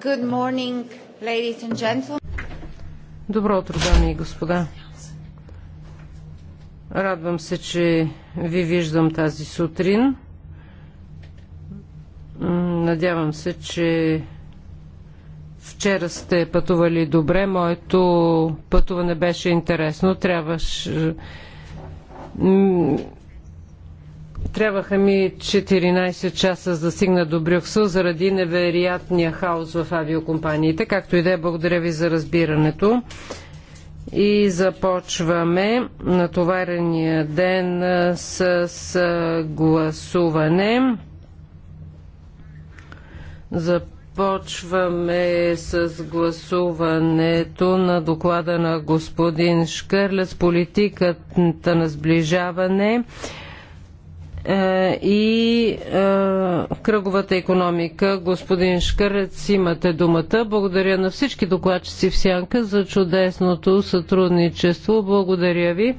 Good morning, ladies and gentlemen. Добро утро, дами и господа. Радвам се, че ви виждам тази сутрин. Надявам се, че вчера сте пътували добре. Моето пътуване беше интересно. Трябваше Трябваха ми 14 часа за да стигна до Брюксел заради невероятния хаос в авиокомпаниите. Както и да е, благодаря ви за разбирането. И започваме натоварения ден с гласуване. Започваме с гласуването на доклада на господин Шкърлес политиката на сближаване. Е, и е, кръговата економика. Господин Шкърец, имате думата. Благодаря на всички докладчици в Сянка за чудесното сътрудничество. Благодаря ви.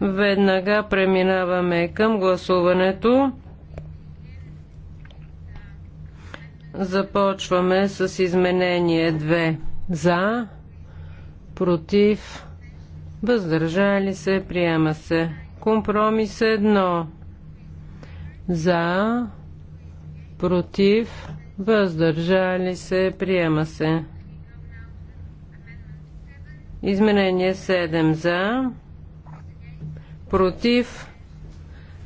Веднага преминаваме към гласуването. Започваме с изменение 2. За, против, въздържали се, приема се. Компромис 1 за. Против. Въздържали се. Приема се. Изменение 7 за. Против.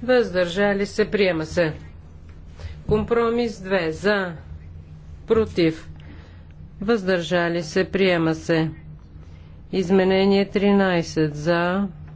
Въздържали се. Приема се. Компромис 2 за. Против. Въздържали се. Приема се. Изменение 13 за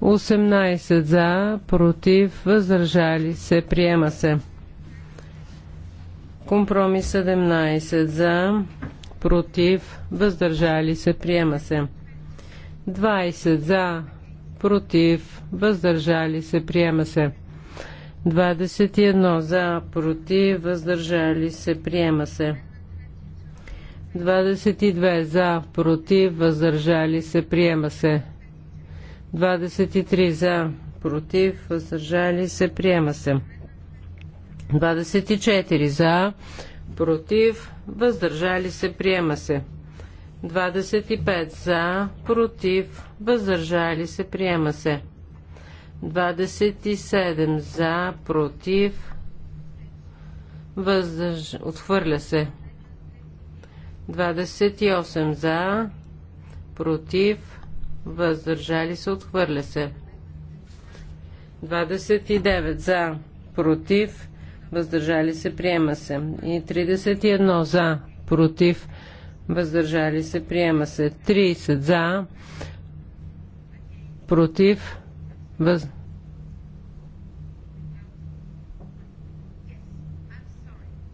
18 за, против, въздържали се, приема се. Компромис 17 за, против, въздържали се, приема се. 20 за, против, въздържали се, приема се. 21 за, против, въздържали се, приема се. 22 за, против, въздържали се, приема се. 23 за, против, въздържали се, приема се. 24 за, против, въздържали се, приема се. 25 за, против, въздържали се, приема се. 27 за, против, въздърж... отхвърля се. 28 за, против, въздържали се, отхвърля се. 29 за, против, въздържали се, приема се. И 31 за, против, въздържали се, приема се. 30 за, против, въз...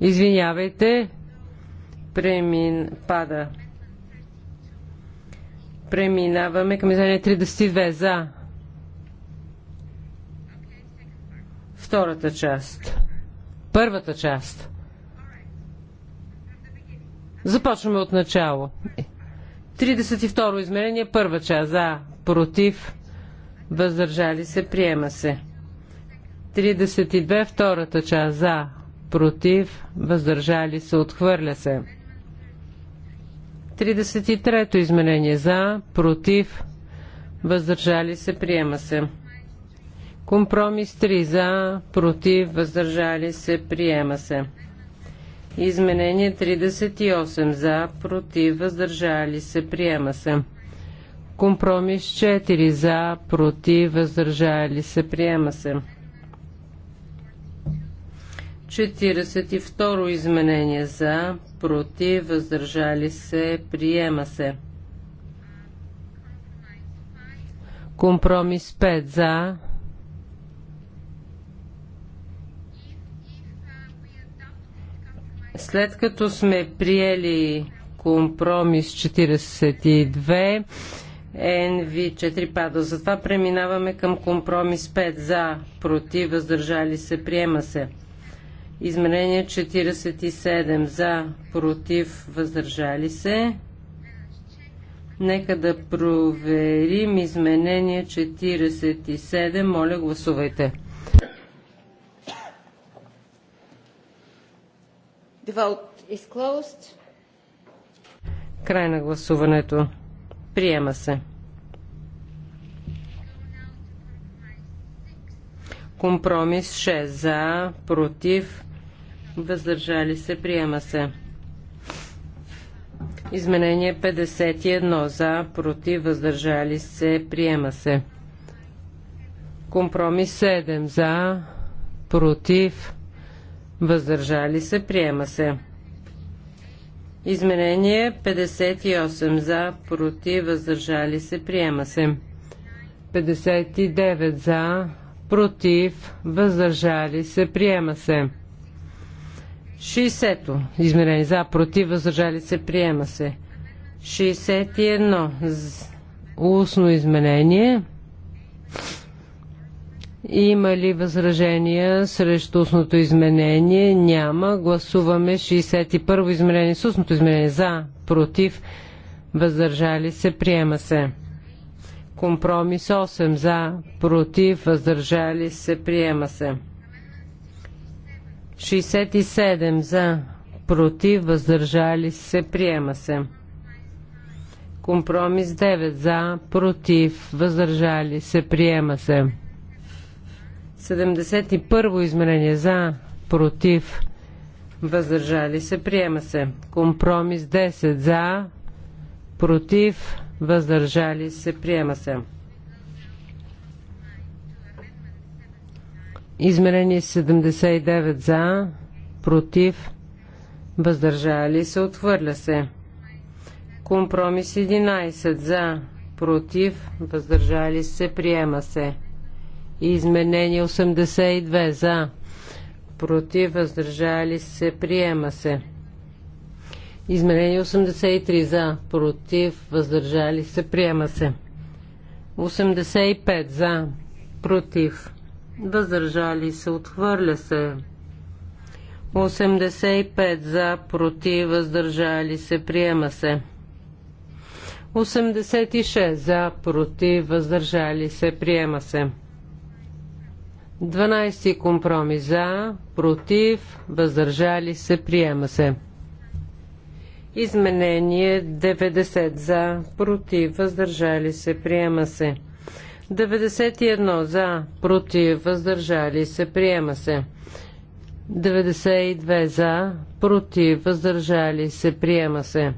Извинявайте, премин пада. Преминаваме към издание 32 за. Втората част. Първата част. Започваме от начало. 32 измерение, първа част. За, против, въздържали се, приема се. 32 втората част. За, против, въздържали се, отхвърля се. 33-то изменение за, против, въздържали се, приема се. Компромис 3 за, против, въздържали се, приема се. Изменение 38 за, против, въздържали се, приема се. Компромис 4 за, против, въздържали се, приема се. 42 изменение за, против, въздържали се, приема се. Компромис 5 за. След като сме приели компромис 42, NV4 пада. Затова преминаваме към компромис 5 за, против, въздържали се, приема се. Изменение 47 за, против, въздържали се. Нека да проверим изменение 47. Моля, гласувайте. The vote is closed. Край на гласуването. Приема се. Компромис 6 за, против, въздържали се, приема се. Изменение 51 за, против, въздържали се, приема се. Компромис 7 за, против, въздържали се, приема се. Изменение 58 за, против, въздържали се, приема се. 59 за, против, въздържали се, приема се. 60-то. Измерение за, против, въздържали се, приема се. 61. Устно изменение. Има ли възражения срещу устното изменение? Няма. Гласуваме 61-во изменение с устното изменение. За, против, въздържали се, приема се. Компромис 8. За, против, въздържали се, приема се. 67 за, против, въздържали се, приема се. Компромис 9 за, против, въздържали се, приема се. 71 измерение за, против, въздържали се, приема се. Компромис 10 за, против, въздържали се, приема се. Измерение 79 за, против, въздържали се, отхвърля се. Компромис 11 за, против, въздържали се, приема се. Изменение 82 за, против, въздържали се, приема се. Изменение 83 за, против, въздържали се, приема се. 85 за, против, въздържали се, отхвърля се. 85 за, против, въздържали се, приема се. 86 за, против, въздържали се, приема се. 12 компромис за, против, въздържали се, приема се. Изменение 90 за, против, въздържали се, приема се. 91 за, против, въздържали се, приема се. 92 за, против, въздържали се, приема се.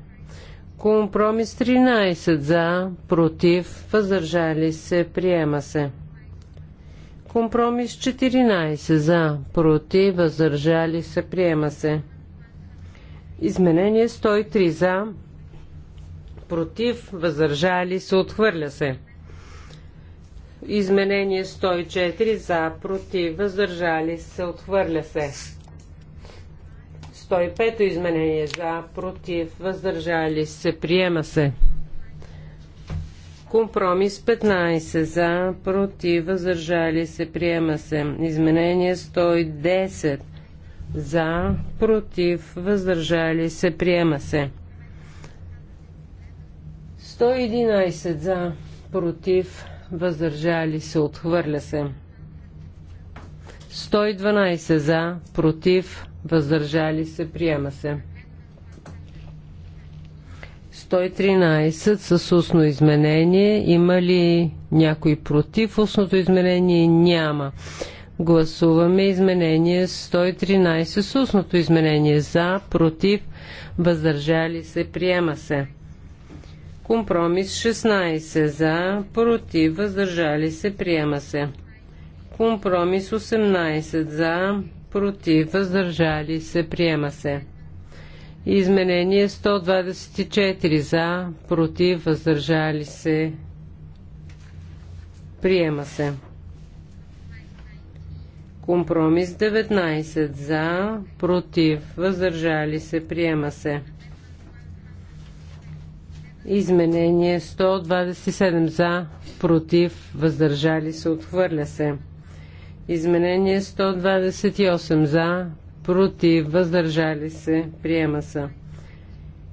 Компромис 13 за, против, въздържали се, приема се. Компромис 14 за, против, въздържали се, приема се. Изменение 103 за, против, въздържали се, отхвърля се. Изменение 104 за, против, въздържали се, отхвърля се. 105 изменение за, против, въздържали се, приема се. Компромис 15 за, против, въздържали се, приема се. Изменение 110 за, против, въздържали се, приема се. 111 за, против, въздържали се, отхвърля се. 112 за, против, въздържали се, приема се. 113 с устно изменение. Има ли някой против устното изменение? Няма. Гласуваме изменение 113 с устното изменение за, против, въздържали се, приема се. Компромис 16 за, против, въздържали се, приема се. Компромис 18 за, против, въздържали се, приема се. Изменение 124 за, против, въздържали се, приема се. Компромис 19 за, против, въздържали се, приема се. Изменение 127 за, против, въздържали се, отхвърля се. Изменение 128 за, против, въздържали се, приема се.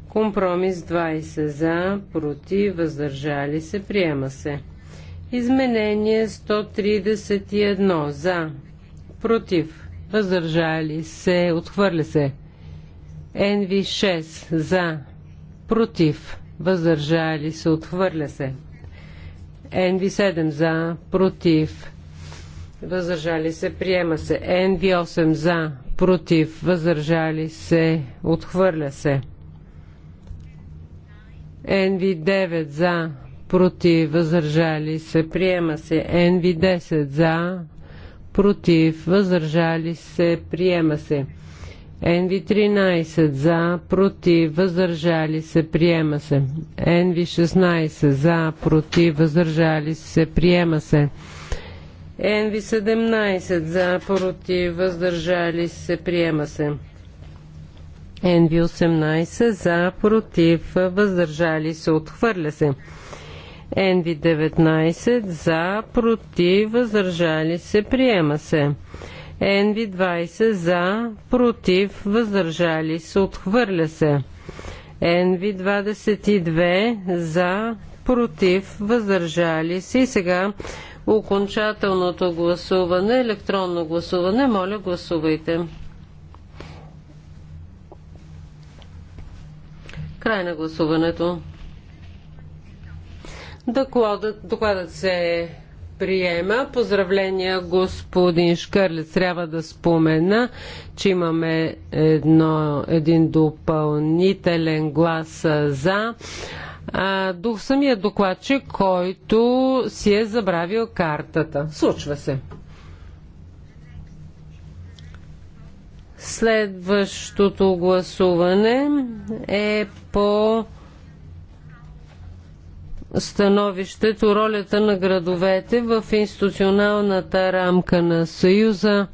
Компромис 20 за, против, въздържали се, приема се. Изменение 131 за, против, въздържали се, отхвърля се. НВ 6 за, против, въздържали се, отхвърля се. нв 7 за, против, въздържали се, приема се. нв 8 за, против, въздържали се, отхвърля се. нв 9 за, против, въздържали се, приема се. нв 10 за, против, въздържали се, приема се. NV13 за, против, въздържали се, приема се. NV16 за, против, въздържали се, приема се. NV17 за, против, въздържали се, приема се. NV18 за, против, въздържали се, отхвърля се. NV19 за, против, въздържали се, приема се. NV20 за, против, въздържали се, отхвърля се. NV22 за, против, въздържали се. И сега окончателното гласуване, електронно гласуване. Моля, гласувайте. Край на гласуването. Докладът, докладът се приема. Поздравления, господин Шкърлец. Трябва да спомена, че имаме едно, един допълнителен глас за а, дух самия докладчик, който си е забравил картата. Случва се. Следващото гласуване е по становището ролята на градовете в институционалната рамка на Съюза.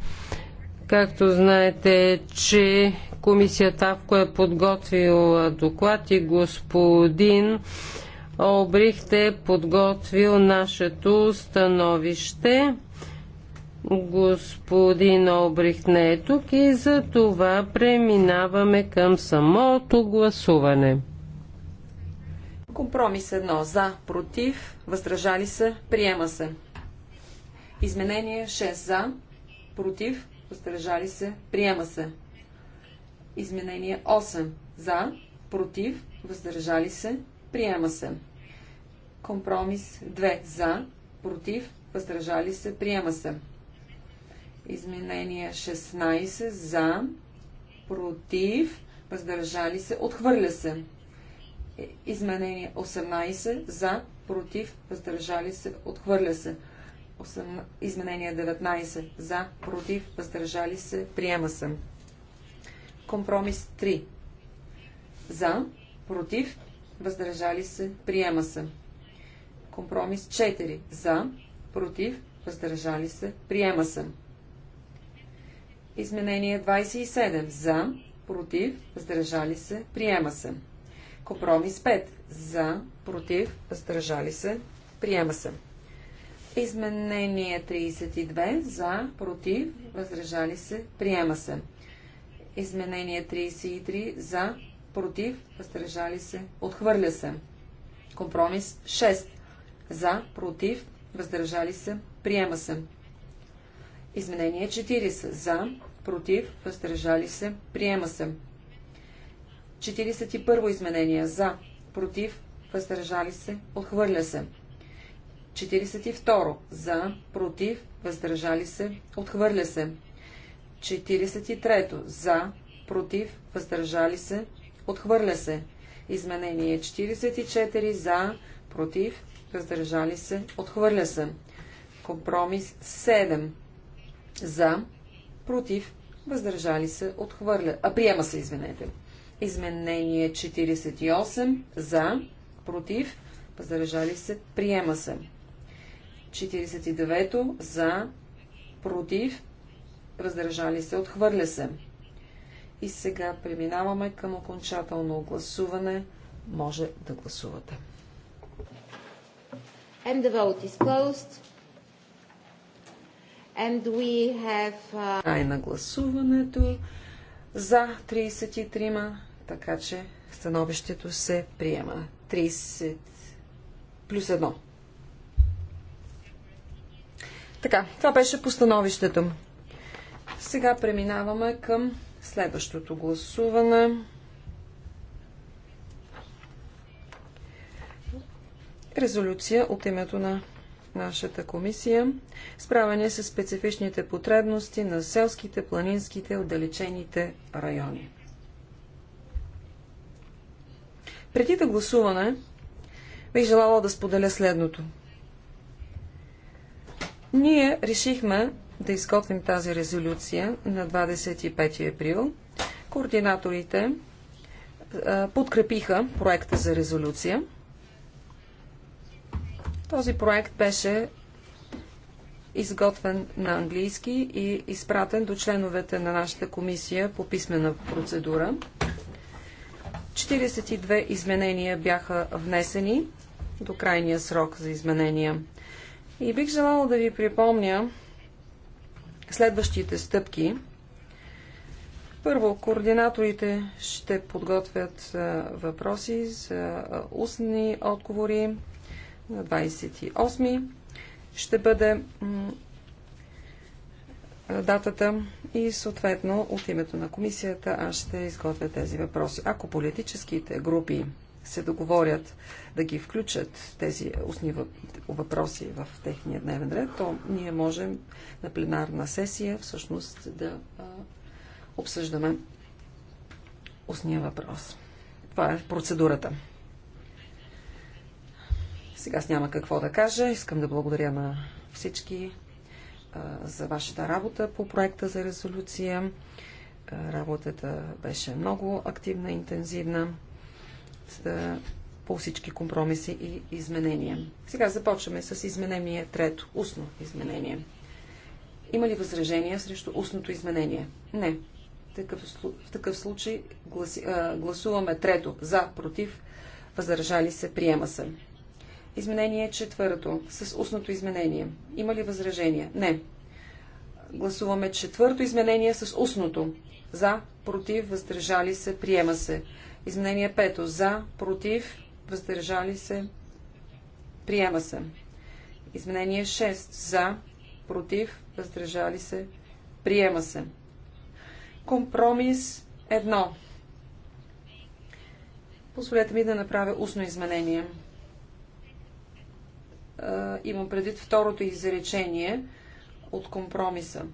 Както знаете, че комисията Авко е подготвила доклад и господин Обрихте е подготвил нашето становище. Господин Обрих не е тук и за това преминаваме към самото гласуване. Компромис 1. За, против, въздържали се, приема се. Изменение 6. За, против, въздържали се, приема се. Изменение 8. За, против, въздържали се, приема се. Компромис 2. За, против, въздържали се, приема се. Изменение 16. За, против, въздържали се, отхвърля се. Изменение 18 за, против, въздържали се, отхвърля се. Изменение 19 за, против, въздържали се, приема се. Компромис 3 за, против, въздържали се, приема се. Компромис 4 за, против, въздържали се, приема се. Изменение 27 за, против, въздържали се, приема се. Компромис 5. За, против, въздържали се, приема се. Изменение 32. За, против, въздържали се, приема се. Изменение 33. За, против, въздържали се, отхвърля се. Компромис 6. За, против, въздържали се, приема се. Изменение 40. За, против, въздържали се, приема се. 41 изменение за, против, въздържали се, отхвърля се. 42 за, против, въздържали се, отхвърля се. 43 за, против, въздържали се, отхвърля се. Изменение 44 за, против, въздържали се, отхвърля се. Компромис 7 за, против, въздържали се, отхвърля. А приема се, извинете. Изменение 48 за, против, въздържали се, приема се. 49 за, против, въздържали се, отхвърля се. И сега преминаваме към окончателно гласуване. Може да гласувате. And the vote is closed. And we have... Uh... на гласуването. За 33 така че становището се приема. 30 плюс 1. Така, това беше постановището. Сега преминаваме към следващото гласуване. Резолюция от името на нашата комисия. Справяне с специфичните потребности на селските, планинските, отдалечените райони. Преди да гласуваме, бих желала да споделя следното. Ние решихме да изготвим тази резолюция на 25 април. Координаторите подкрепиха проекта за резолюция. Този проект беше изготвен на английски и изпратен до членовете на нашата комисия по писмена процедура. 42 изменения бяха внесени до крайния срок за изменения. И бих желала да ви припомня следващите стъпки. Първо, координаторите ще подготвят въпроси за устни отговори на 28. Ще бъде датата и съответно от името на комисията аз ще изготвя тези въпроси. Ако политическите групи се договорят да ги включат тези устни въпроси в техния дневен ред, то ние можем на пленарна сесия всъщност да обсъждаме устния въпрос. Това е процедурата. Сега с няма какво да кажа. Искам да благодаря на всички за вашата работа по проекта за резолюция. Работата беше много активна, интензивна по всички компромиси и изменения. Сега започваме с изменение трето, устно изменение. Има ли възражения срещу устното изменение? Не. В такъв, в такъв случай гласуваме трето за, против, възражали се, приема се. Изменение четвърто с устното изменение. Има ли възражение? Не. Гласуваме четвърто изменение с устното. За, против, въздържали се, приема се. Изменение пето. За, против, въздържали се, приема се. Изменение 6. За, против, въздържали се, приема се. Компромис едно. Позволете ми да направя устно изменение имам предвид второто изречение от компромиса.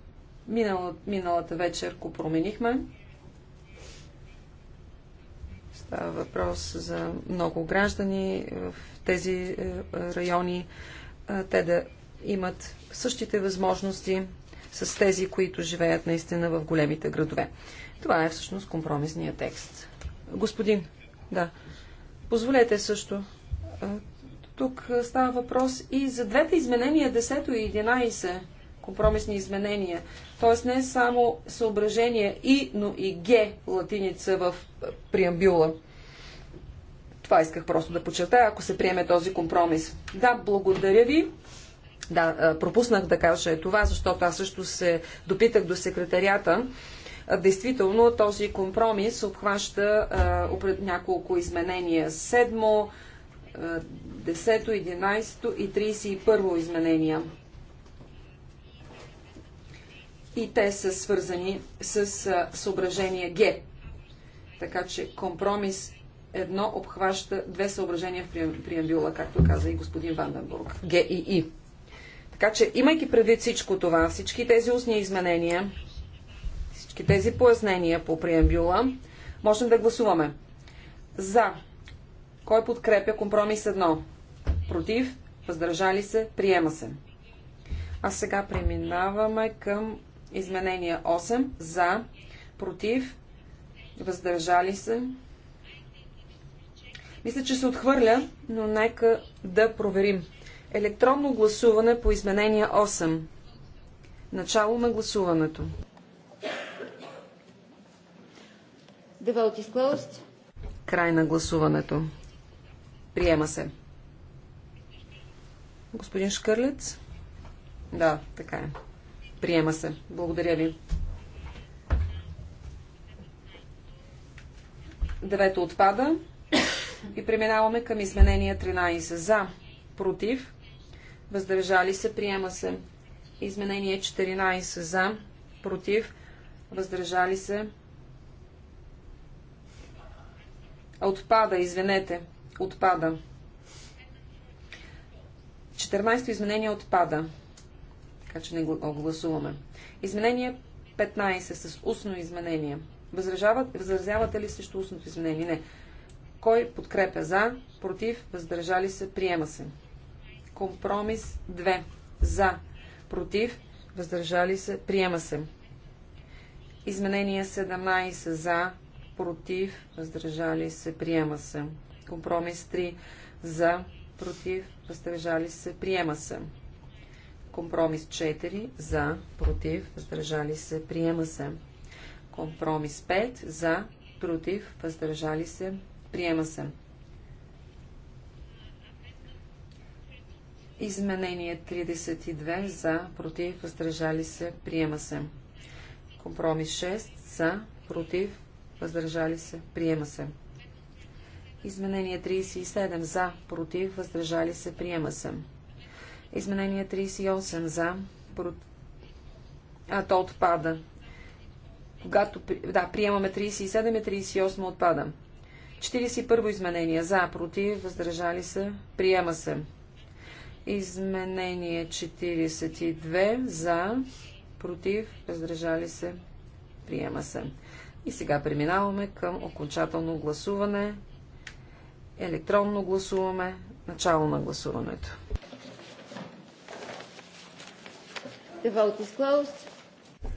Минала, миналата вечер го променихме. Става въпрос за много граждани в тези е, е, райони. Те да имат същите възможности с тези, които живеят наистина в големите градове. Това е всъщност компромисният текст. Господин, да. Позволете също тук става въпрос и за двете изменения, 10 и 11, компромисни изменения. Тоест не само съображение И, но и Г латиница в преамбюла. Това исках просто да подчертая, ако се приеме този компромис. Да, благодаря ви. Да, пропуснах да кажа това, защото аз също се допитах до секретарията. Действително, този компромис обхваща а, няколко изменения. Седмо, 10, 11 и 31 изменения. И те са свързани с съображение Г. Така че компромис едно обхваща две съображения в преамбюла, както каза и господин Ванденбург. Г и И. Така че, имайки предвид всичко това, всички тези устни изменения, всички тези пояснения по преамбюла, можем да гласуваме. За. Кой подкрепя компромис едно? против, въздържали се, приема се. А сега преминаваме към изменение 8. За, против, въздържали се. Мисля, че се отхвърля, но нека да проверим. Електронно гласуване по изменение 8. Начало на гласуването. Край на гласуването. Приема се. Господин Шкърлец? Да, така е. Приема се. Благодаря ви. Девето отпада и преминаваме към изменение 13. За, против, въздържали се, приема се. Изменение 14. За, против, въздържали се. Отпада, извинете. Отпада. 14-то изменение отпада. Така че не го гласуваме. Изменение 15 с устно изменение. възразявате ли срещу устното изменение? Не. Кой подкрепя за, против, въздържали се, приема се. Компромис 2. За, против, въздържали се, приема се. Изменение 17 за, против, въздържали се, приема се. Компромис 3 за, против, въздържали се, приема се. Компромис 4 за, против, въздържали се, приема се. Компромис 5 за, против, въздържали се, приема се. Изменение 32 за, против, въздържали се, приема се. Компромис 6 за, против, въздържали се, приема се. Изменение 37 за, против, въздържали се, приема се. Изменение 38 за, против. А, то отпада. Когато, да, приемаме 37 и 38 отпада. 41 изменение за, против, въздържали се, приема се. Изменение 42 за, против, въздържали се, приема се. И сега преминаваме към окончателно гласуване Електронно гласуваме. Начало на гласуването.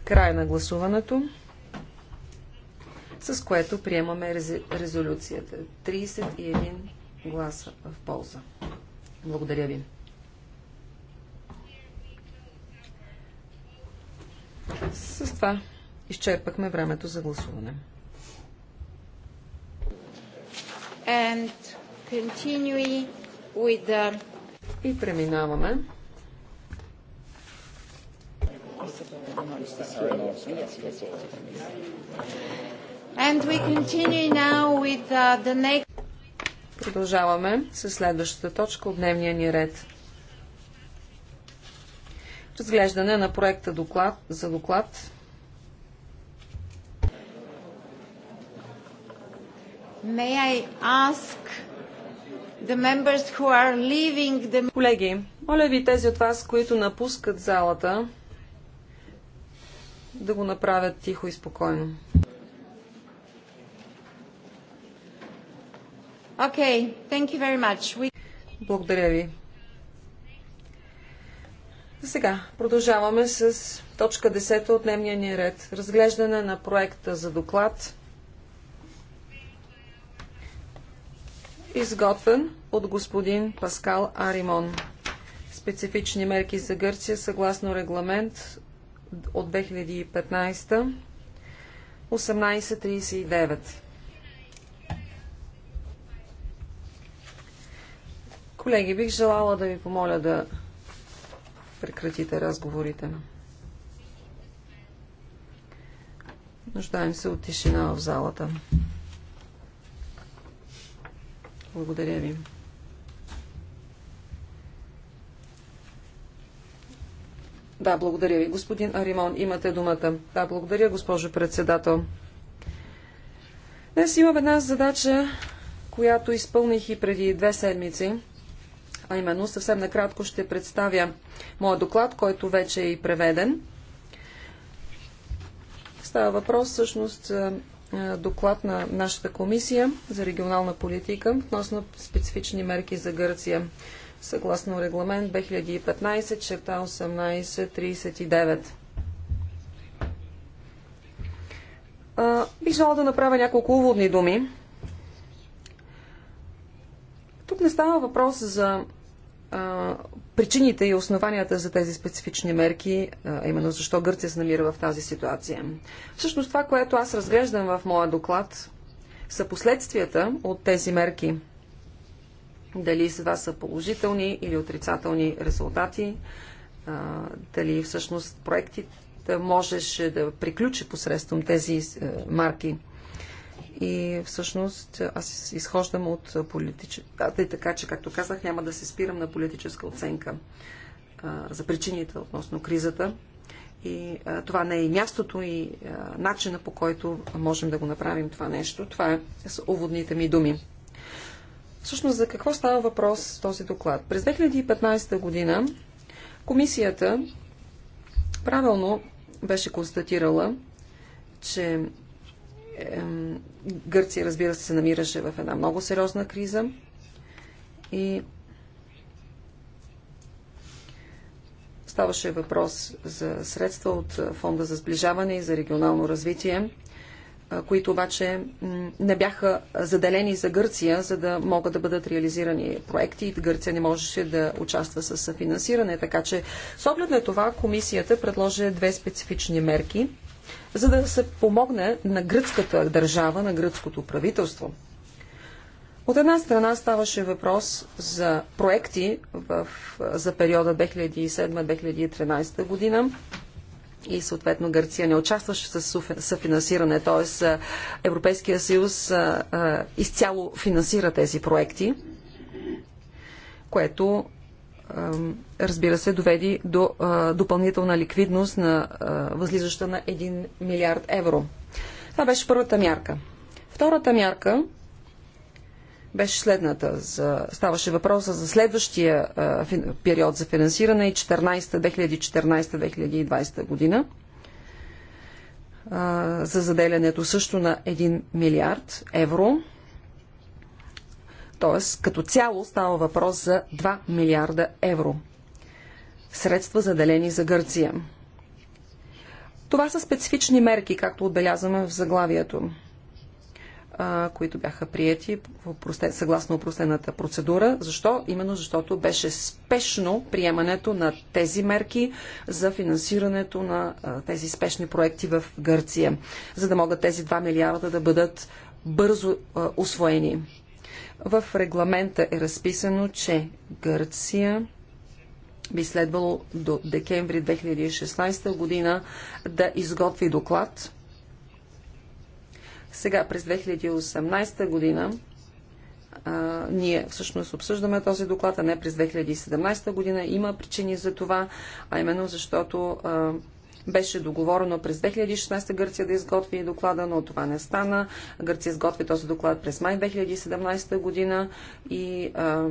Край на гласуването, с което приемаме резолюцията. 31 гласа в полза. Благодаря ви. С това изчерпахме времето за гласуване. And with the... И преминаваме. And we continue now with uh, the next... Продължаваме с следващата точка от дневния ни ред. Разглеждане на проекта доклад, за доклад May I ask the members who are leaving the... Колеги, моля ви тези от вас, които напускат залата, да го направят тихо и спокойно. Okay, thank you very much. We... Благодаря ви. Сега продължаваме с точка 10 от дневния ни ред. Разглеждане на проекта за доклад изготвен от господин Паскал Аримон. Специфични мерки за Гърция съгласно регламент от 2015 1839. Колеги, бих желала да ви помоля да прекратите разговорите. Нуждаем се от тишина в залата. Благодаря ви. Да, благодаря ви. Господин Аримон, имате думата. Да, благодаря, госпожо председател. Днес имам една задача, която изпълних и преди две седмици, а именно съвсем накратко ще представя моя доклад, който вече е и преведен. Става въпрос всъщност е, доклад на нашата комисия за регионална политика относно специфични мерки за Гърция, съгласно регламент 2015 черта 1839. Бих желала да направя няколко уводни думи. Тук не става въпрос за причините и основанията за тези специфични мерки, а именно защо Гърция се намира в тази ситуация. Всъщност това, което аз разглеждам в моя доклад, са последствията от тези мерки. Дали това са положителни или отрицателни резултати, дали всъщност проектите можеше да приключи посредством тези е, марки и всъщност аз изхождам от политическа. Да, така че, както казах, няма да се спирам на политическа оценка а, за причините относно кризата. И а, това не е мястото и а, начина по който можем да го направим това нещо. Това е с уводните ми думи. Всъщност, за какво става въпрос с този доклад? През 2015 година комисията правилно беше констатирала, че Гърция, разбира се, се намираше в една много сериозна криза и ставаше въпрос за средства от Фонда за сближаване и за регионално развитие, които обаче не бяха заделени за Гърция, за да могат да бъдат реализирани проекти. Гърция не можеше да участва с финансиране, така че с оглед на това комисията предложи две специфични мерки – за да се помогне на гръцката държава, на гръцкото правителство. От една страна ставаше въпрос за проекти в, за периода 2007-2013 година и съответно Гърция не участваше с съфинансиране, т.е. Европейския съюз а, а, изцяло финансира тези проекти, което разбира се, доведи до допълнителна ликвидност на възлизаща на 1 милиард евро. Това беше първата мярка. Втората мярка беше следната. За, ставаше въпроса за следващия а, период за финансиране и 2014-2020 година а, за заделянето също на 1 милиард евро. Т.е. като цяло става въпрос за 2 милиарда евро. Средства заделени за Гърция. Това са специфични мерки, както отбелязваме в заглавието, които бяха приети съгласно упростената процедура. Защо? Именно защото беше спешно приемането на тези мерки за финансирането на тези спешни проекти в Гърция, за да могат тези 2 милиарда да бъдат бързо освоени. В регламента е разписано, че Гърция би следвало до декември 2016 година да изготви доклад. Сега през 2018 година а, ние всъщност обсъждаме този доклад, а не през 2017 година. Има причини за това, а именно защото а, беше договорено през 2016 Гърция да изготви доклада, но това не стана. Гърция изготви този доклад през май 2017 година и а,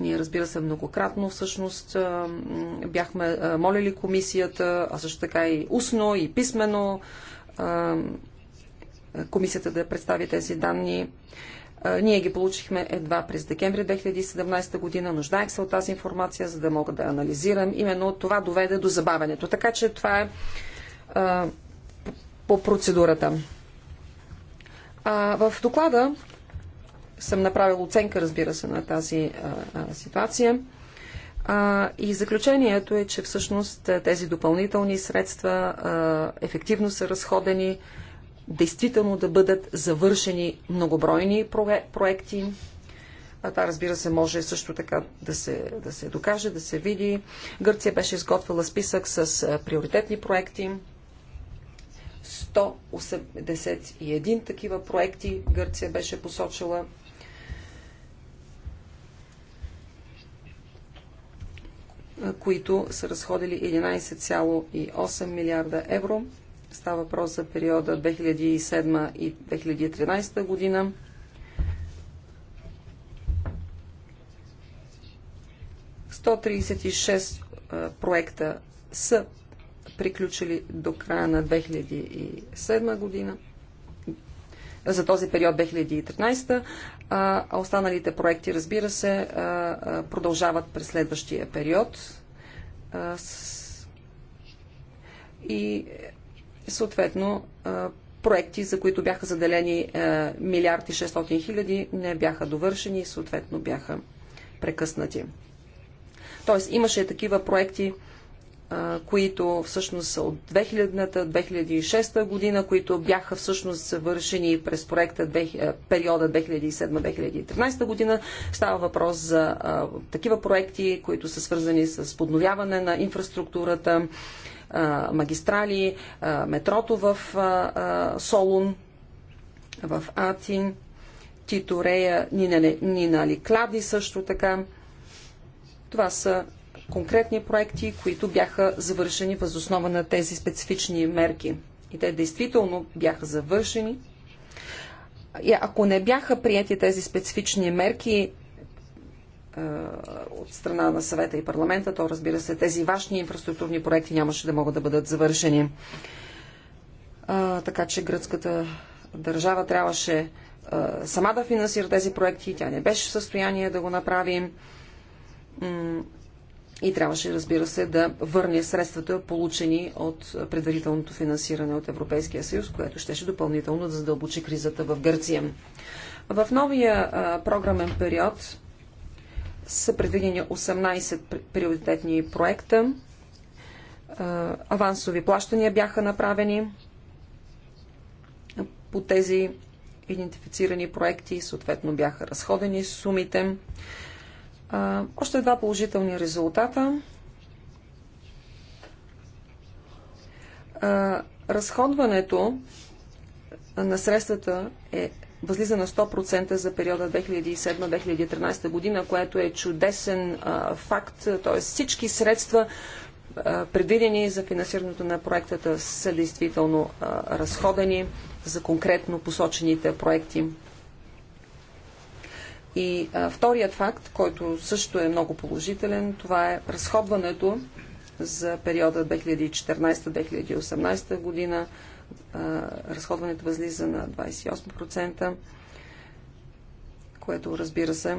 ние, разбира се, многократно всъщност бяхме молили комисията, а също така и устно, и писмено комисията да представи тези данни. Ние ги получихме едва през декември 2017 година. Нуждаех се от тази информация, за да мога да анализирам. Именно това доведе до забавянето. Така че това е а, по процедурата. А, в доклада съм направил оценка, разбира се, на тази а, а, ситуация. А, и заключението е, че всъщност тези допълнителни средства а, ефективно са разходени действително да бъдат завършени многобройни проекти. А това, разбира се, може също така да се, да се докаже, да се види. Гърция беше изготвила списък с приоритетни проекти. 181 такива проекти Гърция беше посочила. които са разходили 11,8 милиарда евро Става въпрос за периода 2007 и 2013 година. ...136 проекта са приключили до края на 2007 година, за този период 2013, а останалите проекти, разбира се, продължават през следващия период. И съответно проекти, за които бяха заделени милиарди 600 хиляди, не бяха довършени и съответно бяха прекъснати. Тоест имаше такива проекти, които всъщност са от 2000-та, 2006-та година, които бяха всъщност завършени през проекта периода 2007-2013 година. Става въпрос за такива проекти, които са свързани с подновяване на инфраструктурата, магистрали, метрото в Солун, в Атин, Титорея, Нинали Клади също така. Това са конкретни проекти, които бяха завършени въз основа на тези специфични мерки. И те действително бяха завършени. И ако не бяха прияти тези специфични мерки, е, от страна на съвета и парламента, то разбира се, тези важни инфраструктурни проекти нямаше да могат да бъдат завършени. А, е, така че гръцката държава трябваше а, е, сама да финансира тези проекти. Тя не беше в състояние да го направи. И трябваше, разбира се, да върне средствата, получени от предварителното финансиране от Европейския съюз, което щеше допълнително да задълбочи кризата в Гърция. В новия а, програмен период са предвидени 18 приоритетни проекта. Авансови плащания бяха направени по тези идентифицирани проекти, съответно бяха разходени сумите. Още два положителни резултата. Разходването на средствата е възлиза на 100% за периода 2007-2013 година, което е чудесен а, факт. Т.е. всички средства, а, предвидени за финансирането на проектата, са действително а, разходени за конкретно посочените проекти. И а, вторият факт, който също е много положителен, това е разходването за периода 2014-2018 година разходването възлиза на 28%, което разбира се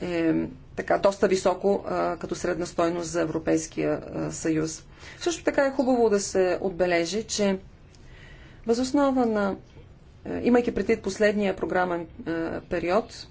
е така доста високо като средна стойност за Европейския съюз. Също така е хубаво да се отбележи, че възоснова на, е, имайки предвид последния програмен е, период,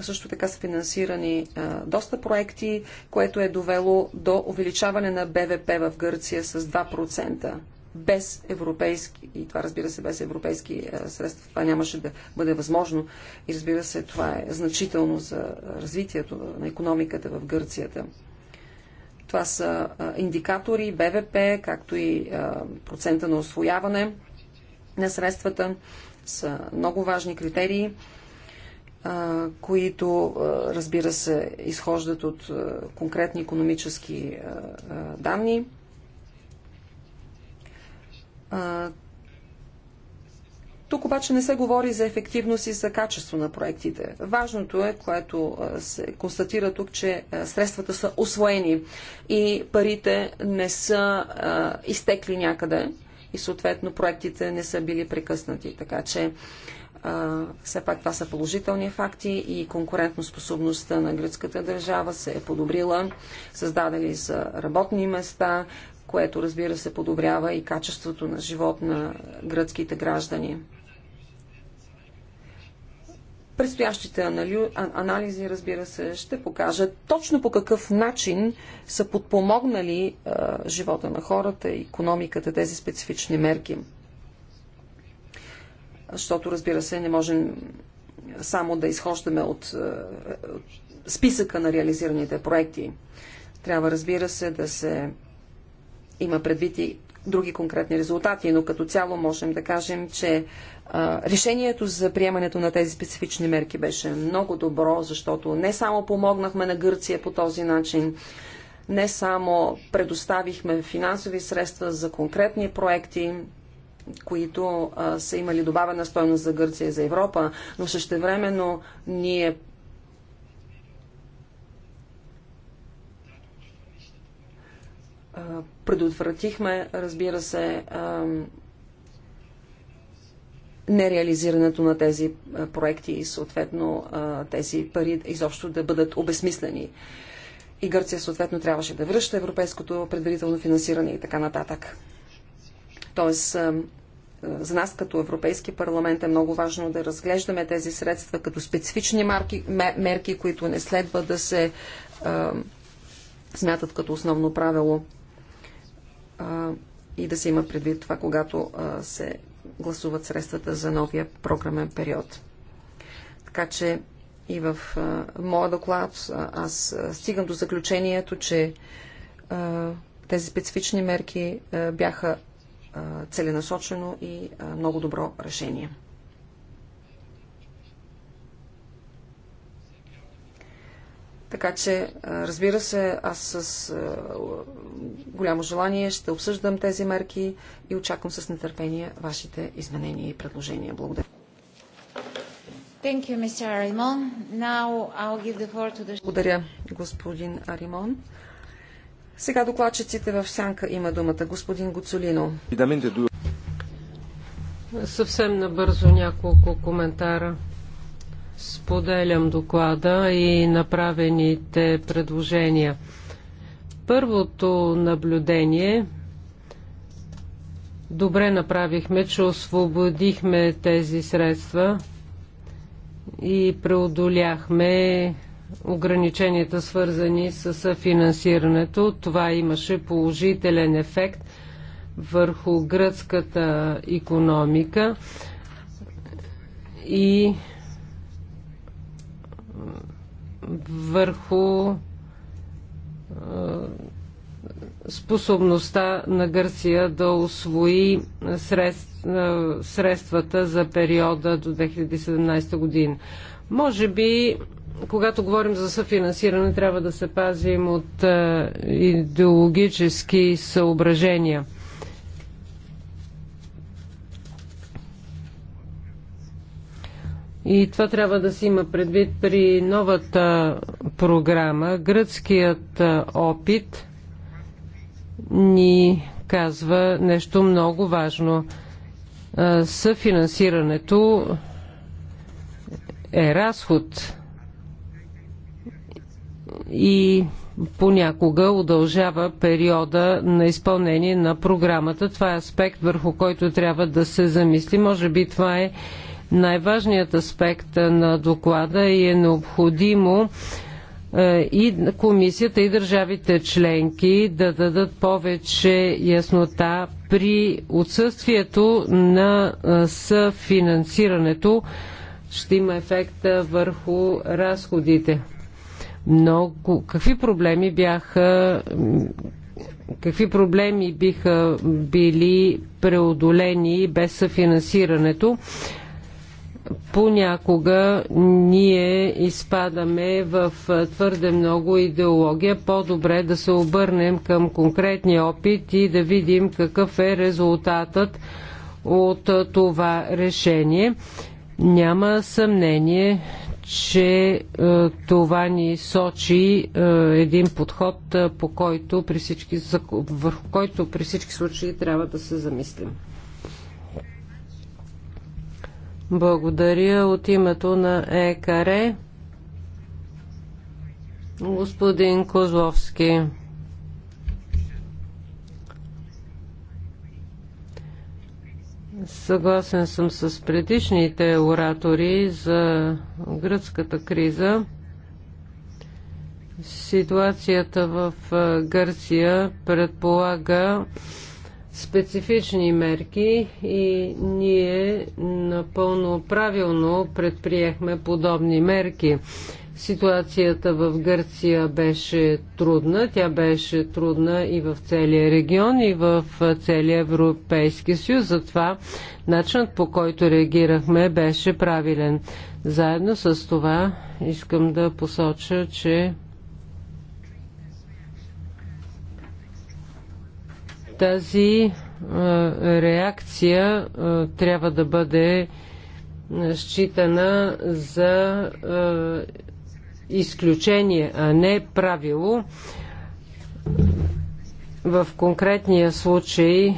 също така са финансирани а, е, доста проекти, което е довело до увеличаване на БВП в Гърция с 2% без европейски, и това разбира се без европейски е, средства, това нямаше да бъде възможно. И разбира се, това е значително за развитието на економиката в Гърцията. Това са е, индикатори, БВП, както и е, процента на освояване на средствата са много важни критерии, които, разбира се, изхождат от конкретни економически данни. Тук обаче не се говори за ефективност и за качество на проектите. Важното е, което се констатира тук, че средствата са освоени и парите не са изтекли някъде и съответно проектите не са били прекъснати. Така че все пак това са положителни факти и конкурентоспособността на гръцката държава се е подобрила, създадени са работни места, което разбира се подобрява и качеството на живот на гръцките граждани. Предстоящите анализи, разбира се, ще покажат точно по какъв начин са подпомогнали живота на хората и економиката тези специфични мерки. Защото, разбира се, не можем само да изхождаме от, от списъка на реализираните проекти. Трябва, разбира се, да се има предвид и други конкретни резултати, но като цяло можем да кажем, че а, решението за приемането на тези специфични мерки беше много добро, защото не само помогнахме на Гърция по този начин, не само предоставихме финансови средства за конкретни проекти, които а, са имали добавена стойност за Гърция и за Европа, но същевременно ние Предотвратихме, разбира се, нереализирането на тези проекти и съответно тези пари изобщо да бъдат обесмислени. И Гърция съответно трябваше да връща европейското предварително финансиране и така нататък. Тоест, за нас като Европейски парламент е много важно да разглеждаме тези средства като специфични марки, мерки, които не следва да се смятат като основно правило а, и да се има предвид това, когато а, се гласуват средствата за новия програмен период. Така че и в а, моя доклад аз стигам до заключението, че а, тези специфични мерки а, бяха а, целенасочено и а, много добро решение. Така че, разбира се, аз с голямо желание ще обсъждам тези мерки и очаквам с нетърпение вашите изменения и предложения. Благодаря. Thank you, Mr. Arimon. Now I'll give the floor to the... Благодаря, господин Аримон. Сега докладчиците в сянка има думата. Господин Гуцулино. Съвсем набързо няколко коментара. Споделям доклада и направените предложения. Първото наблюдение добре направихме, че освободихме тези средства и преодоляхме ограниченията, свързани с финансирането. Това имаше положителен ефект върху гръцката економика и върху е, способността на Гърция да освои е, средствата за периода до 2017 година. Може би, когато говорим за съфинансиране, трябва да се пазим от е, идеологически съображения – И това трябва да се има предвид при новата програма. Гръцкият опит ни казва нещо много важно. Съфинансирането е разход и понякога удължава периода на изпълнение на програмата. Това е аспект, върху който трябва да се замисли. Може би това е най-важният аспект на доклада и е необходимо е, и комисията и държавите членки да дадат повече яснота при отсъствието на е, съфинансирането ще има ефекта върху разходите. Много, какви проблеми бяха какви проблеми биха били преодолени без съфинансирането? понякога ние изпадаме в твърде много идеология. По-добре да се обърнем към конкретния опит и да видим какъв е резултатът от това решение. Няма съмнение, че това ни сочи един подход, по който при всички, върху който при всички случаи трябва да се замислим. Благодаря от името на ЕКАРЕ. Господин Козловски. Съгласен съм с предишните оратори за гръцката криза. Ситуацията в Гърция предполага специфични мерки и ние напълно правилно предприехме подобни мерки. Ситуацията в Гърция беше трудна. Тя беше трудна и в целия регион, и в целия Европейски съюз. Затова начинът по който реагирахме беше правилен. Заедно с това искам да посоча, че Тази реакция трябва да бъде считана за изключение, а не правило. В конкретния случай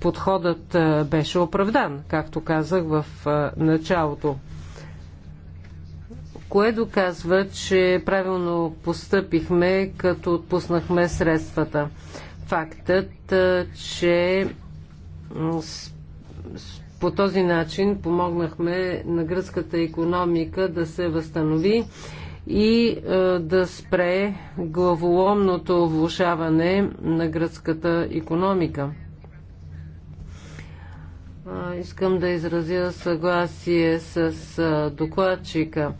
подходът беше оправдан, както казах в началото. Кое доказва, че правилно постъпихме, като отпуснахме средствата фактът, че по този начин помогнахме на гръцката економика да се възстанови и да спре главоломното влушаване на гръцката економика. Искам да изразя съгласие с докладчика.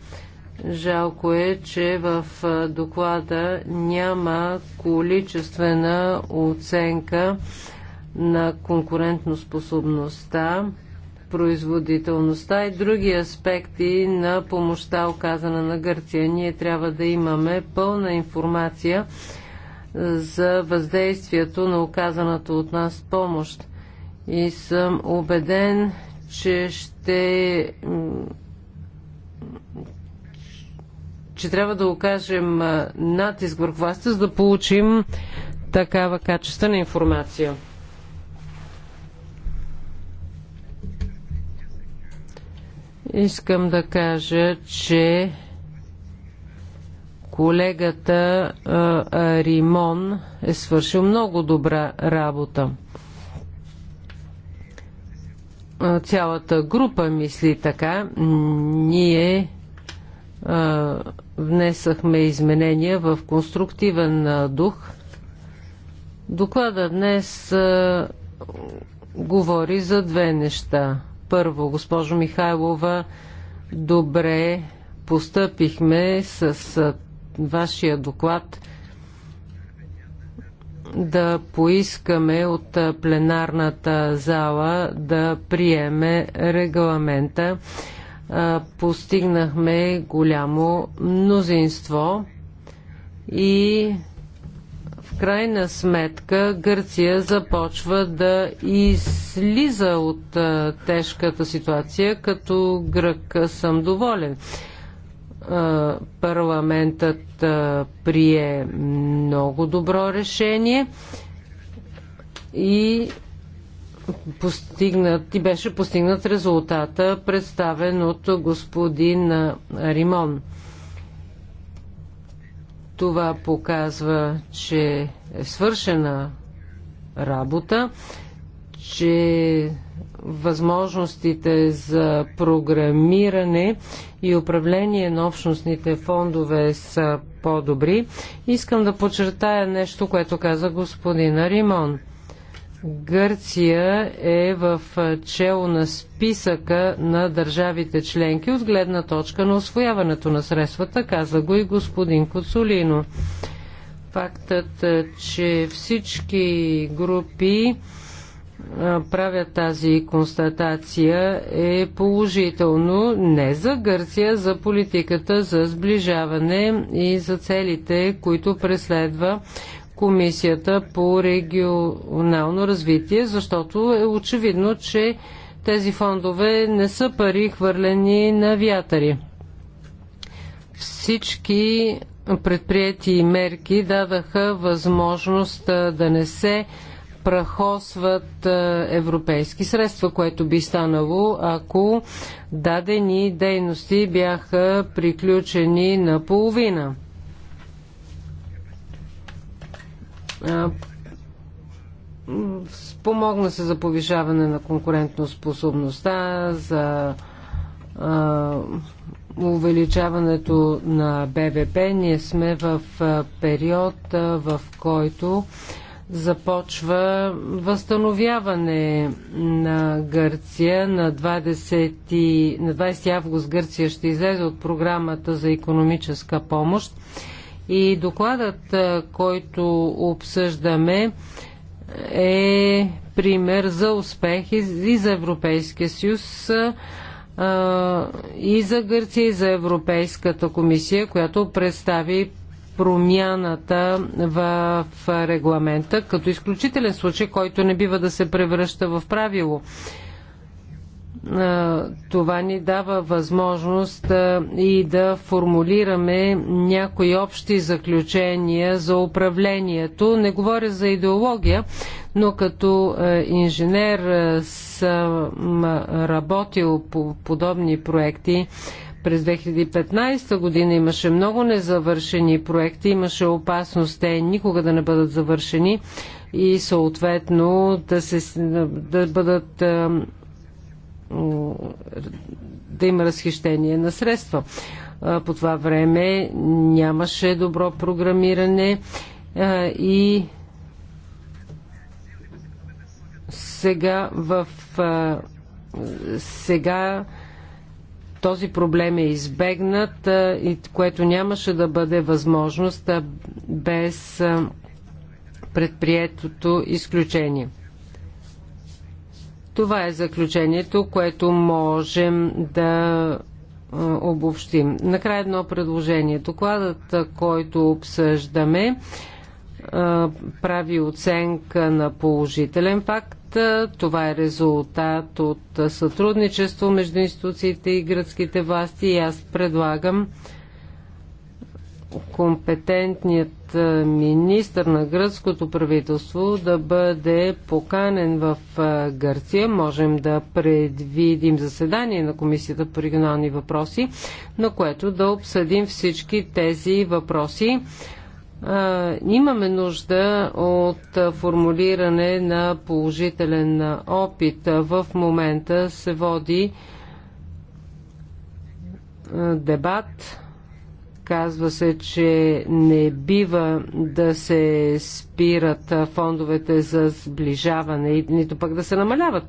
Жалко е, че в доклада няма количествена оценка на конкурентноспособността, производителността и други аспекти на помощта оказана на Гърция. Ние трябва да имаме пълна информация за въздействието на оказаната от нас помощ. И съм убеден, че ще че трябва да окажем натиск върху властта, за да получим такава качествена информация. Искам да кажа, че колегата Римон е свършил много добра работа. Цялата група мисли така. Ние внесахме изменения в конструктивен дух. Доклада днес говори за две неща. Първо, госпожо Михайлова, добре постъпихме с вашия доклад да поискаме от пленарната зала да приеме регламента постигнахме голямо мнозинство и в крайна сметка Гърция започва да излиза от тежката ситуация. Като грък съм доволен. Парламентът прие много добро решение и постигнат и беше постигнат резултата, представен от господин Римон. Това показва, че е свършена работа, че възможностите за програмиране и управление на общностните фондове са по-добри. Искам да подчертая нещо, което каза господин Римон. Гърция е в чел на списъка на държавите членки от гледна точка на освояването на средствата, каза го и господин Коцолино. Фактът, че всички групи правят тази констатация е положително не за Гърция, за политиката за сближаване и за целите, които преследва Комисията по регионално развитие, защото е очевидно, че тези фондове не са пари хвърлени на вятъри. Всички предприяти мерки дадаха възможност да не се прахосват европейски средства, което би станало, ако дадени дейности бяха приключени наполовина. половина. Спомогна се за повишаване на конкурентоспособността, за увеличаването на БВП. Ние сме в период, в който започва възстановяване на Гърция. На 20, на 20 август Гърция ще излезе от програмата за економическа помощ и докладът, който обсъждаме, е пример за успех и за Европейския съюз, и за Гърция, и за Европейската комисия, която представи промяната в регламента като изключителен случай, който не бива да се превръща в правило това ни дава възможност и да формулираме някои общи заключения за управлението. Не говоря за идеология, но като инженер съм работил по подобни проекти. През 2015 година имаше много незавършени проекти, имаше опасност те никога да не бъдат завършени и съответно да, се, да бъдат да има разхищение на средства. По това време нямаше добро програмиране и сега в сега този проблем е избегнат, и което нямаше да бъде възможност без предприетото изключение. Това е заключението, което можем да обобщим. Накрая едно предложение. Докладът, който обсъждаме, прави оценка на положителен факт. Това е резултат от сътрудничество между институциите и гръцките власти и аз предлагам компетентният е, министр на гръцкото правителство да бъде поканен в е, Гърция. Можем да предвидим заседание на Комисията по регионални въпроси, на което да обсъдим всички тези въпроси. Е, имаме нужда от формулиране на положителен опит. В момента се води дебат Казва се, че не бива да се спират фондовете за сближаване, нито пък да се намаляват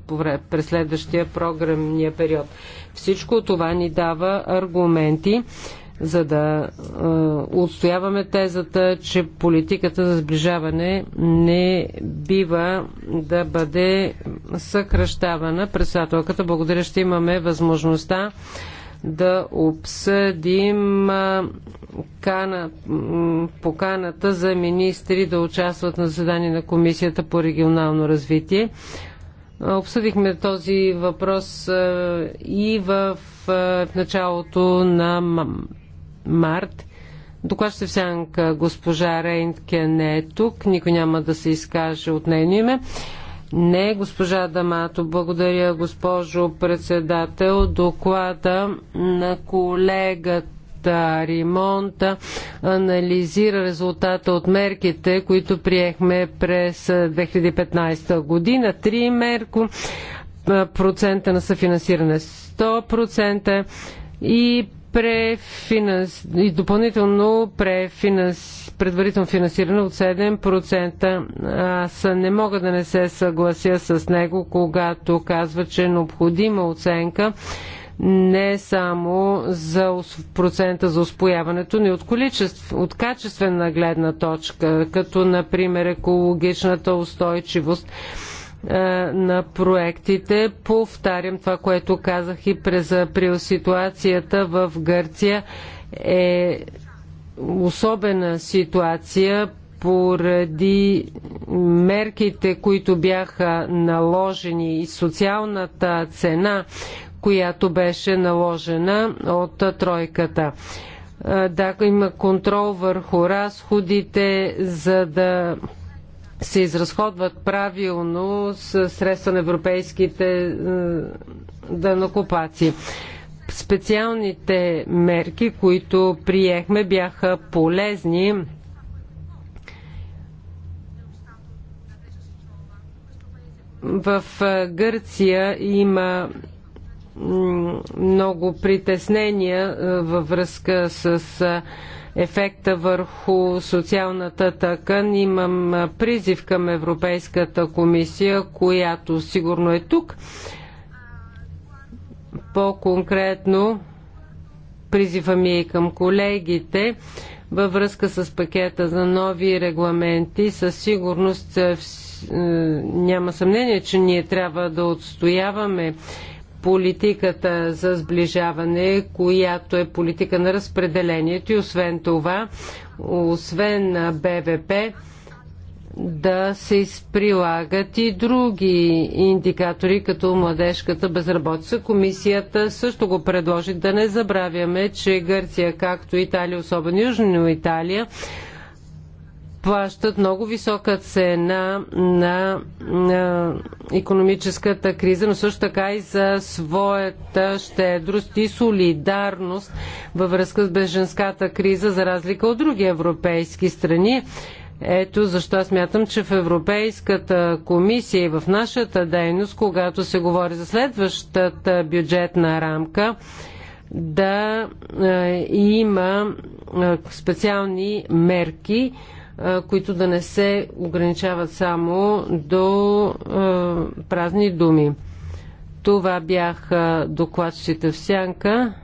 през следващия програмния период. Всичко това ни дава аргументи за да е, отстояваме тезата, че политиката за сближаване не бива да бъде съкръщавана. Председателката, благодаря, ще имаме възможността да обсъдим кана, поканата за министри да участват на заседание на Комисията по регионално развитие. Обсъдихме този въпрос и в началото на март. Доклад ще сянка госпожа Рейнтке не е тук, никой няма да се изкаже от нейно име. Не, госпожа Дамато, благодаря, госпожо председател. Доклада на колегата ремонта анализира резултата от мерките, които приехме през 2015 година. Три мерко, процента на съфинансиране 100% и префинанс... и допълнително префинанс... предварително финансиране от 7%. Аз не мога да не се съглася с него, когато казва, че е необходима оценка не само за процента за успояването, но и от, количеств, от качествена гледна точка, като например екологичната устойчивост е, на проектите. Повтарям това, което казах и през април. Ситуацията в Гърция е особена ситуация поради мерките, които бяха наложени и социалната цена, която беше наложена от тройката. Е, да, има контрол върху разходите, за да се изразходват правилно с средства на европейските е, дънокопации. Специалните мерки, които приехме, бяха полезни. В е, Гърция има много притеснения е, във връзка с ефекта върху социалната тъкан. Имам призив към Европейската комисия, която сигурно е тук. По-конкретно призива ми е към колегите във връзка с пакета за нови регламенти. Със сигурност няма съмнение, че ние трябва да отстояваме политиката за сближаване, която е политика на разпределението и освен това, освен БВП, да се прилагат и други индикатори, като младежката безработица. Комисията също го предложи. Да не забравяме, че Гърция, както Италия, особено Южно Италия, плащат много висока цена на, на економическата криза, но също така и за своята щедрост и солидарност във връзка с беженската криза, за разлика от други европейски страни. Ето защо аз мятам, че в Европейската комисия и в нашата дейност, когато се говори за следващата бюджетна рамка, да е, има е, специални мерки, които да не се ограничават само до празни думи. Това бяха докладчите в сянка.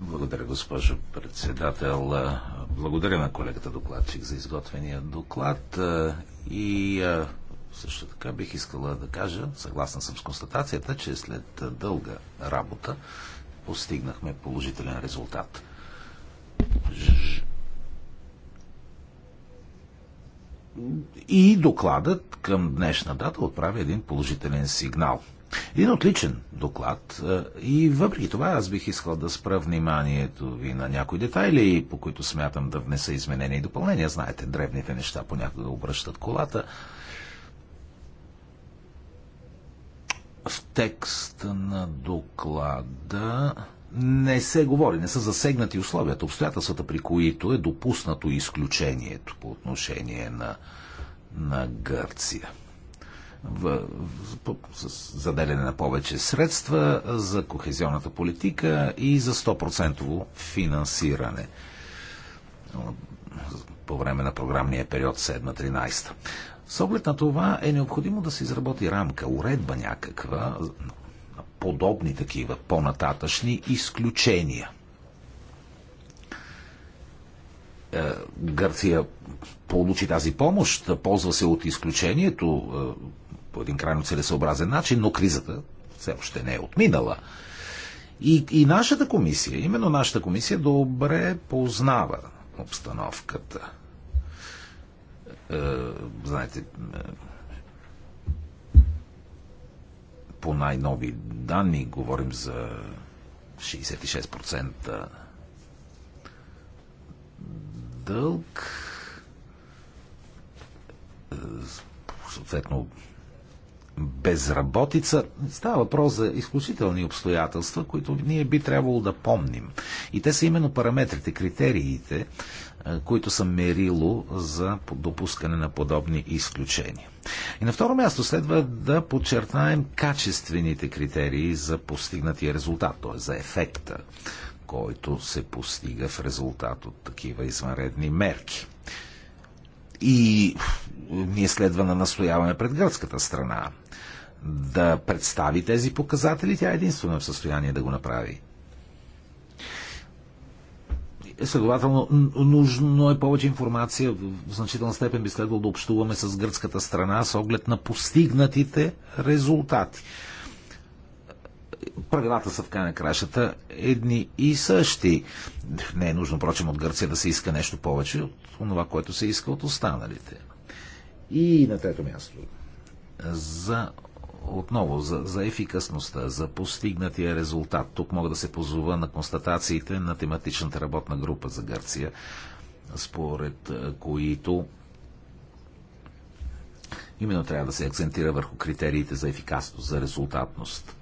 Благодаря, госпожо председател. Благодаря на колегата докладчик за изготвения доклад и също така бих искала да кажа, съгласна съм с констатацията, че след дълга работа постигнахме положителен резултат. И докладът към днешна дата отправя един положителен сигнал. Един отличен доклад и въпреки това аз бих искал да спра вниманието ви на някои детайли, по които смятам да внеса изменения и допълнения. Знаете, древните неща понякога обръщат колата. в текста на доклада не се говори, не са засегнати условията, обстоятелствата, при които е допуснато изключението по отношение на, на Гърция. В, в, с заделяне на повече средства за кохезионната политика и за 100% финансиране по време на програмния период 7-13. С оглед на това е необходимо да се изработи рамка, уредба някаква, подобни такива по-нататъчни изключения. Е, Гърция получи тази помощ, ползва се от изключението е, по един крайно целесообразен начин, но кризата все още не е отминала. И, и нашата комисия, именно нашата комисия, добре познава обстановката. Е, знаете, е, по най-нови данни говорим за 66% дълг. Е, съответно, безработица. Става въпрос за изключителни обстоятелства, които ние би трябвало да помним. И те са именно параметрите, критериите, които са мерило за допускане на подобни изключения. И на второ място следва да подчертаем качествените критерии за постигнатия резултат, т.е. за ефекта, който се постига в резултат от такива извънредни мерки. И ние следва да настояваме пред гръцката страна да представи тези показатели, тя е в състояние да го направи. Следователно, нужно е повече информация. В значителна степен би следвало да общуваме с гръцката страна с оглед на постигнатите резултати. Правилата са в край на кращата едни и същи. Не е нужно, впрочем, от Гърция да се иска нещо повече от това, което се иска от останалите. И на трето място. За отново за, за ефикасността, за постигнатия резултат. Тук мога да се позова на констатациите на тематичната работна група за Гърция, според които именно трябва да се акцентира върху критериите за ефикасност, за резултатност.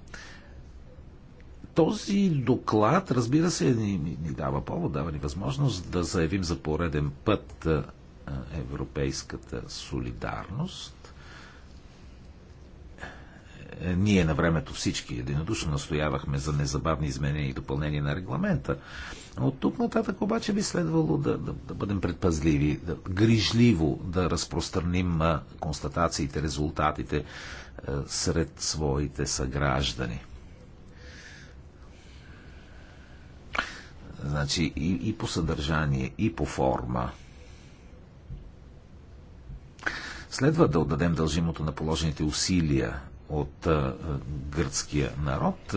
Този доклад, разбира се, ни, ни дава повод, дава ни възможност да заявим за пореден път европейската солидарност е, ние на времето всички единодушно настоявахме за незабавни изменения и допълнения на регламента. От тук нататък обаче би следвало да, да, да бъдем предпазливи, да, грижливо да разпространим констатациите, резултатите е, сред своите съграждани. Значи и, и по съдържание, и по форма. Следва да отдадем дължимото на положените усилия от гръцкия народ,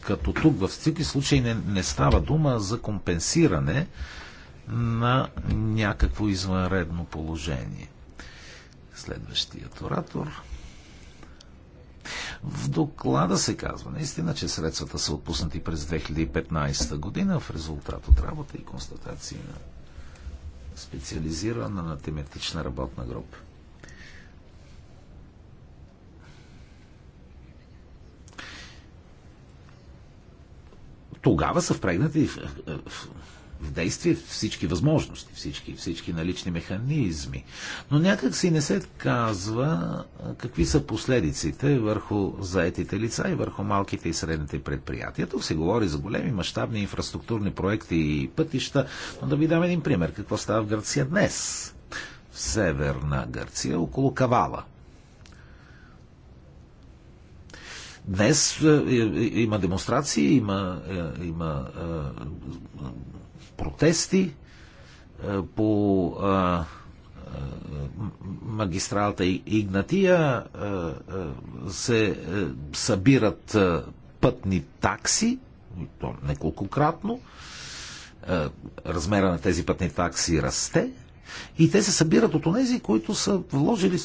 като тук в всички случаи не, не става дума за компенсиране на някакво извънредно положение. Следващият оратор. В доклада се казва наистина, че средствата са отпуснати през 2015 година в резултат от работа и констатации на специализирана на тематична работна група. тогава са впрегнати в, в, в действие всички възможности, всички, всички налични механизми. Но някак си не се казва какви са последиците върху заетите лица и върху малките и средните предприятия. Тук се говори за големи мащабни инфраструктурни проекти и пътища, но да ви дам един пример. Какво става в Гърция днес? В северна Гърция, около Кавала – Днес е, е, има демонстрации, има, е, има протести по магистралата Игнатия се събират пътни такси, то неколкократно. Размера на тези пътни такси расте. И те се събират от онези, които са вложили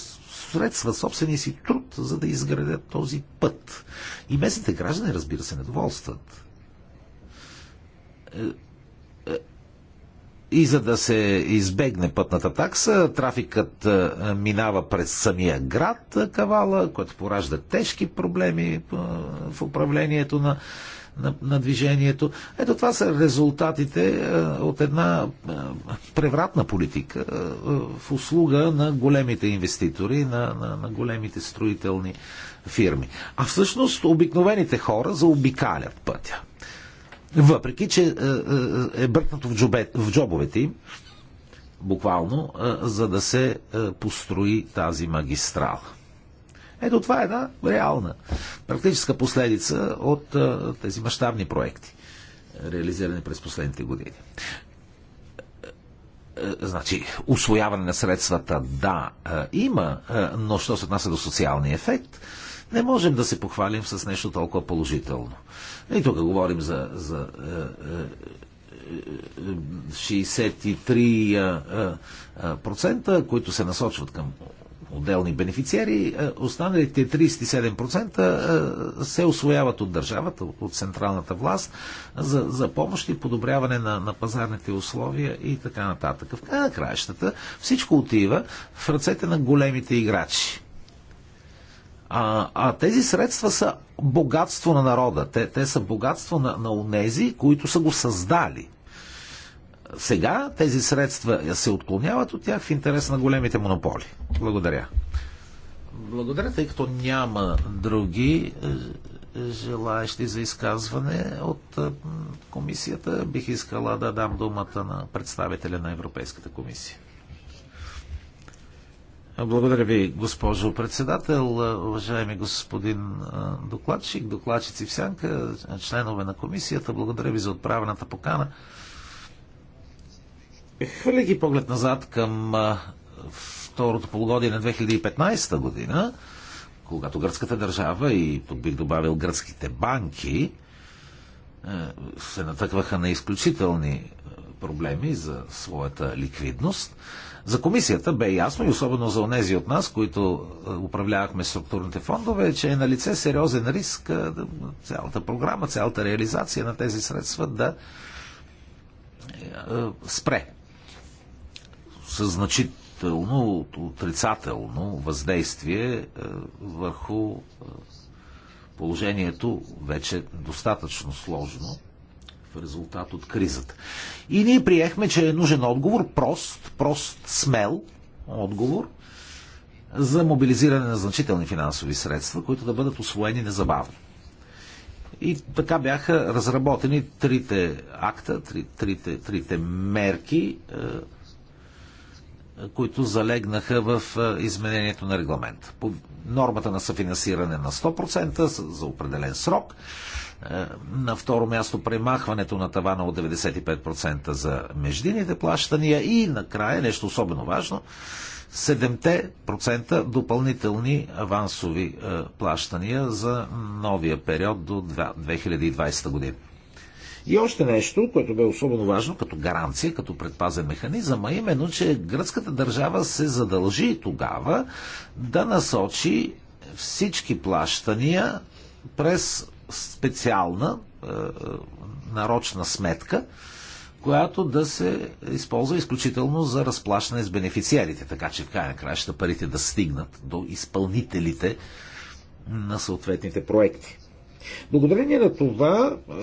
средства, собствения си труд, за да изградят този път. И местните граждани, разбира се, недоволстват. Е, е, и за да се избегне пътната такса, трафикът е, минава през самия град Кавала, който поражда тежки проблеми в управлението на на, на движението. Ето това са резултатите е, от една е, превратна политика е, в услуга на големите инвеститори, на, на, на големите строителни фирми. А всъщност обикновените хора заобикалят пътя. Въпреки, че е бъркнато в, джобе, в джобовете им, буквално, за да се построи тази магистрала. Ето това е една реална, практическа последица от тези мащабни проекти, реализирани през последните години. Значи, освояване на средствата, да, има, но що се отнася до социалния ефект, не можем да се похвалим с нещо толкова положително. И тук говорим за, за 63%, които се насочват към отделни бенефициери, е, останалите 37% е, се освояват от държавата, от централната власт за, за помощ и подобряване на, на пазарните условия и така нататък. В края на краищата всичко отива в ръцете на големите играчи. А, а тези средства са богатство на народа. Те, те са богатство на, на унези, които са го създали сега тези средства се отклоняват от тях в интерес на големите монополи. Благодаря. Благодаря, тъй като няма други е, е, желаящи за изказване от е, комисията, бих искала да дам думата на представителя на Европейската комисия. Благодаря ви, госпожо председател, уважаеми господин докладчик, докладчици в сянка, членове на комисията. Благодаря ви за отправената покана. Хвърляйки поглед назад към второто полугодие на 2015 година, когато гръцката държава и тук бих добавил гръцките банки се натъкваха на изключителни проблеми за своята ликвидност. За комисията бе ясно и особено за онези от нас, които управлявахме структурните фондове, че е на лице сериозен риск цялата програма, цялата реализация на тези средства да е, спре със значително отрицателно въздействие е, върху е, положението вече достатъчно сложно в резултат от кризата. И ние приехме, че е нужен отговор, прост, прост, смел отговор за мобилизиране на значителни финансови средства, които да бъдат освоени незабавно. И така бяха разработени трите акта, трите, трите мерки, е, които залегнаха в изменението на регламент. По нормата на съфинансиране на 100% за определен срок. Е, на второ място премахването на тавана от 95% за междинните плащания и накрая, нещо особено важно, 7% допълнителни авансови е, плащания за новия период до 2020 година. И още нещо, което бе особено важно като гаранция, като предпазен механизъм, а именно, че гръцката държава се задължи тогава да насочи всички плащания през специална е, е нарочна сметка, която да се използва изключително за разплащане с бенефициарите, така че в крайна краща парите да стигнат до изпълнителите на съответните проекти. Благодарение на това, е,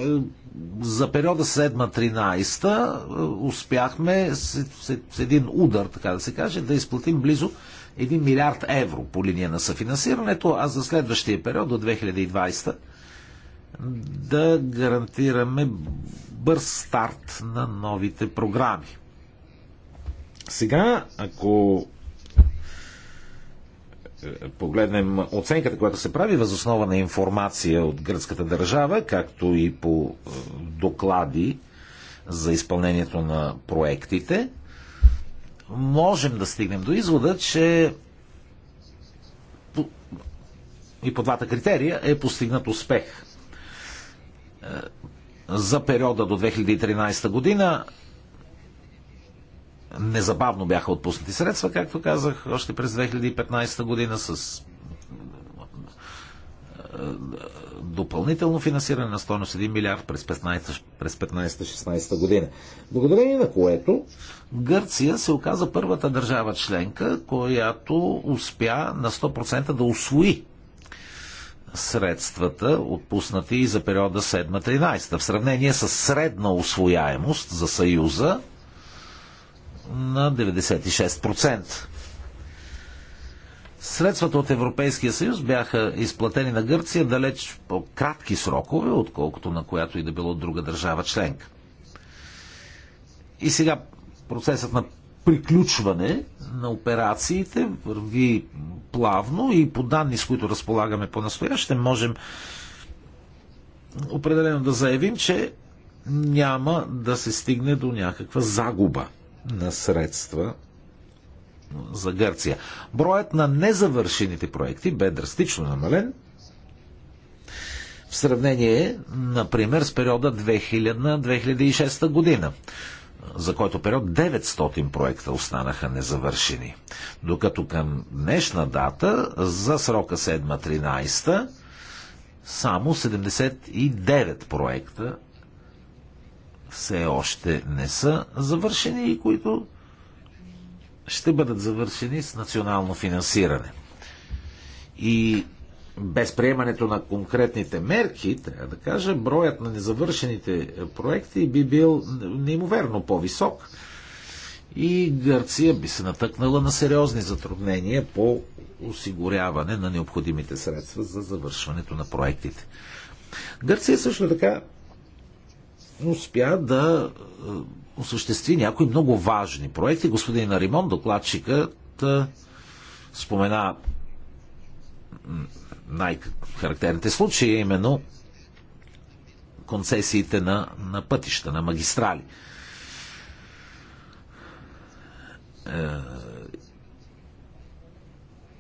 за периода 7-13 е, успяхме с, с, с един удар, така да се каже, да изплатим близо 1 милиард евро по линия на съфинансирането, а за следващия период до 2020 да гарантираме бърз старт на новите програми. Сега, ако е, погледнем оценката, която се прави възоснова на информация от гръцката държава, както и по е, доклади за изпълнението на проектите, можем да стигнем до извода, че и по двата критерия е постигнат успех. Е, за периода до 2013 година Незабавно бяха отпуснати средства, както казах, още през 2015 година с е, допълнително финансиране на стоеност 1 милиард през 15-16 през 15 година. Благодарение на което Гърция се оказа първата държава членка, която успя на 100% да освои средствата, отпуснати за периода 7-13. В сравнение с средна освояемост за Съюза, на 96%. Средствата от Европейския съюз бяха изплатени на Гърция далеч по кратки срокове, отколкото на която и да било друга държава членка. И сега процесът на приключване на операциите върви плавно и по данни, с които разполагаме по-настояще, можем определено да заявим, че няма да се стигне до някаква загуба на средства за Гърция. Броят на незавършените проекти бе драстично намален в сравнение, например, с периода 2000-2006 година за който период 900 проекта останаха незавършени. Докато към днешна дата, за срока 7-13, само 79 проекта все още не са завършени и които ще бъдат завършени с национално финансиране. И без приемането на конкретните мерки, трябва да кажа, броят на незавършените проекти би бил неимоверно по-висок и Гърция би се натъкнала на сериозни затруднения по осигуряване на необходимите средства за завършването на проектите. Гърция също така успя да е, осъществи някои много важни проекти. Господин Аримон, докладчикът, е, спомена най-характерните случаи, именно концесиите на, на пътища, на магистрали. Е,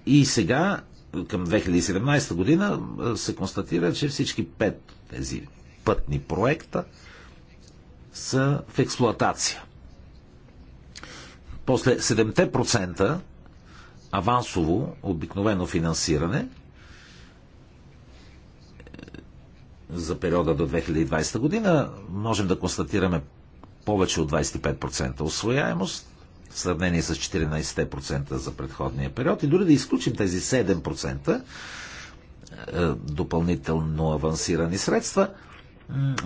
и сега, към 2017 година, се констатира, че всички пет тези пътни проекта са в експлоатация. После 7% авансово, обикновено финансиране за периода до 2020 година можем да констатираме повече от 25% освояемост в сравнение с 14% за предходния период и дори да изключим тези 7% е, допълнително авансирани средства –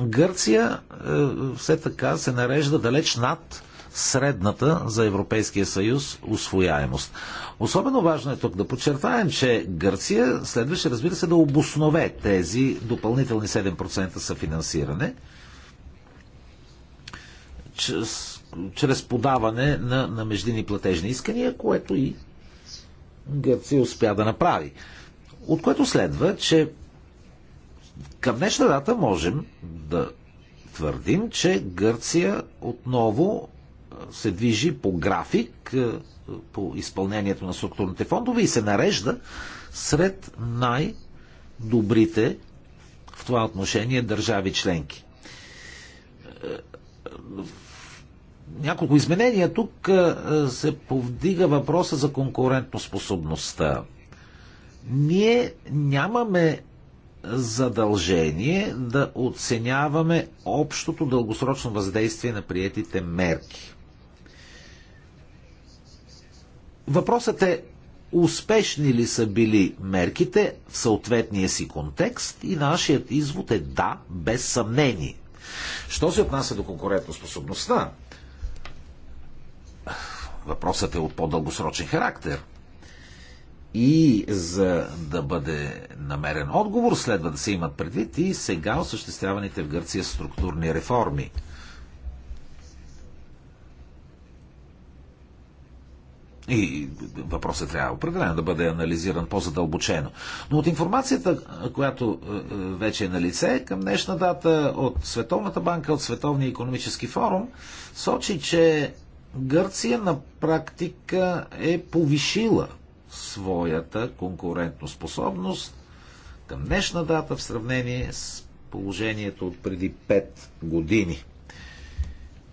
Гърция е, все така се нарежда далеч над средната за Европейския съюз освояемост. Особено важно е тук да подчертаем, че Гърция следваше, разбира се, да обоснове тези допълнителни 7% съфинансиране чрез, чрез подаване на, на междинни платежни искания, което и Гърция успя да направи. От което следва, че към днешна дата можем да твърдим, че Гърция отново се движи по график по изпълнението на структурните фондове и се нарежда сред най-добрите в това отношение държави членки. Няколко изменения тук се повдига въпроса за конкурентоспособността. Ние нямаме задължение да оценяваме общото дългосрочно въздействие на приетите мерки. Въпросът е успешни ли са били мерките в съответния си контекст и нашият извод е да, без съмнение. Що се отнася до конкурентоспособността? Въпросът е от по-дългосрочен характер. И за да бъде намерен отговор, следва да се имат предвид и сега осъществяваните в Гърция структурни реформи. И въпросът трябва определено да бъде анализиран по-задълбочено. Но от информацията, която е, е, вече е на лице към днешна дата от Световната банка, от Световния економически форум, сочи, че Гърция на практика е повишила своята конкурентоспособност към днешна дата в сравнение с положението от преди 5 години.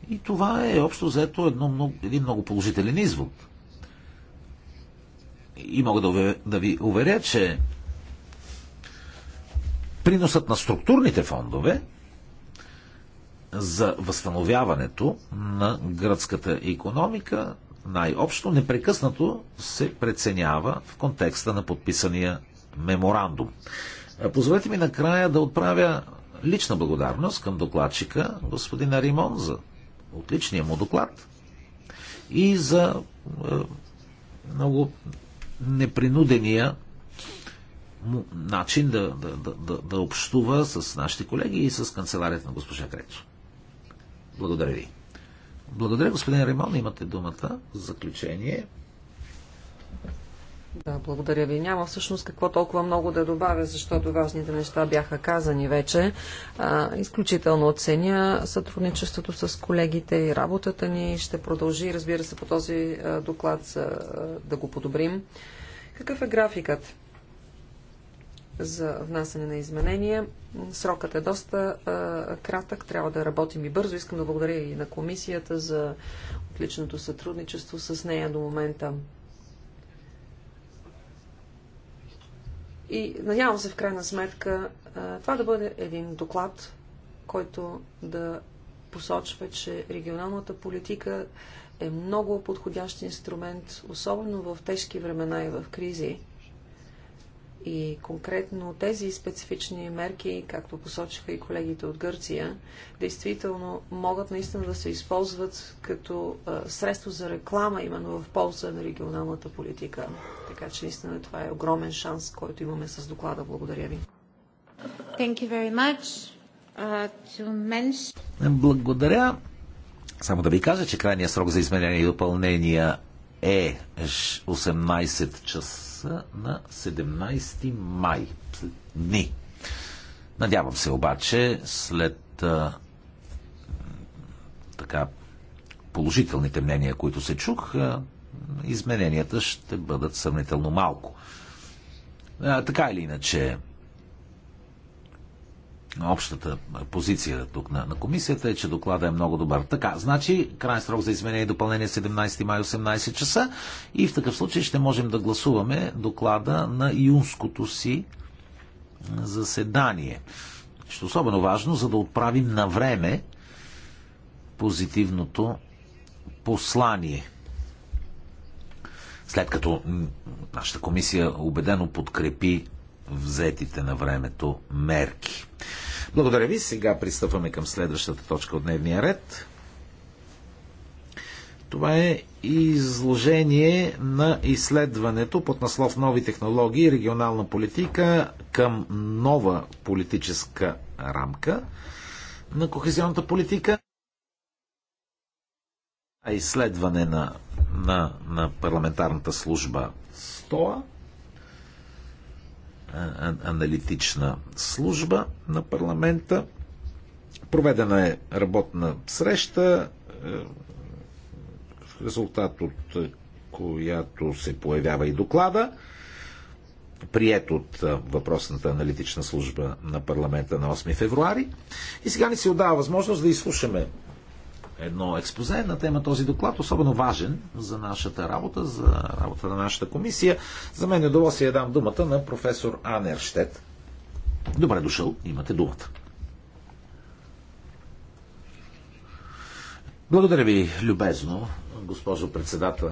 И това е общо взето едно, много, един много положителен извод. И мога да, да ви уверя, че приносът на структурните фондове за възстановяването на гръцката економика най-общо непрекъснато се преценява в контекста на подписания меморандум. Позволете ми накрая да отправя лична благодарност към докладчика господина Римон за отличния му доклад и за е, много непринудения му начин да, да, да, да, да общува с нашите колеги и с канцеларията на госпожа Грецо. Благодаря ви. Благодаря, господин Римон. Имате думата за заключение. Да, благодаря ви. Няма всъщност какво толкова много да добавя, защото важните неща бяха казани вече. А, изключително оценя сътрудничеството с колегите и работата ни. Ще продължи, разбира се, по този а, доклад а, да го подобрим. Какъв е графикът? за внасяне на изменения. Срокът е доста а, кратък, трябва да работим и бързо. Искам да благодаря и на комисията за отличното сътрудничество с нея до момента. И надявам се в крайна сметка а, това да бъде един доклад, който да посочва, че регионалната политика е много подходящ инструмент, особено в тежки времена и в кризи и конкретно тези специфични мерки, както посочиха и колегите от Гърция, действително могат наистина да се използват като средство за реклама, именно в полза на регионалната политика. Така че наистина това е огромен шанс, който имаме с доклада. Благодаря ви. Thank you very much. Uh, to Благодаря. Само да ви кажа, че крайният срок за изменение и допълнение е 18 часа са на 17 май. Дни. Надявам се обаче, след а, така положителните мнения, които се чух, а, измененията ще бъдат сравнително малко. А, така или иначе, общата позиция тук на, на комисията е, че доклада е много добър. Така, значи, крайен срок за изменение и допълнение 17 е май 18 часа и в такъв случай ще можем да гласуваме доклада на юнското си заседание. Ще е особено важно, за да отправим на време позитивното послание. След като нашата комисия убедено подкрепи взетите на времето мерки. Благодаря ви. Сега пристъпваме към следващата точка от дневния ред. Това е изложение на изследването под наслов Нови технологии и регионална политика към нова политическа рамка на кохезионната политика. А изследване на, на, на парламентарната служба СТОА аналитична служба на парламента. Проведена е работна среща, в е, резултат от която се появява и доклада, прият от е, въпросната аналитична служба на парламента на 8 февруари. И сега ни се отдава възможност да изслушаме едно експозе на тема този доклад, особено важен за нашата работа, за работа на нашата комисия. За мен е удоволствие дам думата на професор Анерштет. Добре дошъл, имате думата. Благодаря ви любезно, госпожо председател.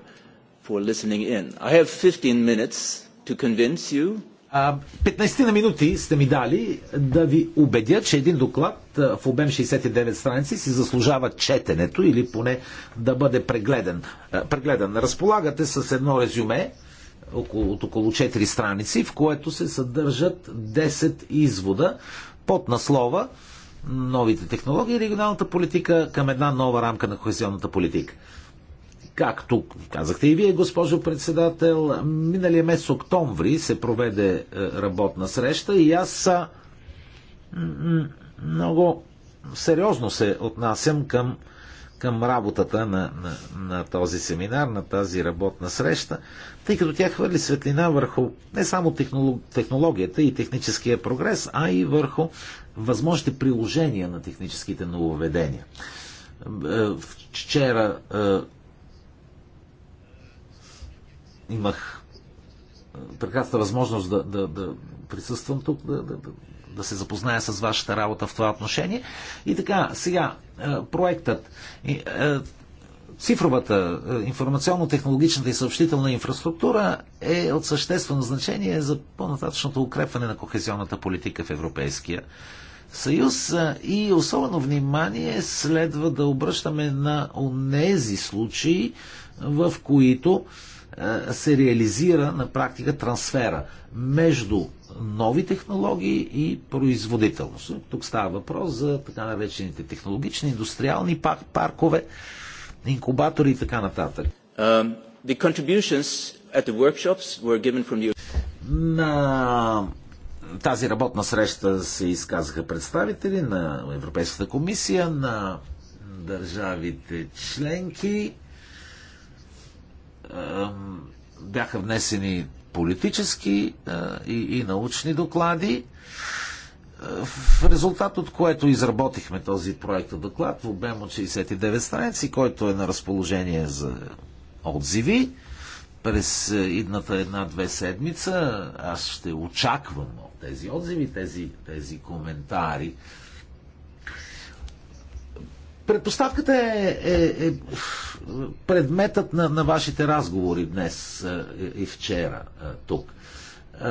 For listening in. I have 15 minutes to convince you 15 на минути сте ми дали да ви убедя, че един доклад в обем 69 страници си заслужава четенето или поне да бъде прегледан. прегледан. Разполагате с едно резюме около, от около 4 страници, в което се съдържат 10 извода под наслова новите технологии и регионалната политика към една нова рамка на кохезионната политика. Както казахте и вие, госпожо председател, миналия месец октомври се проведе е, работна среща и аз много сериозно се отнасям към, към работата на, на, на този семинар, на тази работна среща, тъй като тя хвърли светлина върху не само технологията и техническия прогрес, а и върху възможните приложения на техническите нововведения. Е, вчера е, имах прекрасна възможност да, да, да присъствам тук, да, да, да се запозная с вашата работа в това отношение. И така, сега, проектът, цифровата, информационно-технологичната и съобщителна инфраструктура е от съществено значение за по-нататъчното укрепване на кохезионната политика в Европейския съюз и особено внимание следва да обръщаме на онези случаи, в които е, се реализира на практика трансфера между нови технологии и производителност. Тук става въпрос за така наречените технологични, индустриални паркове, инкубатори и така нататък. Um, the contributions at the workshops were given from you. На тази работна среща се изказаха представители на Европейската комисия, на държавите членки бяха внесени политически и, и научни доклади, в резултат от което изработихме този проект доклад в обем от 69 страници, който е на разположение за отзиви. През идната една-две седмица аз ще очаквам тези отзиви, тези, тези коментари. Предпоставката е, е, е предметът на, на вашите разговори днес е, и вчера е, тук. Е,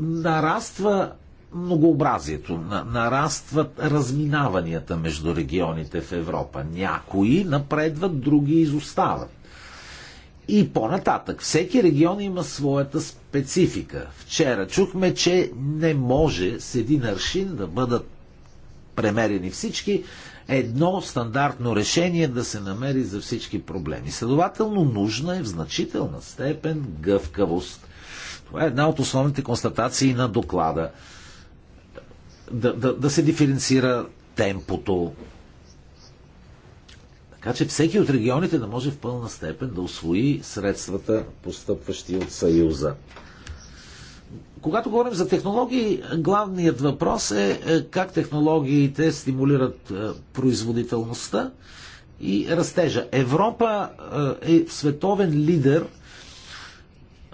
нараства многообразието, нарастват разминаванията между регионите в Европа. Някои напредват, други изостават. И по-нататък, всеки регион има своята специфика. Вчера чухме, че не може с един аршин да бъдат премерени всички едно стандартно решение да се намери за всички проблеми. Следователно, нужна е в значителна степен гъвкавост. Това е една от основните констатации на доклада. Да, да, да се диференцира темпото. Така че всеки от регионите да може в пълна степен да освои средствата, постъпващи от Съюза когато говорим за технологии, главният въпрос е, е как технологиите стимулират е, производителността и растежа. Европа е, е световен лидер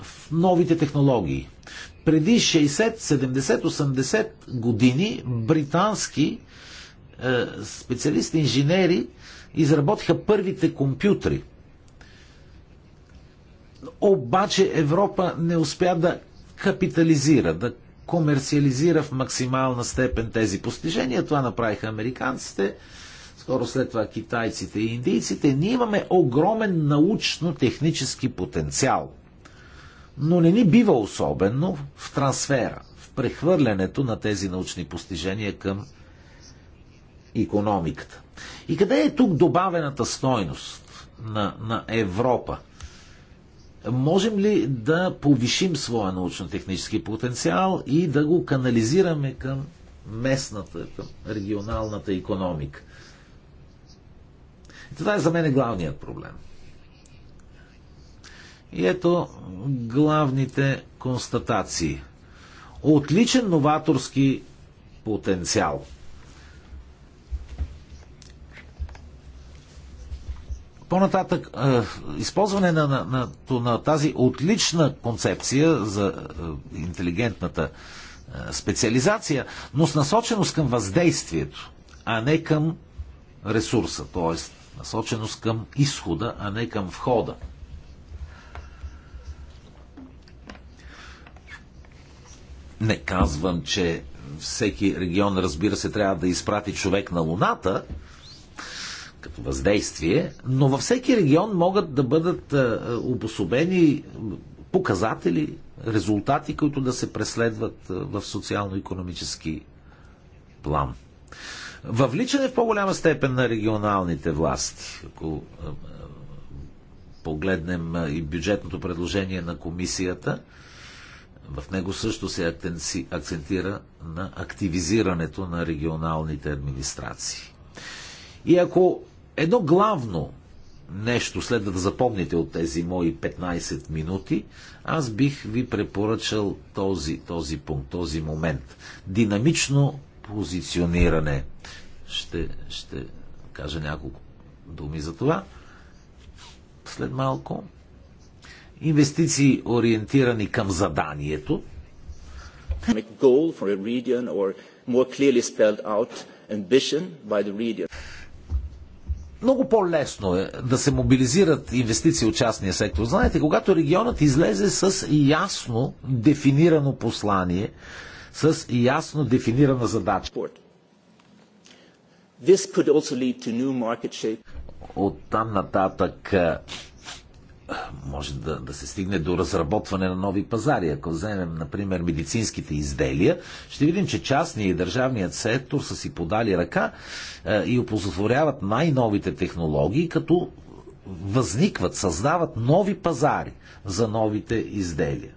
в новите технологии. Преди 60, 70, 80 години британски специалисти, инженери изработиха първите компютри. Обаче Европа не успя да капитализира, да комерциализира в максимална степен тези постижения. Това направиха американците, скоро след това китайците и индийците. Ние имаме огромен научно-технически потенциал, но не ни бива особено в трансфера, в прехвърлянето на тези научни постижения към економиката. И къде е тук добавената стойност на, на Европа? можем ли да повишим своя научно-технически потенциал и да го канализираме към местната, към регионалната економика? Това е за мен главният проблем. И ето главните констатации. Отличен новаторски потенциал – По-нататък, използване на, на, на, на тази отлична концепция за интелигентната специализация, но с насоченост към въздействието, а не към ресурса, т.е. насоченост към изхода, а не към входа. Не казвам, че всеки регион, разбира се, трябва да изпрати човек на Луната, като въздействие, но във всеки регион могат да бъдат е, обособени показатели, резултати, които да се преследват е, в социално-економически план. Въвличане в по-голяма степен на регионалните власти, ако е, погледнем и бюджетното предложение на комисията, в него също се акцентира на активизирането на регионалните администрации. И ако Едно главно нещо следва да запомните от тези мои 15 минути, аз бих ви препоръчал този, този пункт, този момент. Динамично позициониране. Ще, ще кажа няколко думи за това след малко. Инвестиции ориентирани към заданието. Make goal for a region or more clearly spelled out ambition by the region много по-лесно е да се мобилизират инвестиции от частния сектор. Знаете, когато регионът излезе с ясно дефинирано послание, с ясно дефинирана задача. От там нататък може да, да се стигне до разработване на нови пазари. Ако вземем, например, медицинските изделия, ще видим, че частния и държавният сектор са си подали ръка е, и опозотворяват най-новите технологии, като възникват, създават нови пазари за новите изделия.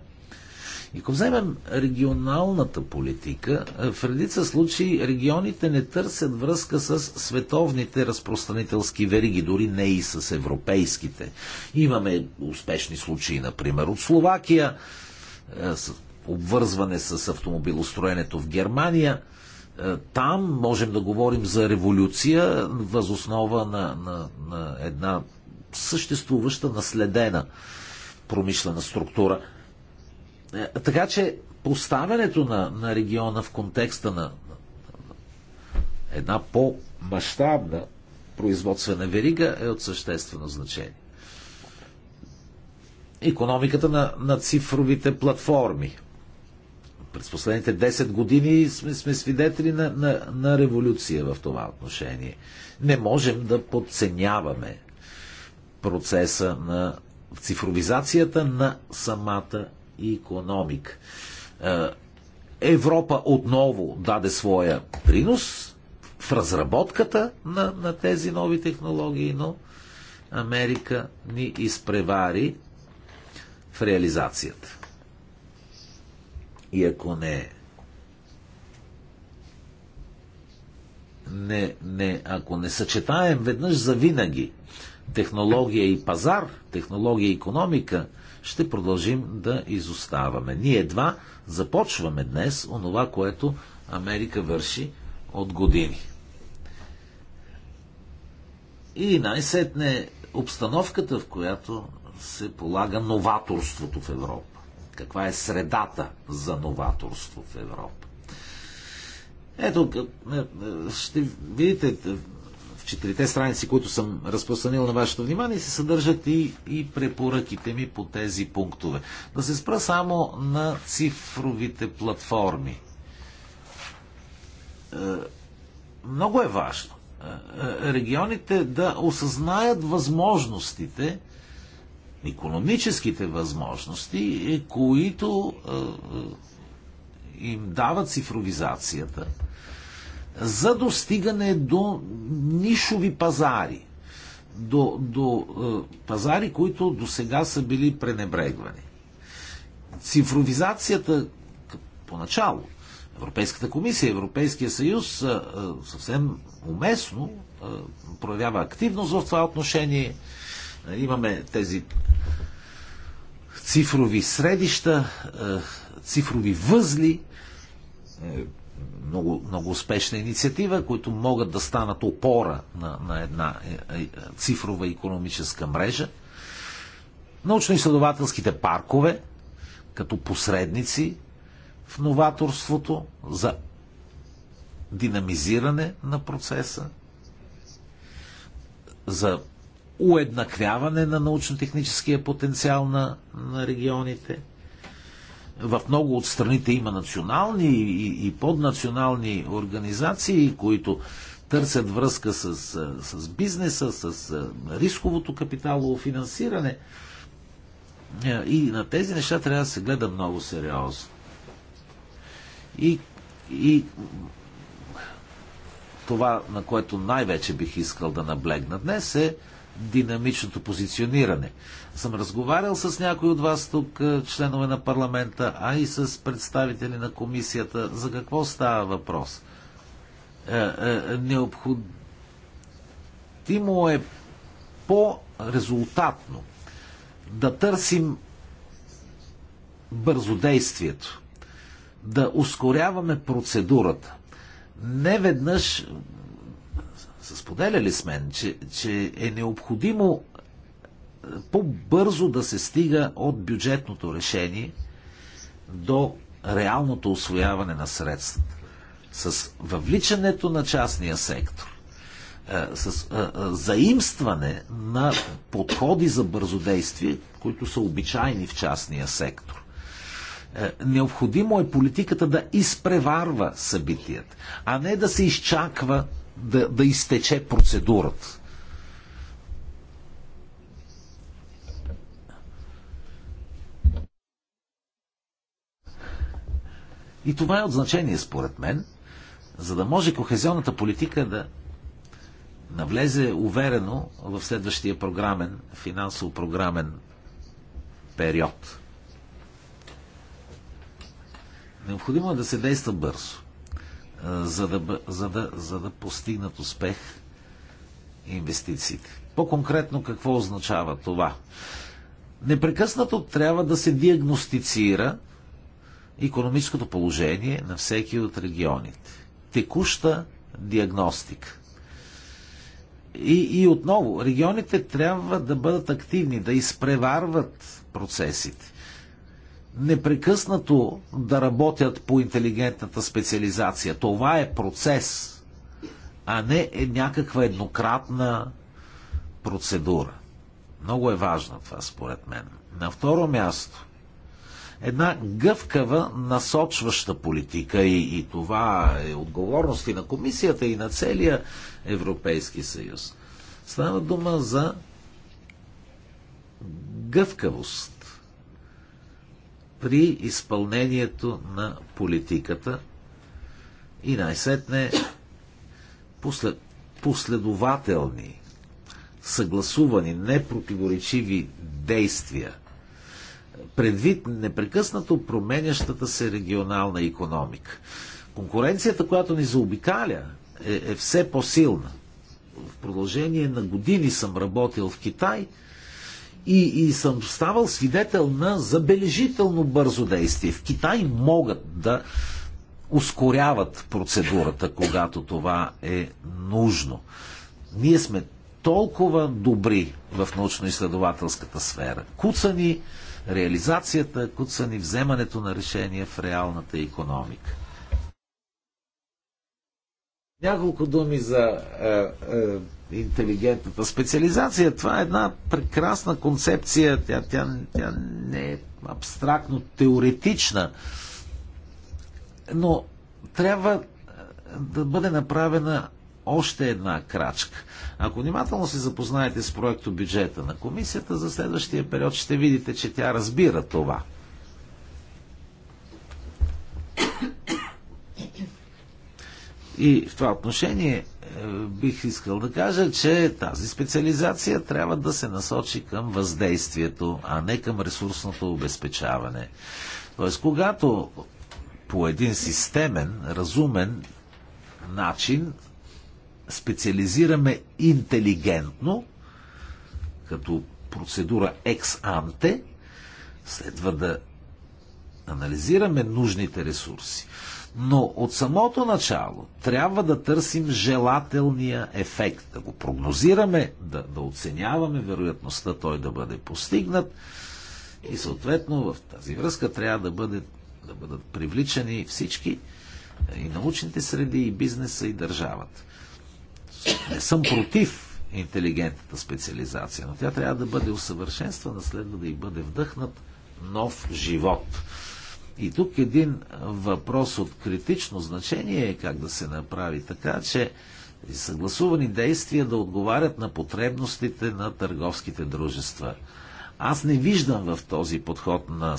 И ако вземем регионалната политика, е, в редица случаи регионите не търсят връзка с световните разпространителски вериги, дори не и с европейските. Имаме успешни случаи, например, от Словакия, е, обвързване с автомобилостроенето в Германия. Е, там можем да говорим за революция възоснова на, на, на една съществуваща наследена промишлена структура – е, така че поставянето на, на региона в контекста на, на, на една по-масштабна производствена верига е от съществено значение. Економиката на, на цифровите платформи. През последните 10 години сме, сме свидетели на, на, на революция в това отношение. Не можем да подценяваме процеса на цифровизацията на самата и економик. Е, Европа отново даде своя принос в разработката на, на тези нови технологии, но Америка ни изпревари в реализацията. И ако не не, не, ако не съчетаем веднъж за винаги технология и пазар, технология и економика, ще продължим да изоставаме. Ние едва започваме днес онова, което Америка върши от години. И най-сетне обстановката, в която се полага новаторството в Европа. Каква е средата за новаторство в Европа? Ето, е, е, ще видите, четирите страници, които съм разпространил на вашето внимание, се съдържат и, и препоръките ми по тези пунктове. Да се спра само на цифровите платформи. Е, много е важно е, е, регионите да осъзнаят възможностите, економическите възможности, които им дава цифровизацията за достигане до нишови пазари, до, до е, пазари, които до сега са били пренебрегвани. Цифровизацията поначало, Европейската комисия, Европейския съюз е, е, съвсем уместно е, проявява активност в това отношение. Е, имаме тези цифрови средища, е, цифрови възли, е, много, много успешна инициатива, които могат да станат опора на, на една е, е, цифрова економическа мрежа. Научно-изследователските паркове, като посредници в новаторството за динамизиране на процеса, за уеднаквяване на научно-техническия потенциал на, на регионите – в много от страните има национални и, и поднационални организации, които търсят връзка с, с бизнеса, с рисковото капиталово финансиране. И на тези неща трябва да се гледа много сериозно. И, и това, на което най-вече бих искал да наблегна днес е динамичното позициониране съм разговарял с някои от вас тук, е, членове на парламента, а и с представители на комисията. За какво става въпрос? Е, е, необходимо е по-резултатно да търсим бързодействието, да ускоряваме процедурата. Не веднъж споделяли с мен, че, че е необходимо по-бързо да се стига от бюджетното решение до реалното освояване на средствата. С въвличането на частния сектор, е, с е, е, заимстване на подходи за бързодействие, които са обичайни в частния сектор. Необходимо е политиката да изпреварва събитията, а не да се изчаква да, да изтече процедурата. И това е от значение, според мен, за да може кохезионната политика да навлезе уверено в следващия програмен, финансово-програмен период. Необходимо е да се действа бързо, за да, за да, за да постигнат успех инвестициите. По-конкретно какво означава това? Непрекъснато трябва да се диагностицира економическото положение на всеки от регионите. Текуща диагностика. И, и отново, регионите трябва да бъдат активни, да изпреварват процесите. Непрекъснато да работят по интелигентната специализация. Това е процес, а не е някаква еднократна процедура. Много е важно това, според мен. На второ място, една гъвкава насочваща политика и, и това е отговорност и на комисията и на целия Европейски съюз. Става дума за гъвкавост при изпълнението на политиката и най-сетне послед, последователни, съгласувани, непротиворечиви действия – предвид непрекъснато променящата се регионална економика. Конкуренцията, която ни заобикаля, е, е все по-силна. В продължение на години съм работил в Китай и, и съм ставал свидетел на забележително бързо действие. В Китай могат да ускоряват процедурата, когато това е нужно. Ние сме толкова добри в научно-изследователската сфера. Куцани ни реализацията, ни вземането на решения в реалната економика. Няколко думи за е, е, интелигентната специализация. Това е една прекрасна концепция. Тя, тя, тя не е абстрактно теоретична, но трябва е, да бъде направена още една крачка. Ако внимателно се запознаете с проекто бюджета на комисията за следващия период, ще видите, че тя разбира това. И в това отношение е, бих искал да кажа, че тази специализация трябва да се насочи към въздействието, а не към ресурсното обезпечаване. Тоест, когато по един системен, разумен начин специализираме интелигентно, като процедура екс-анте, следва да анализираме нужните ресурси. Но от самото начало трябва да търсим желателния ефект, да го прогнозираме, да, да оценяваме вероятността той да бъде постигнат и съответно в тази връзка трябва да, бъде, да бъдат привличани всички и научните среди, и бизнеса, и държавата. Не съм против интелигентната специализация, но тя трябва да бъде усъвършенствана, следва да и бъде вдъхнат нов живот. И тук един въпрос от критично значение е как да се направи така, че съгласувани действия да отговарят на потребностите на търговските дружества. Аз не виждам в този подход на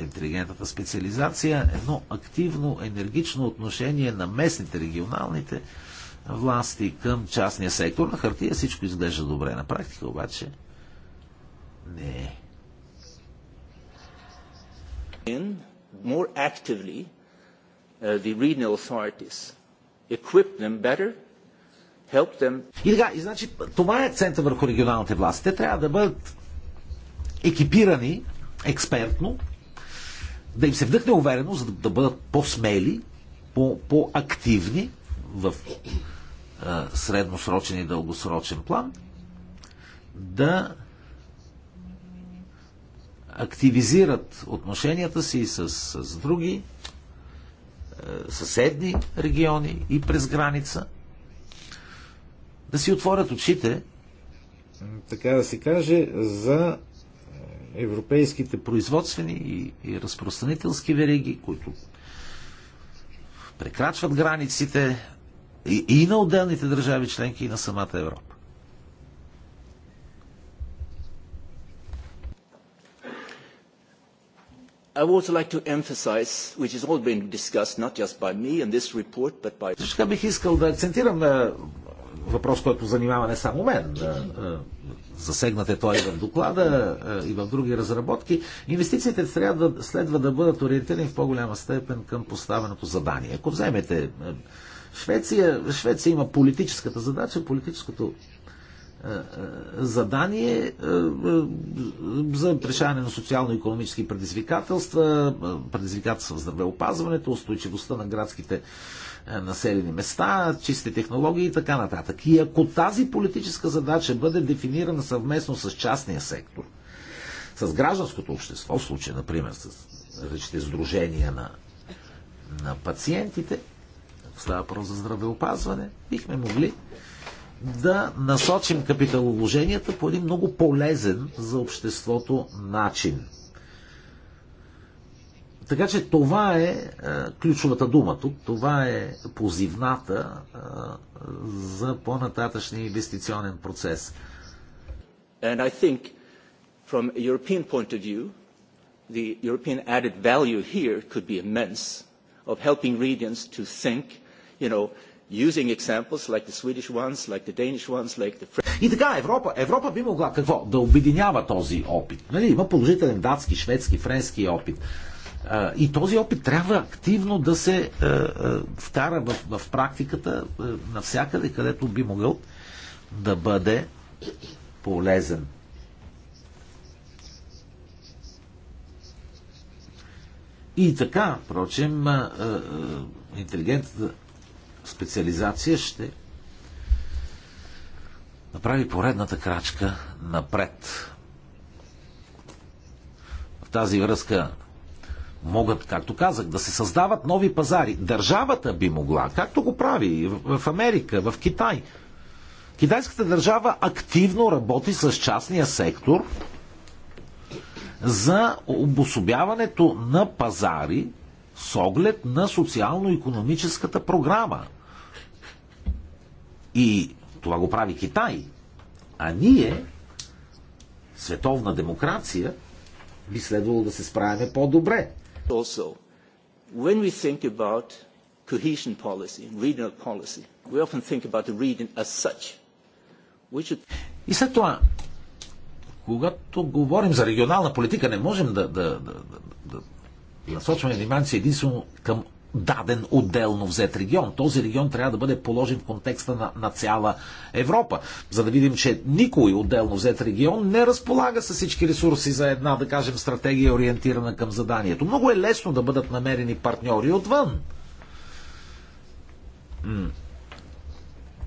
интелигентната специализация едно активно, енергично отношение на местните, регионалните власти към частния сектор. На хартия всичко изглежда добре. На практика обаче не е. More actively, uh, the regional authorities equip them better help them. И така, и значи, това е акцента върху регионалните власти. Те трябва да бъдат екипирани експертно, да им се вдъхне увереност, за да бъдат по-смели, по-активни, в средносрочен и дългосрочен план, да активизират отношенията си с, с други съседни региони и през граница, да си отворят очите, така да се каже, за европейските производствени и, и разпространителски вериги, които прекрачват границите, и, и на отделните държави членки, и на самата Европа. I would also like to emphasize, which has all been discussed not just by me in this report, but by... Също бих искал да акцентирам на въпрос, който занимава не само мен. Засегнат е той и в доклада, и в други разработки. Инвестициите трябва, следва да бъдат ориентирани в по-голяма степен към поставеното задание. Ако вземете Швеция, Швеция има политическата задача, политическото е, е, задание е, за решаване на социално-економически предизвикателства, предизвикателства в здравеопазването, устойчивостта на градските населени места, чисти технологии и така нататък. И ако тази политическа задача бъде дефинирана съвместно с частния сектор, с гражданското общество, в случая, например, с различните сдружения на, на пациентите, става въпрос за здравеопазване, бихме могли да насочим капиталовложенията по един много полезен за обществото начин. Така че това е, е ключовата дума тук, това е позивната е, за по нататъчни инвестиционен процес. And I think from a European point of view, the European added value here could be immense of helping regions to think you know, using examples like the Swedish ones, like the Danish ones, like the French. И така, Европа, Европа би могла какво? Да обединява този опит. Нали? Има положителен датски, шведски, френски опит. И този опит трябва активно да се е, е, вкара в, в практиката е, навсякъде, където би могъл да бъде полезен. И така, впрочем, интелигентната специализация ще направи поредната крачка напред. В тази връзка могат, както казах, да се създават нови пазари. Държавата би могла, както го прави в Америка, в Китай. Китайската държава активно работи с частния сектор за обособяването на пазари, с оглед на социално-економическата програма. И това го прави Китай. А ние, световна демокрация, би следвало да се справяме по-добре. Also, when we think about cohesion policy, regional policy, we often think about the region as such. We should... И след това, когато говорим за регионална политика, не можем да, да, да, да, да насочваме вниманието си е единствено към даден отделно взет регион. Този регион трябва да бъде положен в контекста на, на цяла Европа, за да видим, че никой отделно взет регион не разполага с всички ресурси за една, да кажем, стратегия ориентирана към заданието. Много е лесно да бъдат намерени партньори отвън.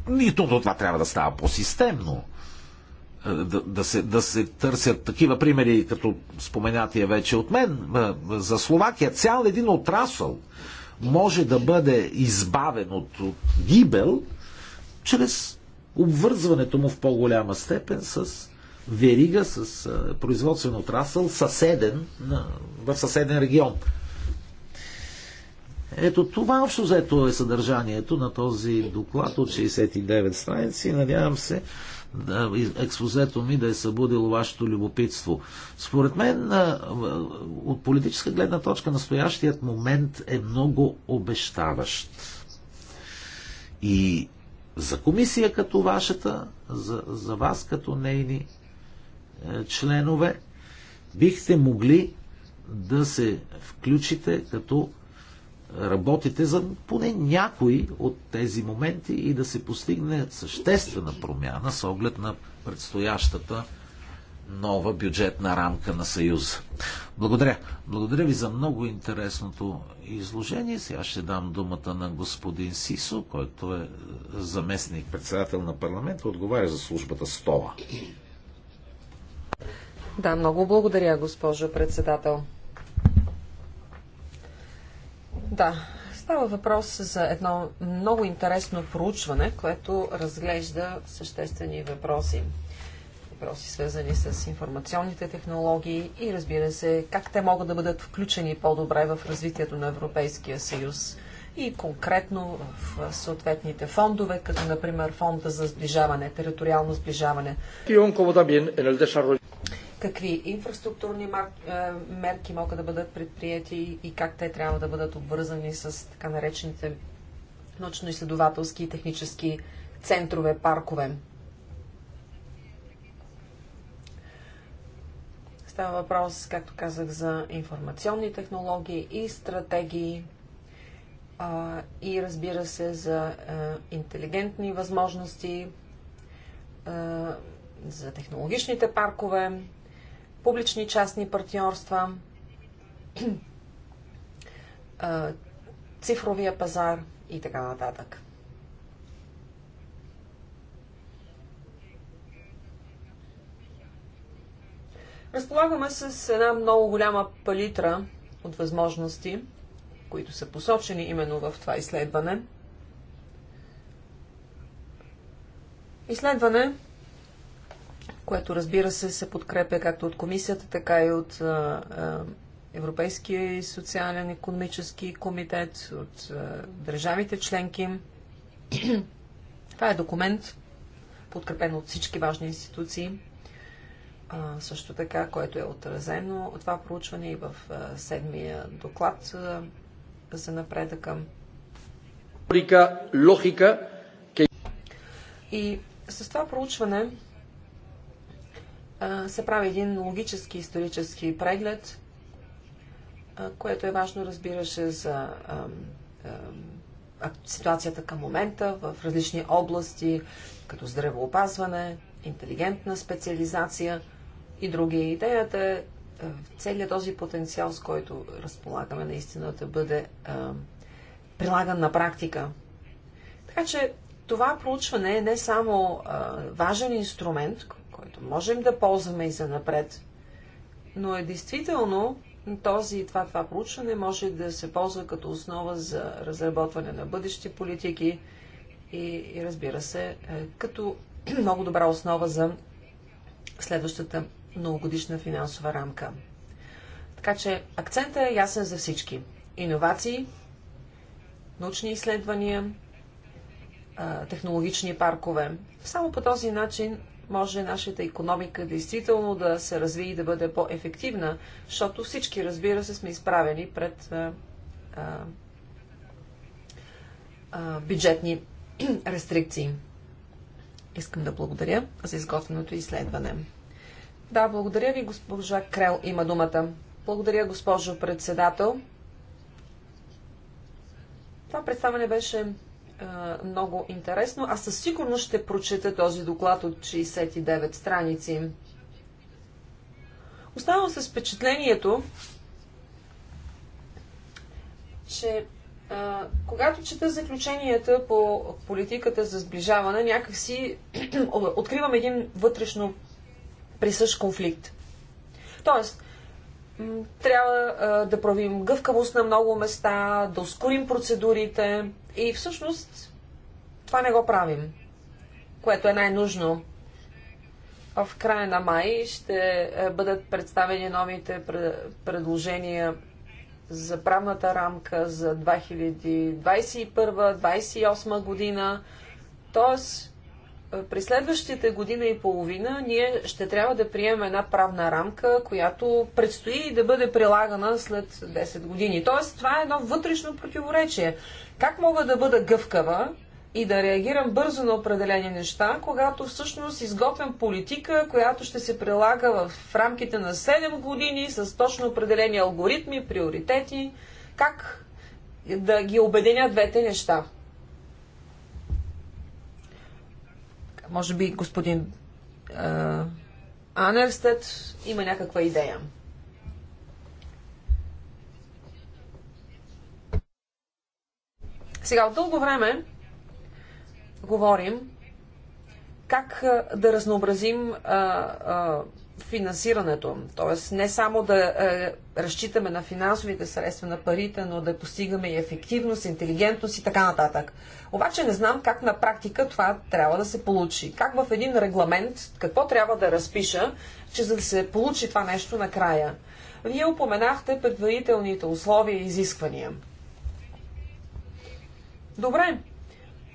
Нито това трябва да става по-системно. Е, да, да, се, да се търсят такива примери, като споменатия вече от мен, е, за Словакия цял един отрасъл може да бъде избавен от, от гибел чрез обвързването му в по-голяма степен с верига, с е, производствен отрасъл, съседен, в съседен регион. Ето това общо взето е съдържанието на този доклад от 69 страници. Надявам се, да, експозето ми да е събудило вашето любопитство. Според мен, от политическа гледна точка, настоящият момент е много обещаващ. И за комисия като вашата, за, за вас като нейни е, членове, бихте могли да се включите като работите за поне някои от тези моменти и да се постигне съществена промяна с оглед на предстоящата нова бюджетна рамка на Съюза. Благодаря. Благодаря ви за много интересното изложение. Сега ще дам думата на господин Сисо, който е заместник председател на парламента, отговаря за службата СТОЛА. Да, много благодаря, госпожо председател. Да, става въпрос за едно много интересно проучване, което разглежда съществени въпроси. Въпроси свързани с информационните технологии и разбира се, как те могат да бъдат включени по-добре в развитието на Европейския съюз и конкретно в съответните фондове, като например фонда за сближаване, териториално сближаване. да какви инфраструктурни е, мерки могат да бъдат предприяти и как те трябва да бъдат обвързани с така наречените научно-изследователски и технически центрове, паркове. Става въпрос, както казах, за информационни технологии и стратегии а, и разбира се за а, е, интелигентни възможности, а, е, за технологичните паркове, публични-частни партньорства, цифровия пазар и така нататък. Разполагаме с една много голяма палитра от възможности, които са посочени именно в това изследване. Изследване, което разбира се се подкрепя както от комисията, така и от Европейския и социален економически комитет, от държавите членки. Това е документ, подкрепен от всички важни институции, също така, което е отразено от това проучване и в седмия доклад а, за напредъка. Логика, логика. И с това проучване се прави един логически исторически преглед, което е важно, разбираше, за ситуацията към момента в различни области, като здравеопазване, интелигентна специализация и други. Идеята е целият този потенциал, с който разполагаме, наистина да бъде прилаган на практика. Така че това проучване е не само а, важен инструмент, което можем да ползваме и за напред. Но е действително този, това, това проучване може да се ползва като основа за разработване на бъдещи политики и, и разбира се, е, като много добра основа за следващата многогодишна финансова рамка. Така че акцентът е ясен за всички. Иновации, научни изследвания, технологични паркове. Само по този начин може нашата економика действително да се развие и да бъде по-ефективна, защото всички, разбира се, сме изправени пред а, а, бюджетни рестрикции. Искам да благодаря за изготвеното изследване. Да, благодаря ви, госпожа Крел има думата. Благодаря, госпожо председател. Това представане беше е, много интересно. Аз със сигурност ще прочета този доклад от 69 страници. Оставам с впечатлението, че а, е, когато чета заключенията по политиката за сближаване, някакси откривам един вътрешно присъщ конфликт. Тоест, трябва а, е, да правим гъвкавост на много места, да ускорим процедурите, и всъщност това не го правим, което е най-нужно. В края на май ще е, бъдат представени новите предложения за правната рамка за 2021-2028 година. Тоест, през следващите година и половина ние ще трябва да приемем една правна рамка, която предстои да бъде прилагана след 10 години. Тоест, това е едно вътрешно противоречие. Как мога да бъда гъвкава и да реагирам бързо на определени неща, когато всъщност изготвям политика, която ще се прилага в рамките на 7 години с точно определени алгоритми, приоритети? Как да ги обединя двете неща? Може би господин а, Анерстед има някаква идея. Сега, от дълго време говорим как да разнообразим а, а, финансирането. Тоест не само да е, разчитаме на финансовите средства, на парите, но да постигаме и ефективност, интелигентност и така нататък. Обаче не знам как на практика това трябва да се получи. Как в един регламент, какво трябва да разпиша, че за да се получи това нещо накрая. Вие упоменахте предварителните условия и изисквания. Добре,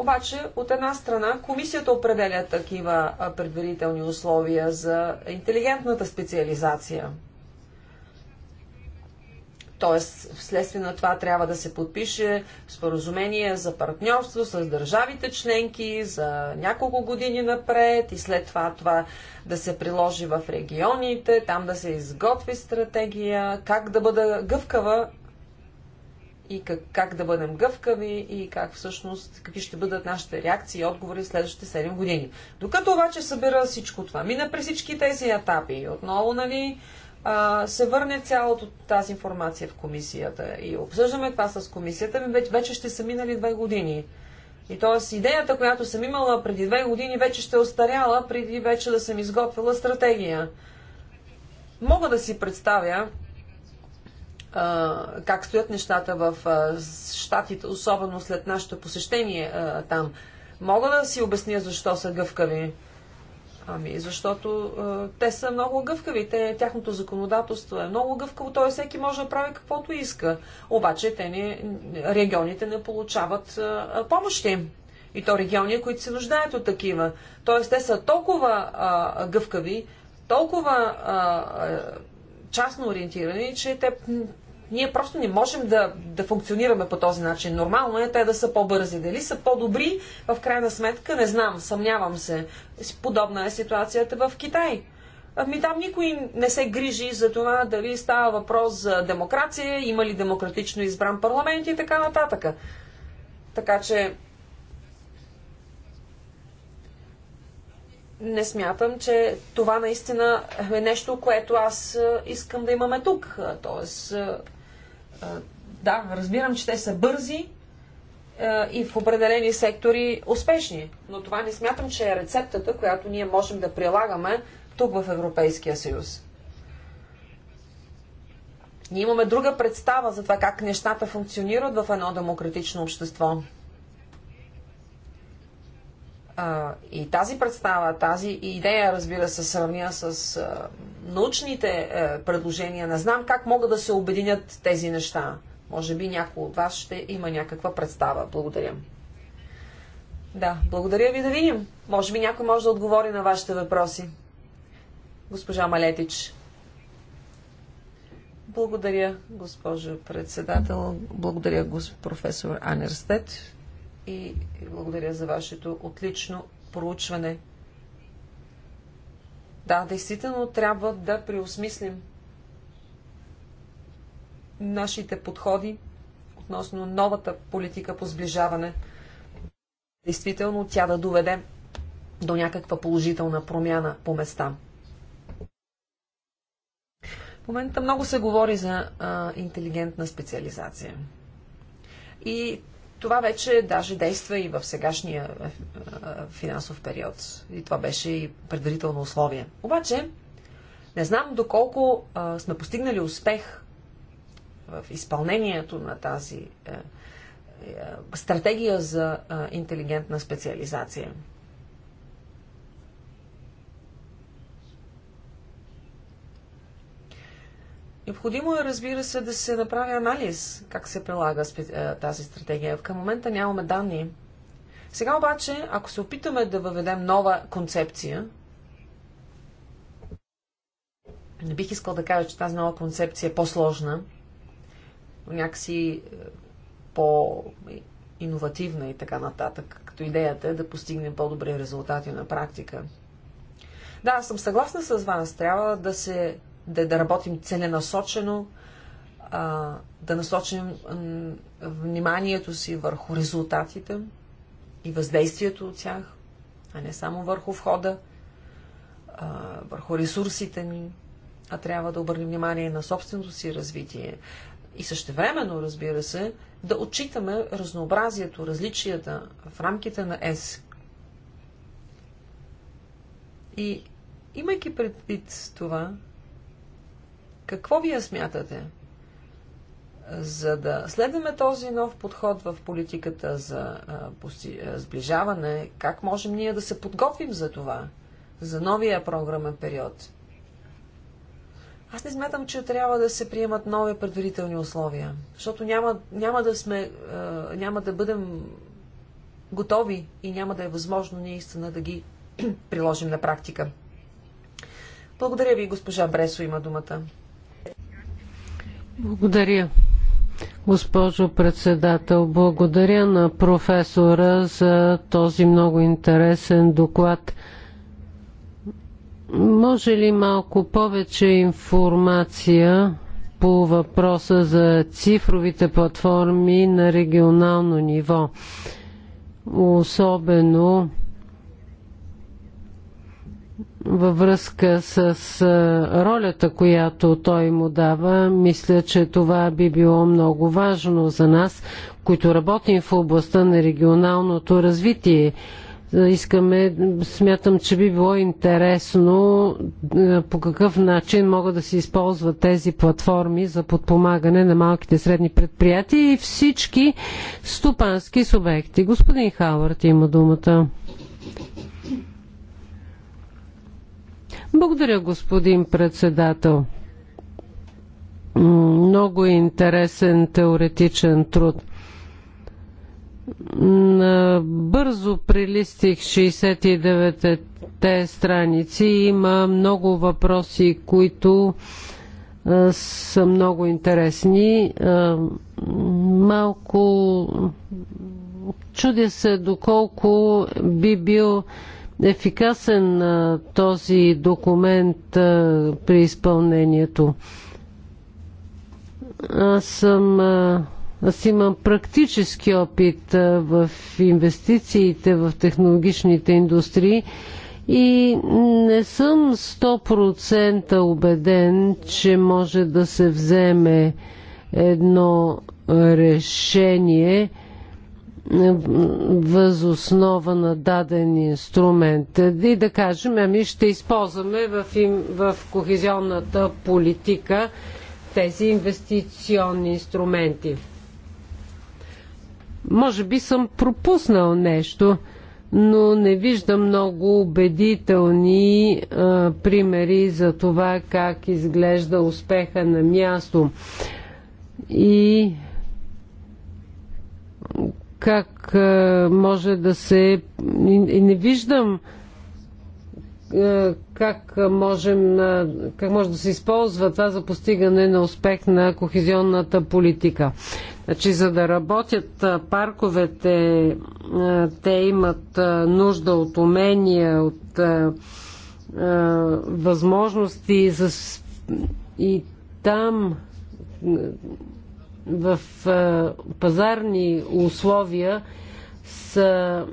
обаче, от една страна, комисията определя такива предварителни условия за интелигентната специализация. Тоест, вследствие на това трябва да се подпише споразумение за партньорство с държавите членки за няколко години напред и след това това да се приложи в регионите, там да се изготви стратегия, как да бъде гъвкава и как, как да бъдем гъвкави и как всъщност, какви ще бъдат нашите реакции и отговори в следващите 7 години. Докато обаче събера всичко това, мина през всички тези етапи и отново, нали, а, се върне цялото тази информация в комисията и обсъждаме това с комисията, ми вече ще са минали две години. И т.е. идеята, която съм имала преди две години, вече ще е остаряла, преди вече да съм изготвила стратегия. Мога да си представя, как стоят нещата в Штатите, особено след нашето посещение там. Мога да си обясня защо са гъвкави. Ами, защото те са много гъвкави. Те, тяхното законодателство е много гъвкаво, той всеки може да прави каквото иска. Обаче те не, регионите не получават помощи. И то региони, които се нуждаят от такива. Тоест, те са толкова а, гъвкави, толкова а, частно ориентирани, че те ние просто не можем да, да функционираме по този начин. Нормално е те да са по-бързи. Дали са по-добри, в крайна сметка не знам, съмнявам се. Подобна е ситуацията в Китай. Ами там никой не се грижи за това дали става въпрос за демокрация, има ли демократично избран парламент и така нататък. Така че не смятам, че това наистина е нещо, което аз е, искам да имаме тук. Тоест, е, да, разбирам, че те са бързи и в определени сектори успешни, но това не смятам, че е рецептата, която ние можем да прилагаме тук в Европейския съюз. Ние имаме друга представа за това как нещата функционират в едно демократично общество и тази представа, тази идея, разбира се, сравня с а, научните а, е, предложения. Не знам как могат да се обединят тези неща. Може би някой от вас ще има някаква представа. Благодаря. Да, благодаря ви да видим. Може би някой може да отговори на вашите въпроси. Госпожа Малетич. Благодаря, госпожо председател. Благодаря, госп... професор Анерстет и благодаря за вашето отлично проучване. Да, действително трябва да преосмислим нашите подходи относно новата политика по сближаване. Действително тя да доведе до някаква положителна промяна по места. В момента много се говори за а, интелигентна специализация. И това вече даже действа и в сегашния е, е, финансов период. И това беше и предварително условие. Обаче, не знам доколко а, сме постигнали успех в изпълнението на тази а, е, стратегия за а, интелигентна специализация. Необходимо е, разбира се, да се направи анализ как се прилага е, тази стратегия. Към момента нямаме данни. Сега обаче, ако се опитаме да въведем нова концепция, не бих искал да кажа, че тази нова концепция е по-сложна, но някакси е, по-инновативна и така нататък, като идеята е да постигнем по-добри резултати на практика. Да, съм съгласна с вас. Трябва да се да, да работим целенасочено, а, да насочим вниманието си върху резултатите и въздействието от тях, а не само върху входа, а, върху ресурсите ни, а трябва да обърнем внимание на собственото си развитие. И същевременно, разбира се, да отчитаме разнообразието, различията в рамките на ЕС. И имайки предвид това, какво вие смятате? За да следваме този нов подход в политиката за сближаване, как можем ние да се подготвим за това, за новия програмен период? Аз не смятам, че трябва да се приемат нови предварителни условия, защото няма, няма да сме, няма да бъдем готови и няма да е възможно ние истина да ги приложим на практика. Благодаря ви, госпожа Бресо има думата. Благодаря. Госпожо председател, благодаря на професора за този много интересен доклад. Може ли малко повече информация по въпроса за цифровите платформи на регионално ниво? Особено във връзка с ролята, която той му дава, мисля, че това би било много важно за нас, които работим в областта на регионалното развитие. Искаме, смятам, че би било интересно по какъв начин могат да се използват тези платформи за подпомагане на малките и средни предприятия и всички стопански субекти. Господин Хауърт има думата. Благодаря, господин председател. Много интересен теоретичен труд. Бързо прилистих 69-те страници. Има много въпроси, които са много интересни. Малко чудя се доколко би бил ефикасен този документ при изпълнението. Аз съм аз имам практически опит в инвестициите в технологичните индустрии и не съм 100% убеден, че може да се вземе едно решение – възоснова на даден инструмент. И да кажем, ами ще използваме в, им, в кохезионната политика тези инвестиционни инструменти. Може би съм пропуснал нещо, но не виждам много убедителни а, примери за това как изглежда успеха на място. И как е, може да се... И не виждам е, как, можем, как може да се използва това за постигане на успех на кохезионната политика. Значи, за да работят е, парковете, те имат нужда от умения, от възможности за... и там в пазарни условия са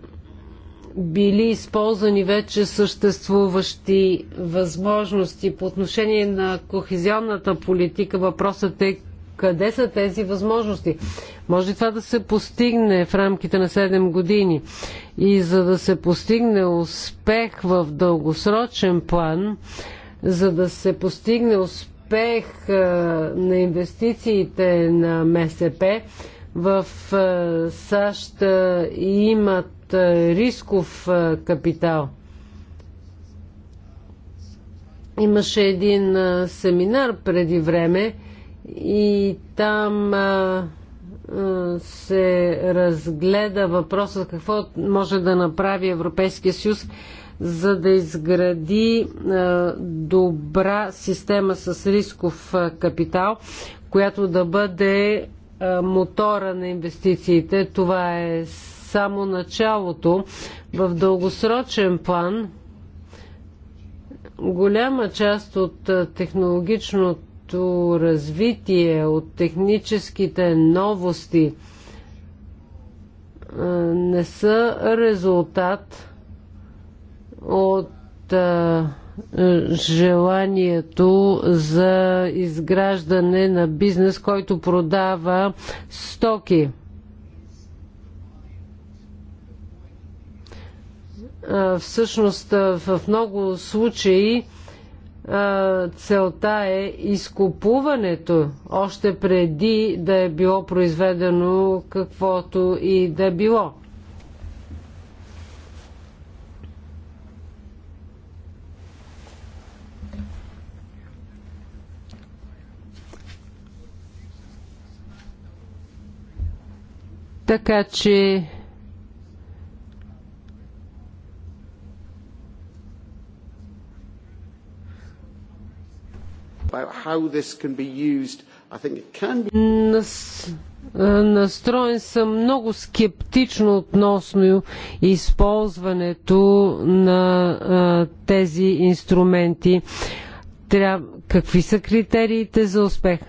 били използвани вече съществуващи възможности. По отношение на кохезионната политика въпросът е къде са тези възможности. Може това да се постигне в рамките на 7 години. И за да се постигне успех в дългосрочен план, за да се постигне успех успех на инвестициите на МСП в САЩ имат рисков капитал. Имаше един семинар преди време и там се разгледа въпроса какво може да направи Европейския съюз за да изгради е, добра система с рисков е, капитал, която да бъде е, мотора на инвестициите. Това е само началото. В дългосрочен план голяма част от технологичното развитие, от техническите новости не са резултат от а, желанието за изграждане на бизнес, който продава стоки. Всъщност в много случаи целта е изкупуването още преди да е било произведено каквото и да е било. Така че Настроен съм много скептично относно използването на е, тези инструменти. Тря... Какви са критериите за успех?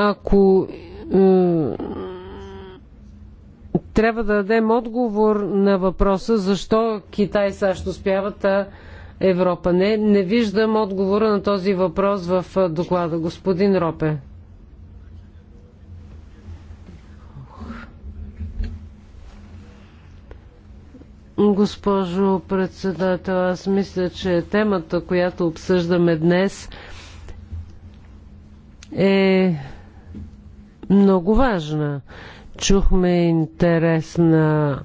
Ако е, трябва да дадем отговор на въпроса защо Китай и САЩ успяват, а Европа не. Не виждам отговора на този въпрос в е, доклада. Господин Ропе. Госпожо председател, аз мисля, че темата, която обсъждаме днес е много важна. Чухме интересна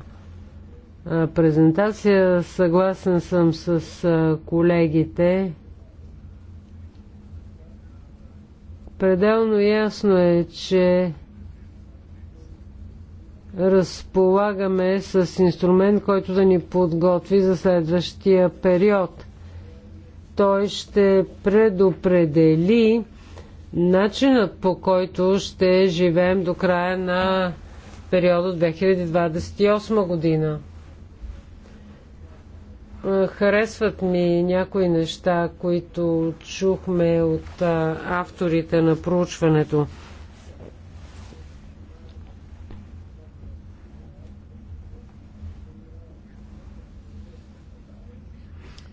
презентация. Съгласен съм с колегите. Пределно ясно е, че разполагаме с инструмент, който да ни подготви за следващия период. Той ще предопредели Начинът по който ще живеем до края на периода 2028 година. Харесват ми някои неща, които чухме от авторите на проучването.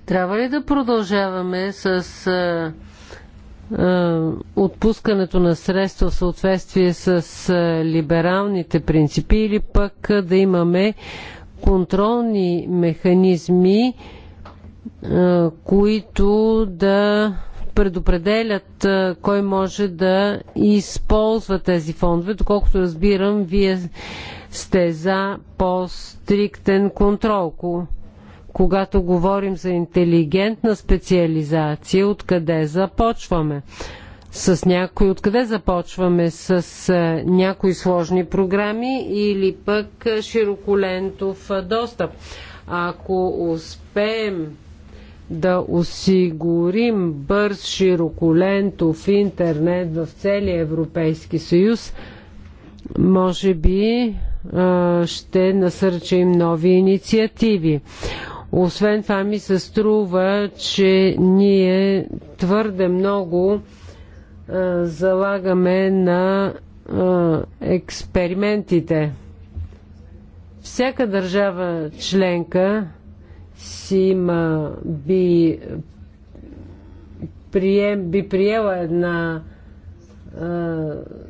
Трябва ли да продължаваме с е, отпускането на средства в съответствие с е, либералните принципи или пък е, да имаме контролни механизми, които да предопределят кой може да използва тези фондове. Доколкото разбирам, вие сте за по-стриктен контрол когато говорим за интелигентна специализация, откъде започваме? С някой, откъде започваме? С е, някои сложни програми или пък е, широколентов е, достъп? Ако успеем да осигурим бърз широколентов интернет в целия Европейски съюз, може би ще насърчим нови инициативи. Освен това ми се струва, че ние твърде много а, залагаме на а, експериментите. Всяка държава членка си има, би, прием, би приела една а,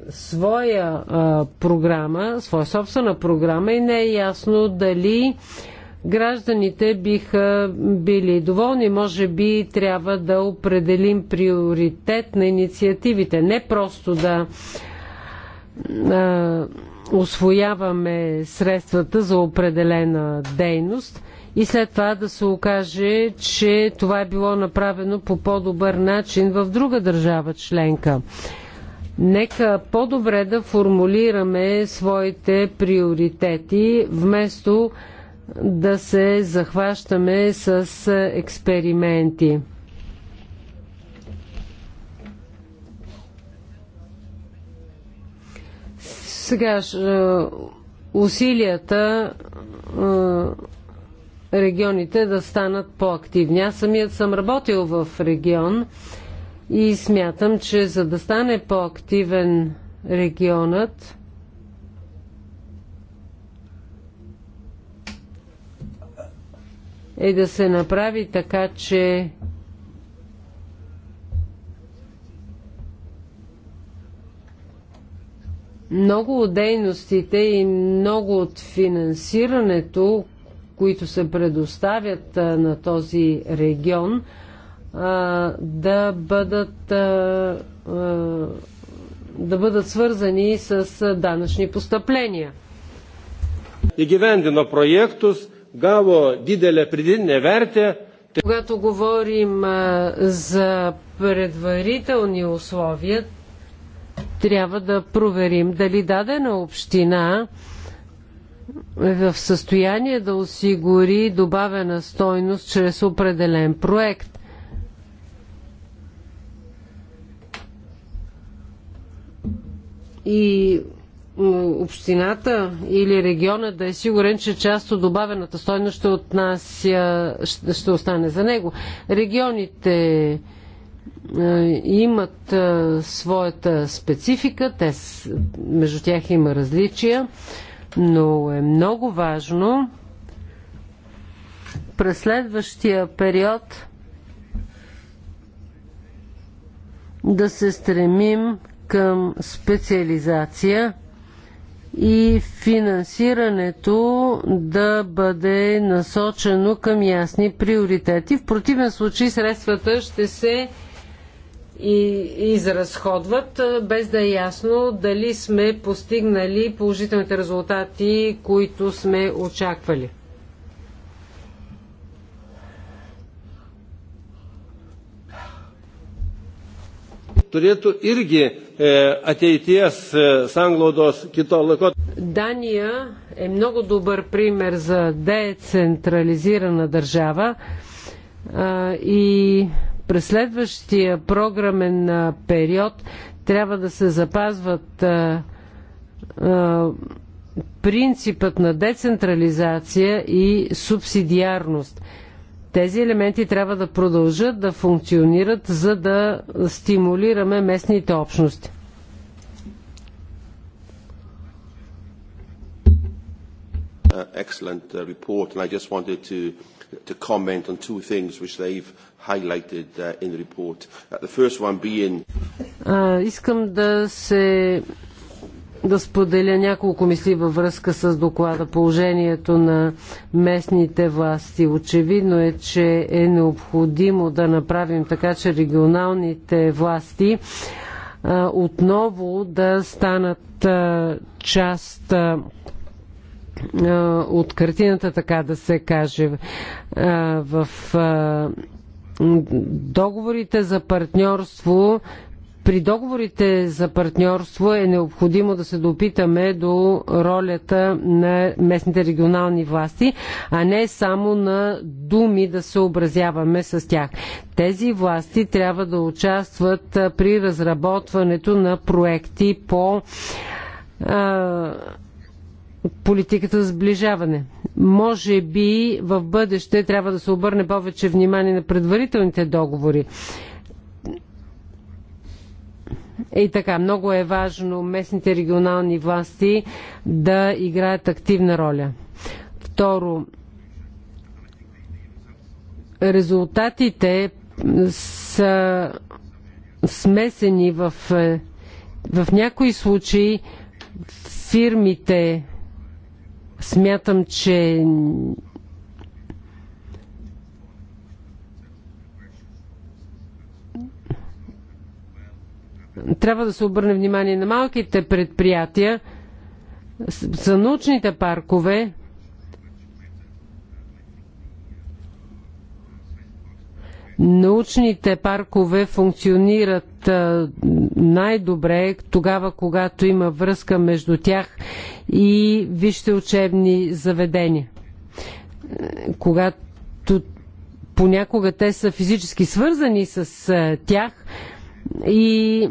своя а, програма, своя собствена програма и не е ясно дали а, гражданите биха били доволни. Може би трябва да определим приоритет на инициативите. Не просто да а, освояваме средствата за определена дейност и след това да се окаже, че това е било направено по по-добър начин в друга държава членка. Нека по-добре да формулираме своите приоритети, вместо да се захващаме с експерименти. Сега е, усилията е, регионите да станат по-активни. Аз самият съм работил в регион и смятам, че за да стане по-активен регионът, е да се направи така, че много от дейностите и много от финансирането, които се предоставят на този регион, да бъдат, да бъдат свързани с данъчни постъпления. на проектус gavo didelę pridinę vertę. Когато говорим за предварителни условия, трябва да проверим дали дадена община е в състояние да осигури добавена стойност чрез определен проект. И общината или региона да е сигурен, че част от добавената стойност ще, отнася, ще остане за него. Регионите е, имат е, своята специфика, те, между тях има различия, но е много важно през следващия период да се стремим към специализация – и финансирането да бъде насочено към ясни приоритети. В противен случай средствата ще се и изразходват, без да е ясно дали сме постигнали положителните резултати, които сме очаквали. Турето Ирги ateities sanglaudos kito laiko. Дания е много добър пример за децентрализирана държава е, и през следващия програмен е, период трябва да се запазват е, принципът на децентрализация и субсидиарност – тези елементи трябва да продължат да функционират, за да стимулираме местните общности. excellent uh, report, and I just wanted to to comment on two things which they've highlighted uh, in the report. Uh, the first one being... Uh, искам да се да споделя няколко мисли във връзка с доклада. Положението на местните власти. Очевидно е, че е необходимо да направим така, че регионалните власти а, отново да станат а, част а, от картината, така да се каже. А, в а, договорите за партньорство при договорите за партньорство е необходимо да се допитаме до ролята на местните регионални власти, а не само на думи да се образяваме с тях. Тези власти трябва да участват при разработването на проекти по а, политиката за сближаване. Може би в бъдеще трябва да се обърне повече внимание на предварителните договори и така, много е важно местните регионални власти да играят активна роля. Второ, резултатите са смесени в, е, в някои случаи фирмите смятам, че Трябва да се обърне внимание на малките предприятия. За научните паркове научните паркове функционират най-добре тогава, когато има връзка между тях и вижте учебни заведения. Когато понякога те са физически свързани с тях, и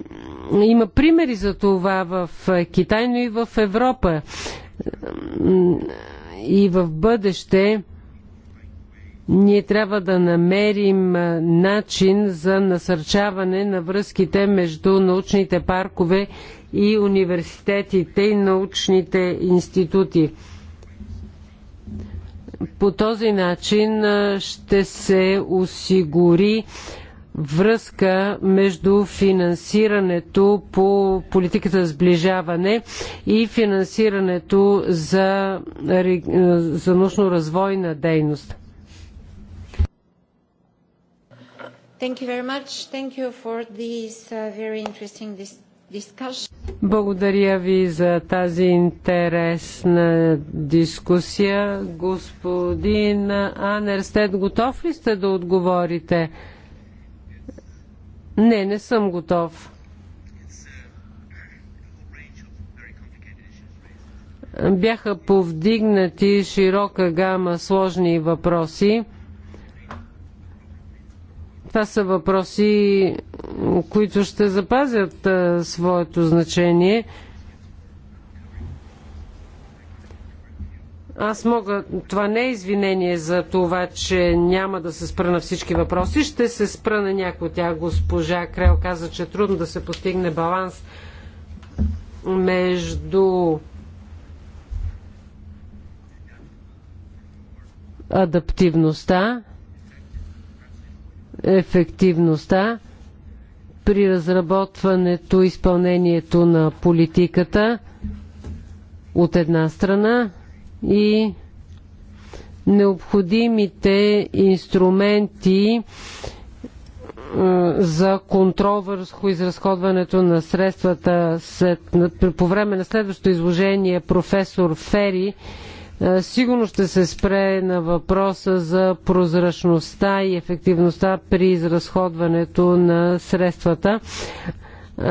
има примери за това в Китай, но и в Европа. И в бъдеще ние трябва да намерим начин за насърчаване на връзките между научните паркове и университетите и научните институти. По този начин ще се осигури връзка между финансирането по политиката за сближаване и финансирането за, за научно-развойна дейност. Uh, Благодаря ви за тази интересна дискусия. Господин Анерстед, готов ли сте да отговорите? Не, не съм готов. Бяха повдигнати широка гама сложни въпроси. Това са въпроси, които ще запазят своето значение. Аз мога. Това не е извинение за това, че няма да се спра на всички въпроси. Ще се спра на някои от тях. Госпожа Крел каза, че е трудно да се постигне баланс между адаптивността, ефективността при разработването и изпълнението на политиката от една страна и необходимите инструменти е, за контрол върху изразходването на средствата след, по време на следващото изложение професор Фери е, сигурно ще се спре на въпроса за прозрачността и ефективността при изразходването на средствата е,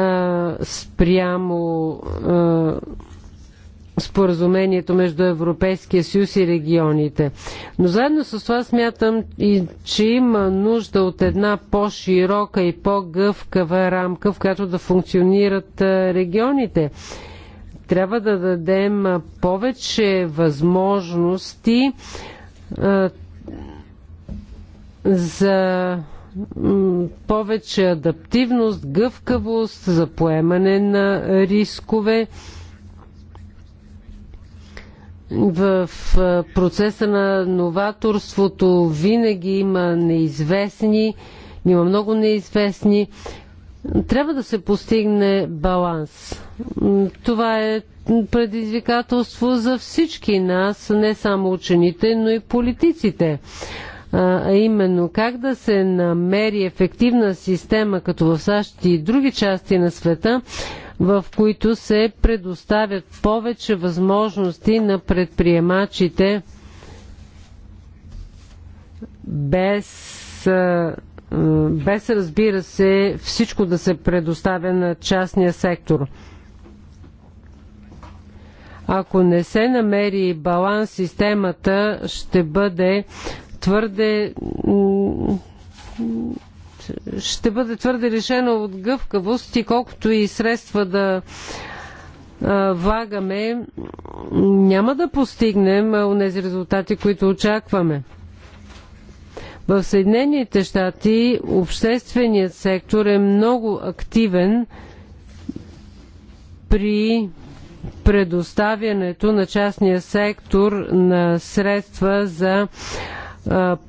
спрямо споразумението между Европейския съюз и регионите. Но заедно с това смятам, и, че има нужда от една по-широка и по-гъвкава рамка, в която да функционират регионите. Трябва да дадем повече възможности а, за повече адаптивност, гъвкавост, за поемане на рискове. В процеса на новаторството винаги има неизвестни, има много неизвестни. Трябва да се постигне баланс. Това е предизвикателство за всички нас, не само учените, но и политиците. А именно как да се намери ефективна система, като в САЩ и други части на света, в които се предоставят повече възможности на предприемачите без, без разбира се всичко да се предоставя на частния сектор. Ако не се намери баланс, системата ще бъде твърде ще бъде твърде решено от гъвкавост и колкото и средства да влагаме, няма да постигнем тези резултати, които очакваме. В Съединените щати общественият сектор е много активен при предоставянето на частния сектор на средства за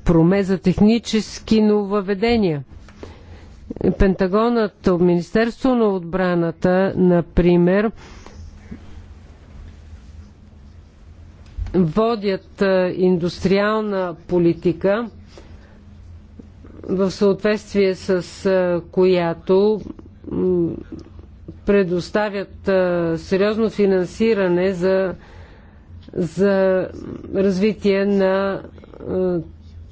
проме за технически нововведения. Пентагонът, Министерство на отбраната, например, водят индустриална политика, в съответствие с която предоставят сериозно финансиране за, за развитие на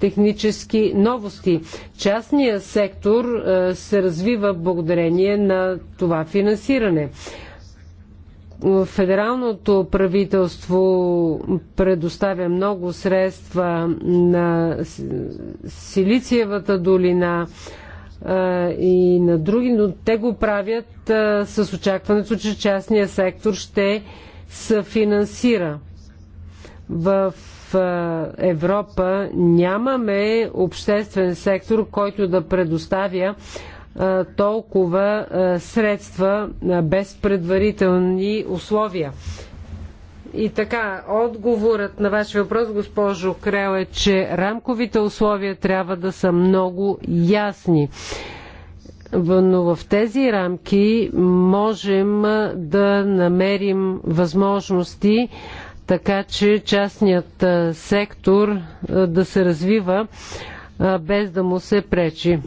технически новости. Частният сектор е, се развива благодарение на това финансиране. Федералното правителство предоставя много средства на Силициевата долина е, и на други, но те го правят е, с очакването, че частния сектор ще съфинансира. В е, Европа нямаме обществен сектор, който да предоставя е, толкова е, средства без предварителни условия. И така, отговорът на вашия въпрос, госпожо Крел, е, че рамковите условия трябва да са много ясни. Но в тези рамки можем да намерим възможности така че частният сектор да се развива без да му се пречи.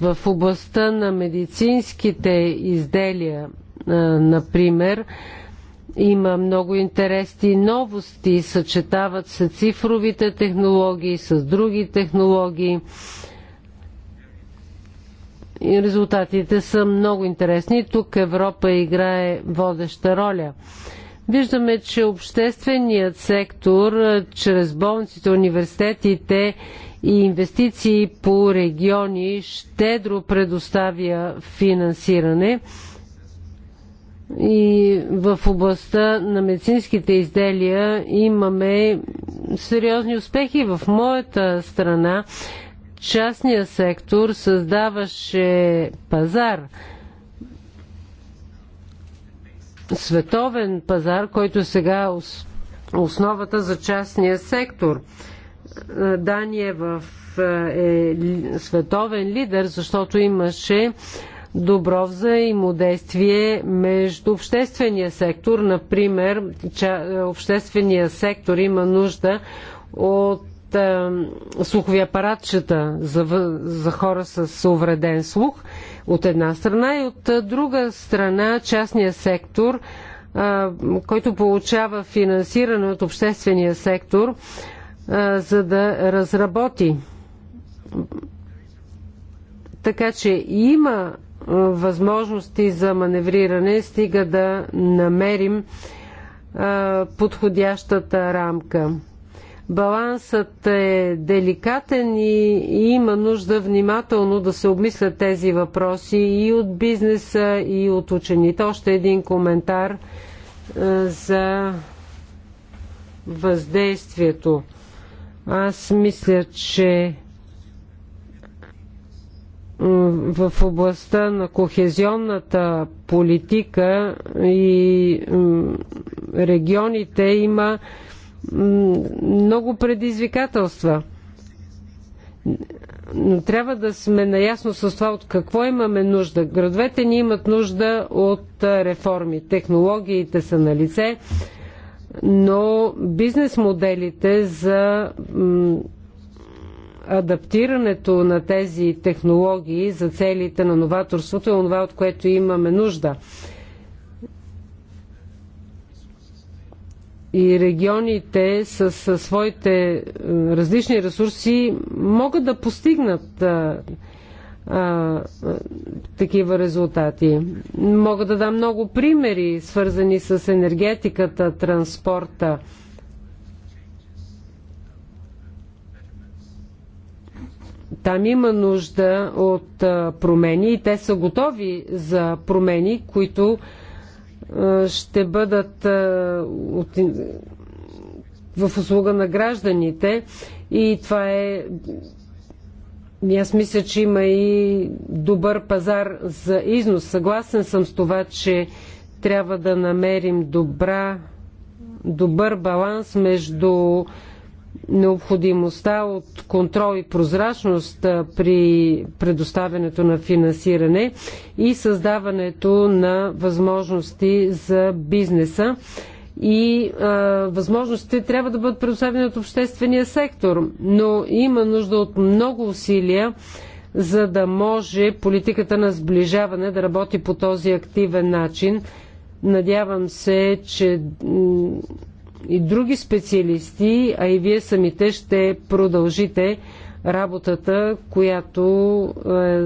В областта на медицинските изделия, например, има много интересни новости, съчетават се цифровите технологии с други технологии. И резултатите са много интересни. Тук Европа играе водеща роля. Виждаме, че общественият сектор, чрез болниците, университетите и инвестиции по региони, щедро предоставя финансиране. И в областта на медицинските изделия имаме сериозни успехи. В моята страна частния сектор създаваше пазар, световен пазар, който сега е основата за частния сектор. Е, Дания в, е, е световен лидер, защото имаше добро взаимодействие между обществения сектор. Например, е, обществения сектор има нужда от е, слухови апаратчета за, за хора с увреден слух от една страна и от е, друга страна частния сектор, е, който получава финансиране от обществения сектор, за да разработи. Така че има възможности за маневриране, стига да намерим подходящата рамка. Балансът е деликатен и има нужда внимателно да се обмислят тези въпроси и от бизнеса, и от учените. Още един коментар е, за въздействието. Аз мисля, че в областта на кохезионната политика и регионите има много предизвикателства. Но трябва да сме наясно с това от какво имаме нужда. Градовете ни имат нужда от реформи. Технологиите са на лице, но бизнес моделите за адаптирането на тези технологии за целите на новаторството е това, от което имаме нужда. и регионите с, своите е, различни ресурси могат да постигнат а, е, а, е, такива резултати. Мога да дам много примери, свързани с енергетиката, транспорта. Там има нужда от промени и те са готови за промени, които а, е, ще бъдат е, от, в услуга на гражданите и това е аз мисля, че има и добър пазар за износ. Съгласен съм с това, че трябва да намерим добра, добър баланс между необходимостта от контрол и прозрачност при предоставянето на финансиране и създаването на възможности за бизнеса. И а, възможностите трябва да бъдат предоставени от обществения сектор, но има нужда от много усилия, за да може политиката на сближаване да работи по този активен начин. Надявам се, че и други специалисти, а и вие самите ще продължите работата, която е,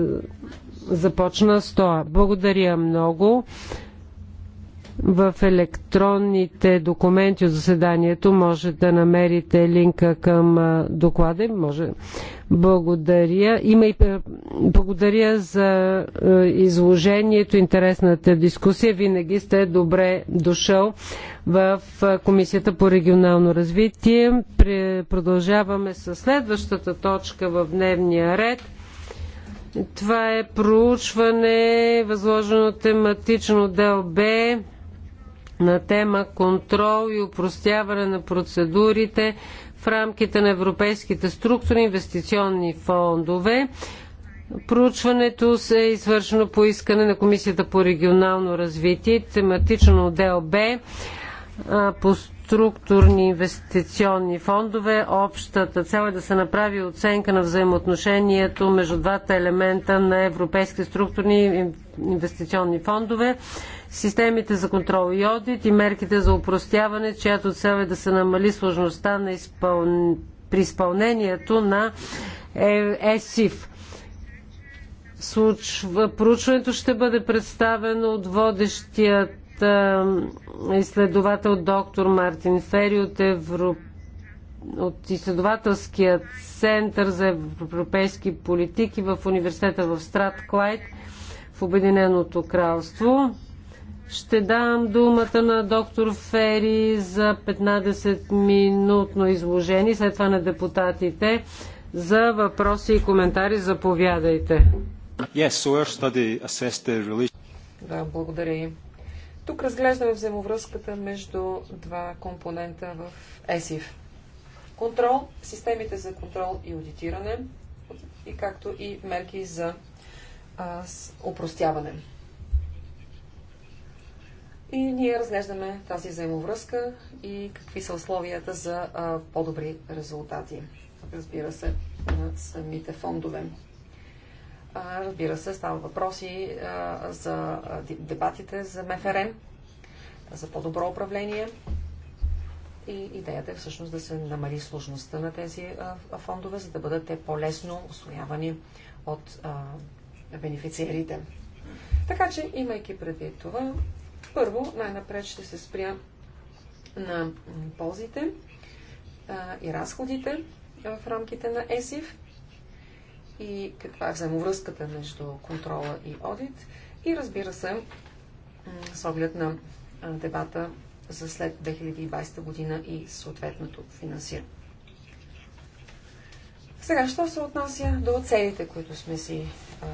започна стоя. Благодаря много. В електронните документи от заседанието може да намерите линка към е, доклада. Може благодаря. Има и, е, благодаря за е, изложението, интересната дискусия. Винаги сте добре дошъл в е, Комисията по регионално развитие. Продължаваме с следващата точка в дневния ред. Това е проучване, възложено тематично ДЛБ на тема контрол и упростяване на процедурите в рамките на европейските структурни инвестиционни фондове. Проучването се е извършено по искане на Комисията по регионално развитие, тематично отдел Б по структурни инвестиционни фондове. Общата цел е да се направи оценка на взаимоотношението между двата елемента на европейски структурни инвестиционни фондове системите за контрол и одит и мерките за упростяване, чиято цел е да се намали сложността на изпъл... при изпълнението на е, ЕСИФ. Случва... Проучването ще бъде представено от водещият изследовател доктор Мартин Фери от, Евро... от изследователския център за европейски политики в университета в Страт Клайд в Обединеното кралство. Ще дам думата на доктор Фери за 15-минутно изложение, след това на депутатите за въпроси и коментари. Заповядайте. Yes, so да, благодаря и. Тук разглеждаме взаимовръзката между два компонента в ЕСИФ. Контрол, системите за контрол и аудитиране, и както и мерки за а, с, упростяване. И ние разглеждаме тази взаимовръзка и какви са условията за по-добри резултати, разбира се, на самите фондове. А, разбира се, става въпроси а, за дебатите за МФРМ, за по-добро управление. И идеята е всъщност да се намали сложността на тези а, фондове, за да бъдат те по-лесно освоявани от бенефициерите. Така че, имайки предвид това, първо, най-напред ще се спря на ползите а, и разходите в рамките на ЕСИФ и каква е взаимовръзката между контрола и одит и разбира се, с оглед на дебата за след 2020 година и съответното финансиране. Сега, що се отнася до целите, които сме си а,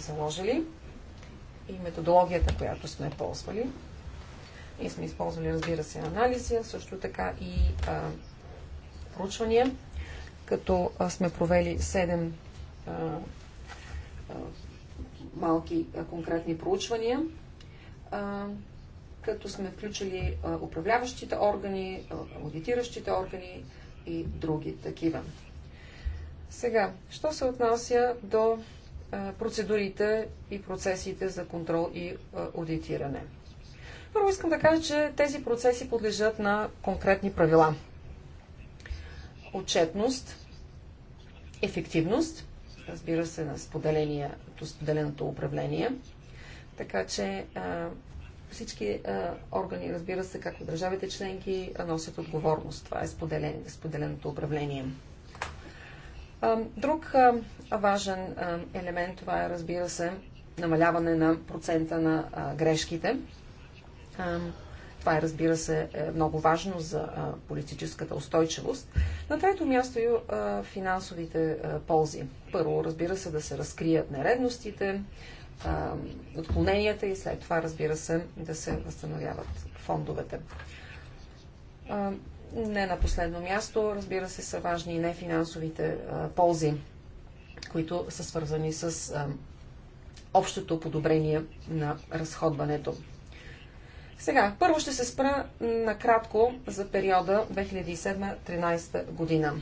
заложили? и методологията, която сме ползвали. и сме използвали, разбира се, анализи, също така и а, проучвания, като сме провели 7 а, а, малки а, конкретни проучвания, а, като сме включили а, управляващите органи, а, аудитиращите органи и други такива. Сега, що се отнася до процедурите и процесите за контрол и аудитиране. Първо искам да кажа, че тези процеси подлежат на конкретни правила. Отчетност, ефективност, разбира се, на споделеното управление. Така че всички а, органи, разбира се, както държавите членки, носят отговорност. Това е споделен, споделеното управление. Друг важен елемент това е, разбира се, намаляване на процента на грешките. Това е, разбира се, е много важно за политическата устойчивост. На трето място и финансовите ползи. Първо, разбира се, да се разкрият нередностите, отклоненията и след това, разбира се, да се възстановяват фондовете. Не на последно място, разбира се, са важни и нефинансовите ползи, които са свързани с а, общото подобрение на разходването. Сега, първо ще се спра накратко за периода 2007-2013 година.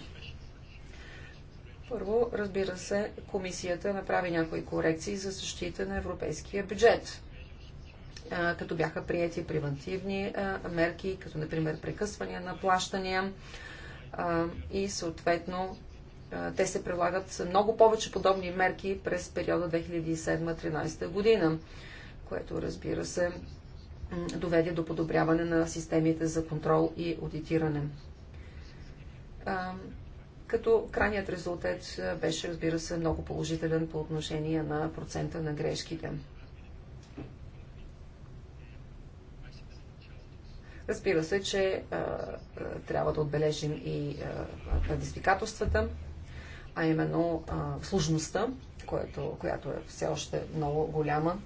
Първо, разбира се, комисията направи някои корекции за защита на европейския бюджет като бяха прияти превентивни мерки, като например прекъсвания на плащания и съответно те се прилагат много повече подобни мерки през периода 2007-2013 година, което разбира се доведе до подобряване на системите за контрол и аудитиране. Като крайният резултат беше, разбира се, много положителен по отношение на процента на грешките. Разбира се, че а, трябва да отбележим и а, предизвикателствата, а именно а, сложността, което, която е все още много голяма.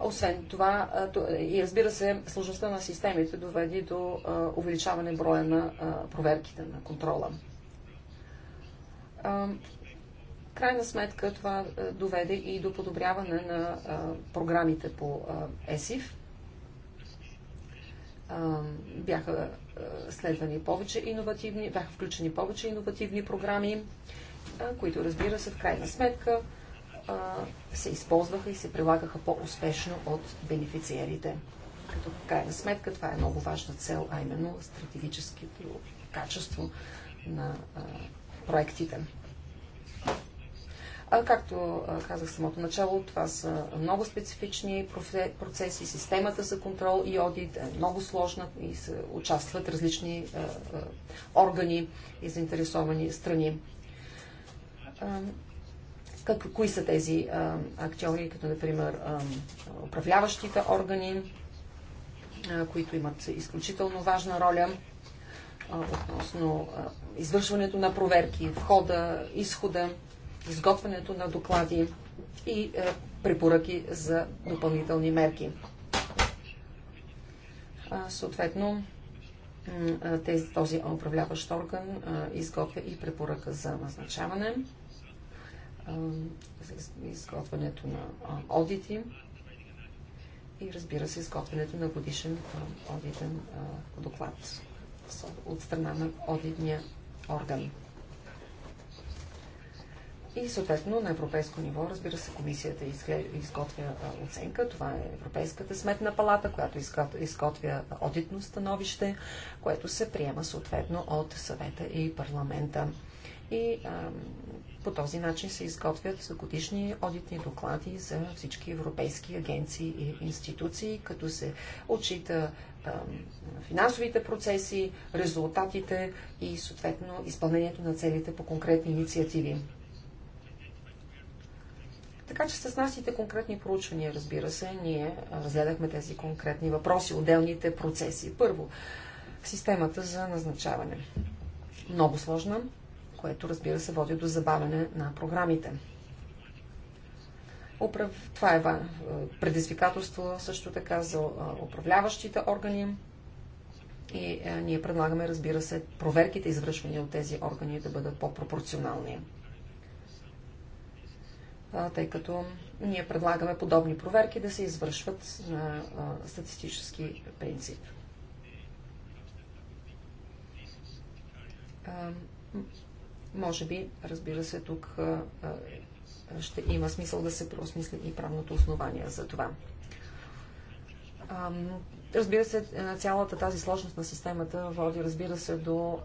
Освен това, и разбира се, сложността на системите доведи до увеличаване броя на проверките, на контрола крайна сметка това е, доведе и до подобряване на е, програмите по е, ЕСИФ. Бяха следвани повече иновативни, бяха включени повече иновативни програми, които разбира се в крайна сметка се използваха и се прилагаха по-успешно от бенефициерите. Като в крайна сметка това е много важна цел, а именно стратегическото качество на проектите. Както казах самото начало, това са много специфични процеси, системата за контрол и одит е много сложна и се участват различни органи и заинтересовани страни. Как, кои са тези актьори, като например управляващите органи, които имат изключително важна роля относно извършването на проверки, входа, изхода, изготвянето на доклади и е, препоръки за допълнителни мерки. Съответно, този управляващ орган изготвя и препоръка за назначаване, изготвянето на одити и разбира се изготвянето на годишен одитен доклад от страна на одитния орган. И съответно на европейско ниво, разбира се, комисията изготвя оценка. Това е Европейската сметна палата, която изготвя одитно становище, което се приема съответно от съвета и парламента. И а, по този начин се изготвят годишни одитни доклади за всички европейски агенции и институции, като се отчита финансовите процеси, резултатите и съответно изпълнението на целите по конкретни инициативи. Така че с нашите конкретни проучвания, разбира се, ние разгледахме тези конкретни въпроси, отделните процеси. Първо, системата за назначаване. Много сложна, което разбира се води до забавяне на програмите. Това е предизвикателство също така за управляващите органи. И ние предлагаме, разбира се, проверките, извършвани от тези органи да бъдат по-пропорционални тъй като ние предлагаме подобни проверки да се извършват на статистически принцип. Може би, разбира се, тук ще има смисъл да се просмисли и правното основание за това. Разбира се, цялата тази сложност на системата води, разбира се, до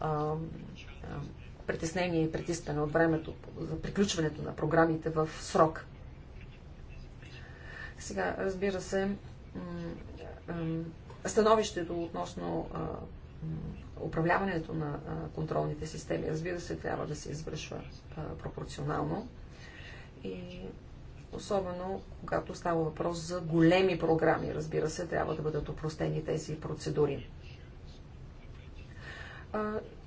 притеснение и притискане от времето за приключването на програмите в срок. Сега, разбира се, становището относно управляването на контролните системи, разбира се, трябва да се извършва пропорционално. И особено когато става въпрос за големи програми, разбира се, трябва да бъдат опростени тези процедури.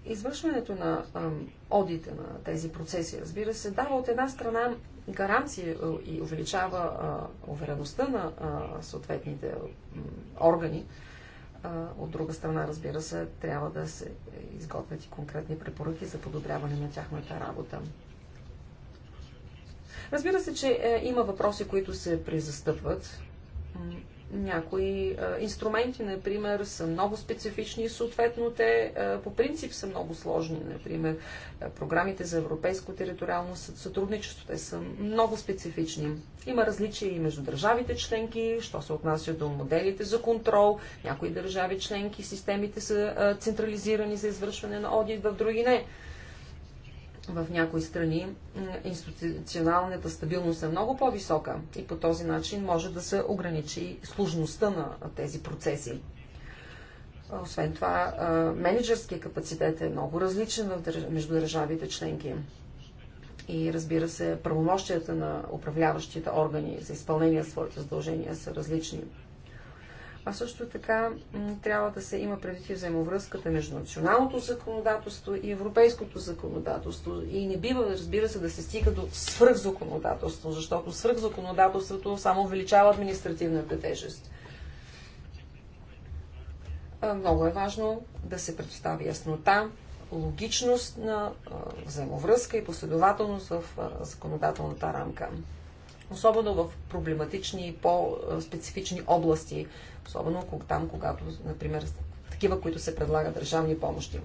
Извършването на одите одита на тези процеси, разбира се, дава от една страна гаранция и увеличава увереността на съответните органи. от друга страна, разбира се, трябва да се изготвят и конкретни препоръки за подобряване на тяхната работа. Разбира се, че е, има въпроси, които се презастъпват някои а, инструменти, например, са много специфични и съответно те а, по принцип са много сложни. Например, а, програмите за европейско териториално сътрудничество, те са много специфични. Има различия и между държавите членки, що се отнася до моделите за контрол. Някои държави членки, системите са а, централизирани за извършване на одит, в други не в някои страни институционалната стабилност е много по-висока и по този начин може да се ограничи сложността на тези процеси. Освен това, менеджерския капацитет е много различен между държавите членки. И разбира се, правомощията на управляващите органи за изпълнение на своите задължения са различни а също така трябва да се има предвид и взаимовръзката между националното законодателство и европейското законодателство. И не бива, разбира се, да се стига до свръхзаконодателство, защото свръхзаконодателството само увеличава административната тежест. Много е важно да се предостави яснота, логичност на взаимовръзка и последователност в законодателната рамка особено в проблематични и по-специфични области, особено там, когато, например, такива, които се предлагат държавни помощи.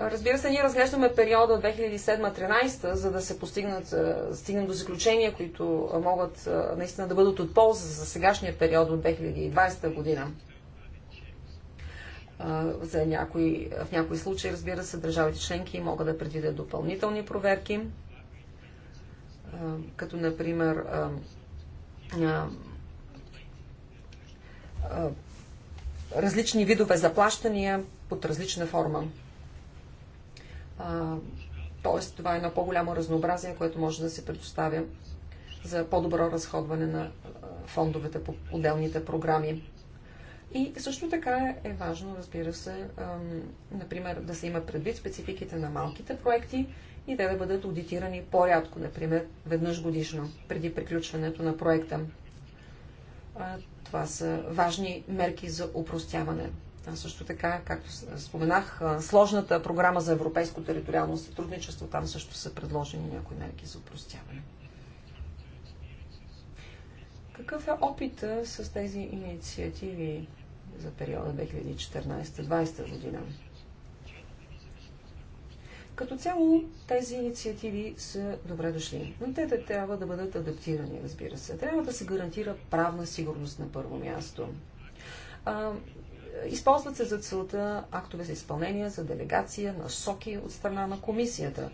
Разбира се, ние разглеждаме периода 2007-2013, за да се постигнат, е, стигнем до заключения, които могат е, наистина да бъдат от полза за сегашния период от 2020 година. Е, за някои, в някои случаи, разбира се, държавите членки могат да предвидят допълнителни проверки като например различни видове заплащания под различна форма. Тоест, това е едно по-голямо разнообразие, което може да се предоставя за по-добро разходване на фондовете по отделните програми. И също така е важно, разбира се, например, да се има предвид спецификите на малките проекти и те да бъдат аудитирани по-рядко, например веднъж годишно, преди приключването на проекта. Това са важни мерки за упростяване. А също така, както споменах, сложната програма за европейско териториално сътрудничество, там също са предложени някои мерки за упростяване. Какъв е опита с тези инициативи за периода 2014-2020 година? Като цяло тези инициативи са добре дошли, но те да трябва да бъдат адаптирани, разбира се. Трябва да се гарантира правна сигурност на първо място. А, използват се за целта актове за изпълнение, за делегация, насоки от страна на комисията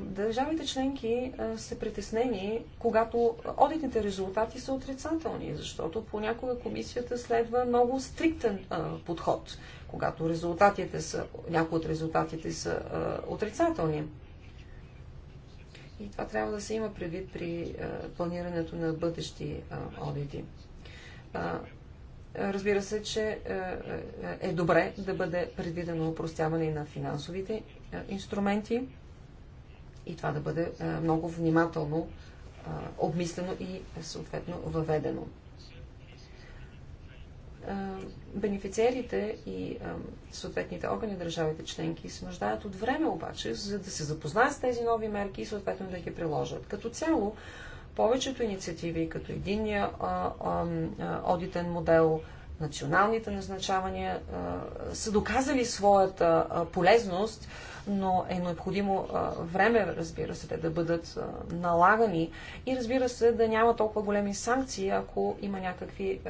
държавите членки са притеснени, когато одитните резултати са отрицателни, защото понякога комисията следва много стриктен подход, когато резултатите са, някои от резултатите са отрицателни. И това трябва да се има предвид при планирането на бъдещи одити. Разбира се, че е добре да бъде предвидено упростяване на финансовите инструменти, и това да бъде е, много внимателно е, обмислено и е, съответно въведено. Бенефициерите и съответните органи държавите членки се нуждаят от време обаче, за да се запознаят с тези нови мерки и съответно да ги приложат. Като цяло, повечето инициативи, като единния одитен модел, националните назначавания, са доказали своята полезност но е необходимо време, разбира се, те да бъдат налагани и разбира се да няма толкова големи санкции, ако има някакви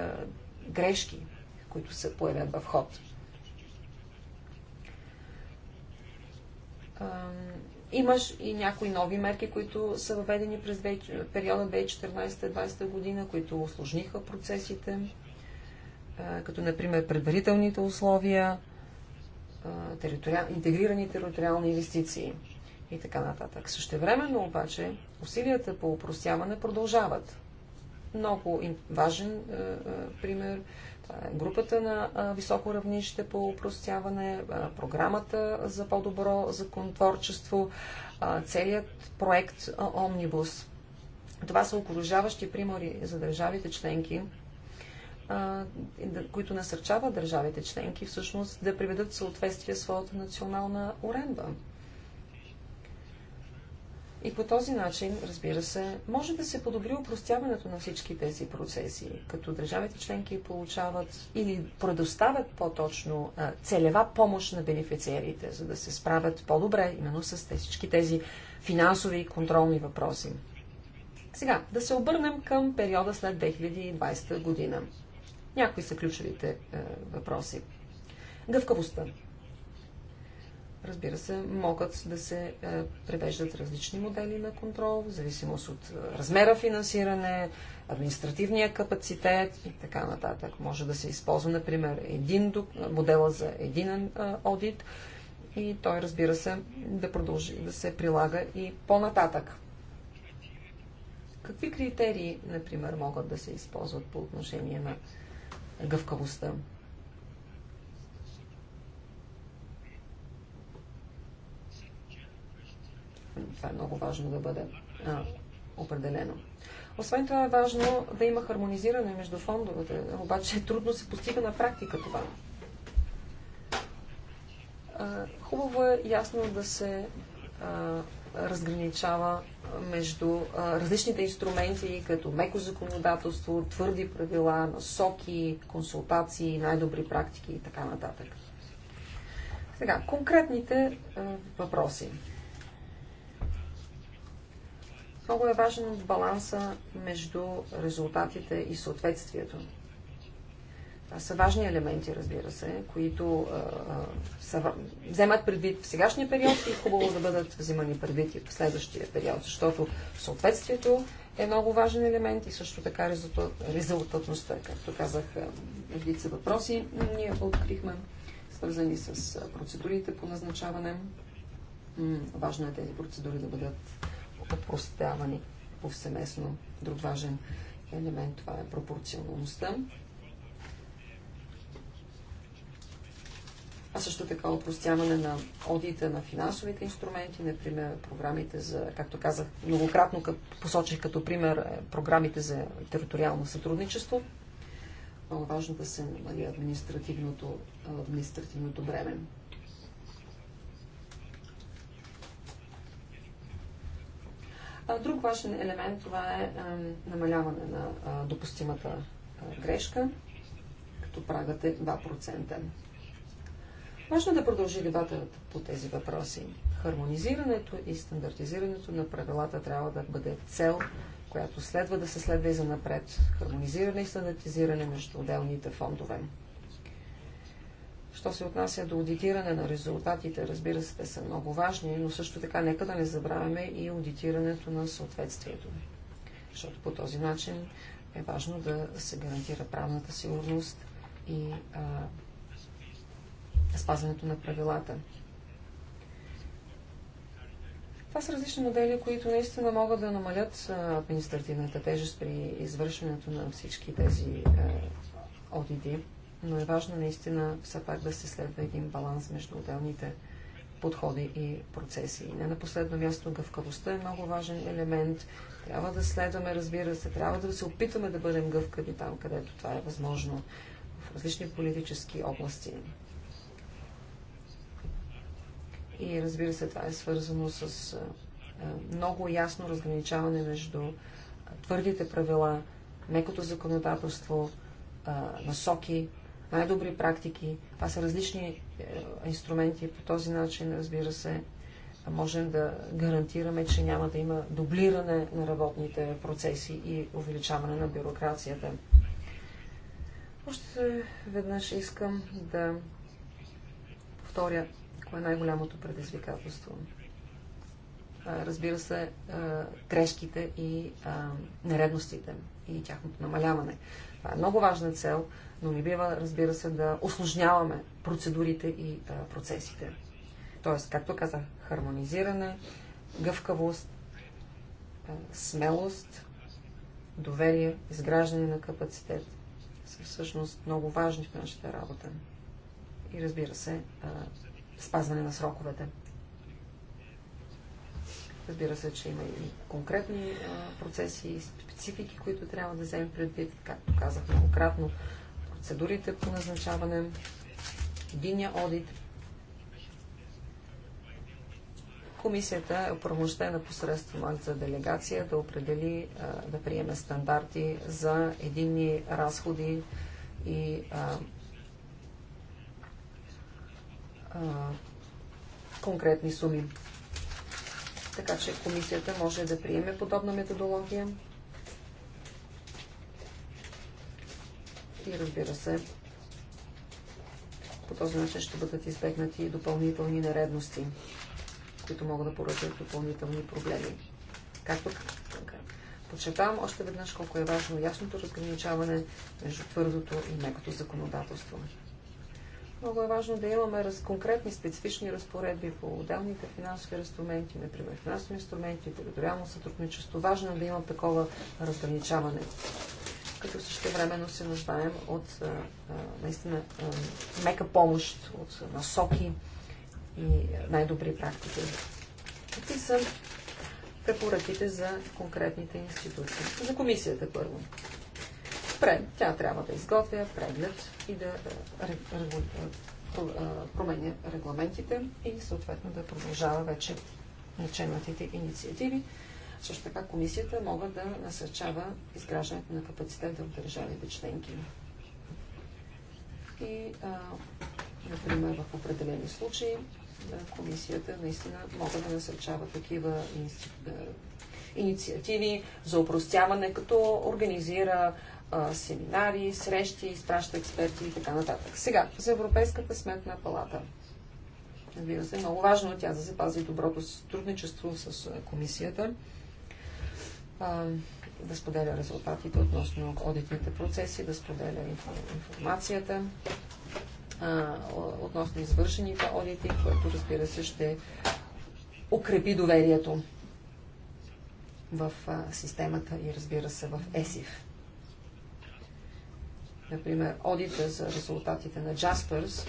грешки, които се появят в ход. Имаш и някои нови мерки, които са въведени през периода 2014-2020 година, които осложниха процесите, като например предварителните условия, териториал... интегрирани териториални инвестиции и така нататък. Същевременно обаче усилията по упростяване продължават. Много важен пример това е групата на високо равнище по упростяване, програмата за по-добро законотворчество, целият проект Омнибус. Това са окружаващи примери за държавите членки, които насърчават държавите членки всъщност да приведат в съответствие своята национална уредба. И по този начин, разбира се, може да се подобри упростяването на всички тези процеси, като държавите членки получават или предоставят по-точно целева помощ на бенефициерите, за да се справят по-добре именно с всички тези финансови и контролни въпроси. Сега, да се обърнем към периода след 2020 година. Някои са ключовите е, въпроси. Гъвкавостта. Разбира се, могат да се е, превеждат различни модели на контрол, в зависимост от е, размера финансиране, административния капацитет и така нататък. Може да се използва, например, един модела за един е, одит и той, разбира се, да продължи да се прилага и по-нататък. Какви критерии, например, могат да се използват по отношение на гъвкавостта. Това е много важно да бъде а, определено. Освен това е важно да има хармонизиране между фондовете, обаче трудно се постига на практика това. А, хубаво е ясно да се а, разграничава между различните инструменти, като меко законодателство, твърди правила, насоки, консултации, най-добри практики и така нататък. Сега, конкретните въпроси. Много е важен баланса между резултатите и съответствието са важни елементи, разбира се, които а, са, вземат предвид в сегашния период и хубаво да бъдат взимани предвид и в следващия период, защото съответствието е много важен елемент и също така резултатността. Както казах, редица въпроси ние открихме, свързани с процедурите по назначаване. важно е тези процедури да бъдат опростявани повсеместно. Друг важен елемент това е пропорционалността. а също така опростяване на одита на финансовите инструменти, например програмите за, както казах, многократно посочих като пример е, програмите за териториално сътрудничество. Много важно да се намали административното, административното бреме. Друг важен елемент това е, е намаляване на допустимата грешка, като прагът е 2%. Важно е да продължи дебатът по тези въпроси. Хармонизирането и стандартизирането на правилата трябва да бъде цел, която следва да се следва и за напред. Хармонизиране и стандартизиране между отделните фондове. Що се отнася до аудитиране на резултатите, разбира се, те са много важни, но също така нека да не забравяме и аудитирането на съответствието. Защото по този начин е важно да се гарантира правната сигурност и а, спазването на правилата. Това са различни модели, които наистина могат да намалят административната тежест при извършването на всички тези одити, но е важно наистина все пак да се следва един баланс между отделните подходи и процеси. И не на последно място гъвкавостта е много важен елемент. Трябва да следваме, разбира се, трябва да се опитаме да бъдем гъвкави там, където това е възможно в различни политически области. И разбира се, това е свързано с много ясно разграничаване между твърдите правила, мекото законодателство, насоки, най-добри практики. Това са различни инструменти. По този начин, разбира се, можем да гарантираме, че няма да има дублиране на работните процеси и увеличаване на бюрокрацията. Още веднъж искам да повторя това е най-голямото предизвикателство. Разбира се, грешките и нередностите и тяхното намаляване. Това е много важна цел, но не бива, разбира се, да осложняваме процедурите и процесите. Тоест, както казах, хармонизиране, гъвкавост, смелост, доверие, изграждане на капацитет са всъщност много важни в нашата работа. И разбира се, спазване на сроковете. Разбира се, че има и конкретни процеси и специфики, които трябва да вземем предвид, както казах многократно, процедурите по назначаване, единия одит. Комисията е оправомощена посредством акт за делегация да определи, да приеме стандарти за единни разходи и а, конкретни суми. Така че комисията може да приеме подобна методология. И разбира се, по този начин ще бъдат избегнати допълнителни наредности, които могат да поръчат допълнителни проблеми. Както подчертавам още веднъж колко е важно ясното разграничаване между твърдото и мекото законодателство. Много е важно да имаме раз, конкретни специфични разпоредби по отделните финансови инструменти, например финансови инструменти, териториално сътрудничество. Важно е да има такова разграничаване. Като времено се нуждаем от а, наистина а, мека помощ, от насоки и най-добри практики. Какви са препоръките за конкретните институции? За комисията първо спрем. Тя трябва да изготвя преглед и да е, е, е, променя регламентите и съответно да продължава вече начинатите инициативи. Също така комисията мога да насърчава изграждането на капацитета в държавите членки. И, например, в определени случаи комисията наистина мога да насърчава такива инициативи за упростяване, като организира а, семинари, срещи, изпраща експерти и така нататък. Сега, за Европейската сметна палата. Разбира се, много важно е тя да запази доброто сътрудничество с комисията, а, да споделя резултатите относно одитните процеси, да споделя информацията а, относно извършените одити, което разбира се ще укрепи доверието в а, системата и разбира се в ЕСИФ. Например, одита за резултатите на Jaspers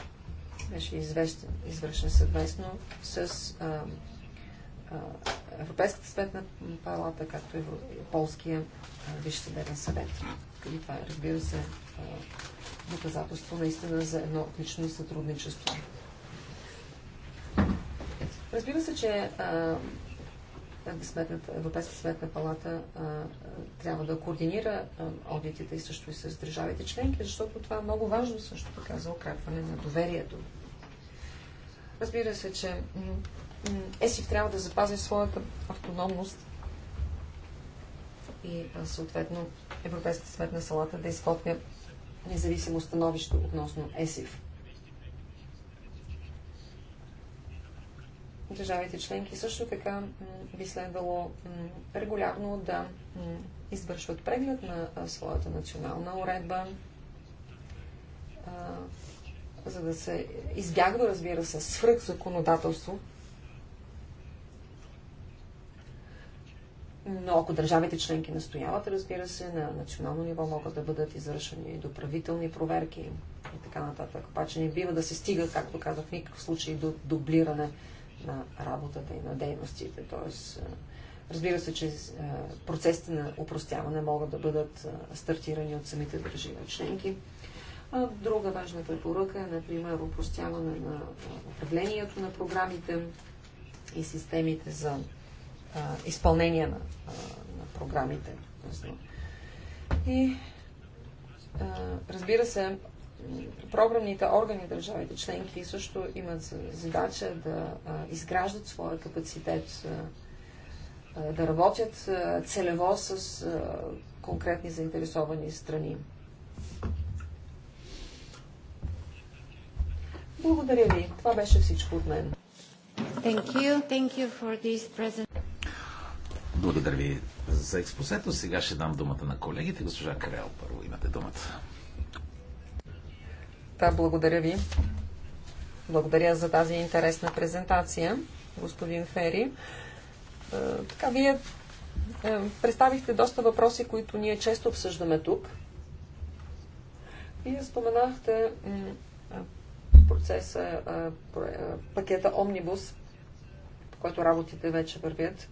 беше известен, извършен съвместно с а, а, Европейската светна палата, както и Полския Висш съдебен съвет. И това е, разбира се, а, доказателство наистина за едно отлично сътрудничество. Разбира се, че а, е, Европейската сметна палата а, е, трябва да координира аудитите е, и също и с държавите членки, защото това е много важно също така за укрепване на доверието. Разбира се, че ЕСИФ трябва да запази своята автономност и съответно Европейската сметна салата да изготвя независимо становище относно ЕСИФ. държавите членки също така би следвало регулярно да извършват преглед на своята национална уредба, за да се избягва, разбира се, свръх законодателство. Но ако държавите членки настояват, разбира се, на национално ниво могат да бъдат извършени доправителни проверки и така нататък. Обаче не бива да се стига, както казах, в никакъв случай до дублиране на работата и на дейностите. Тоест, разбира се, че процесите на упростяване могат да бъдат стартирани от самите държави членки. друга важна препоръка е, например, упростяване на управлението на програмите и системите за изпълнение на, на програмите. И разбира се, програмните органи държавите членки също имат задача да изграждат своя капацитет, да работят целево с конкретни заинтересовани страни. Благодаря ви. Това беше всичко от мен. Thank you. Thank you for this present... Благодаря ви за експозето. Сега ще дам думата на колегите. Госпожа Карел, първо имате думата. Председателката, благодаря ви. Благодаря за тази интересна презентация, господин Фери. Е, така, вие е, представихте доста въпроси, които ние често обсъждаме тук. Вие споменахте е, процеса, пакета Омнибус, по който работите вече вървят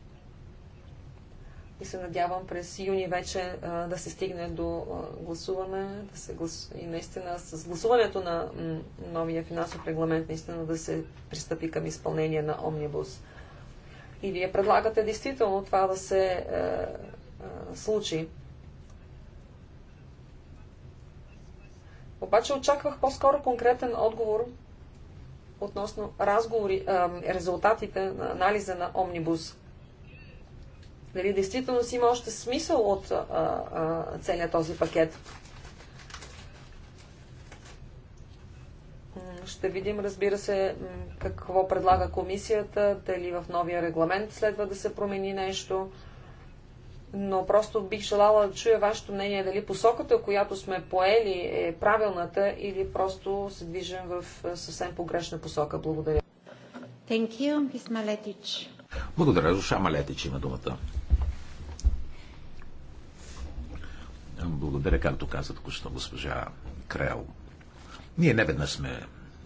и се надявам през юни вече а, да се стигне до а, гласуване да се глас... и наистина с гласуването на новия финансов регламент наистина да се пристъпи към изпълнение на Омнибус. И вие предлагате действително това да се а, е, а, е, случи. Обаче очаквах по-скоро конкретен отговор относно разговори, а, резултатите на анализа на Омнибус – дали действително си има още смисъл от а, а, целият този пакет? Ще видим, разбира се, какво предлага комисията, дали в новия регламент следва да се промени нещо. Но просто бих желала да чуя вашето мнение, дали посоката, която сме поели е правилната или просто се движим в съвсем погрешна посока. Благодаря. Thank you, Ms. Maletic. Благодаря, Зоша Малетич има думата. Благодаря, както каза току-що госпожа Крел. Ние не веднъж сме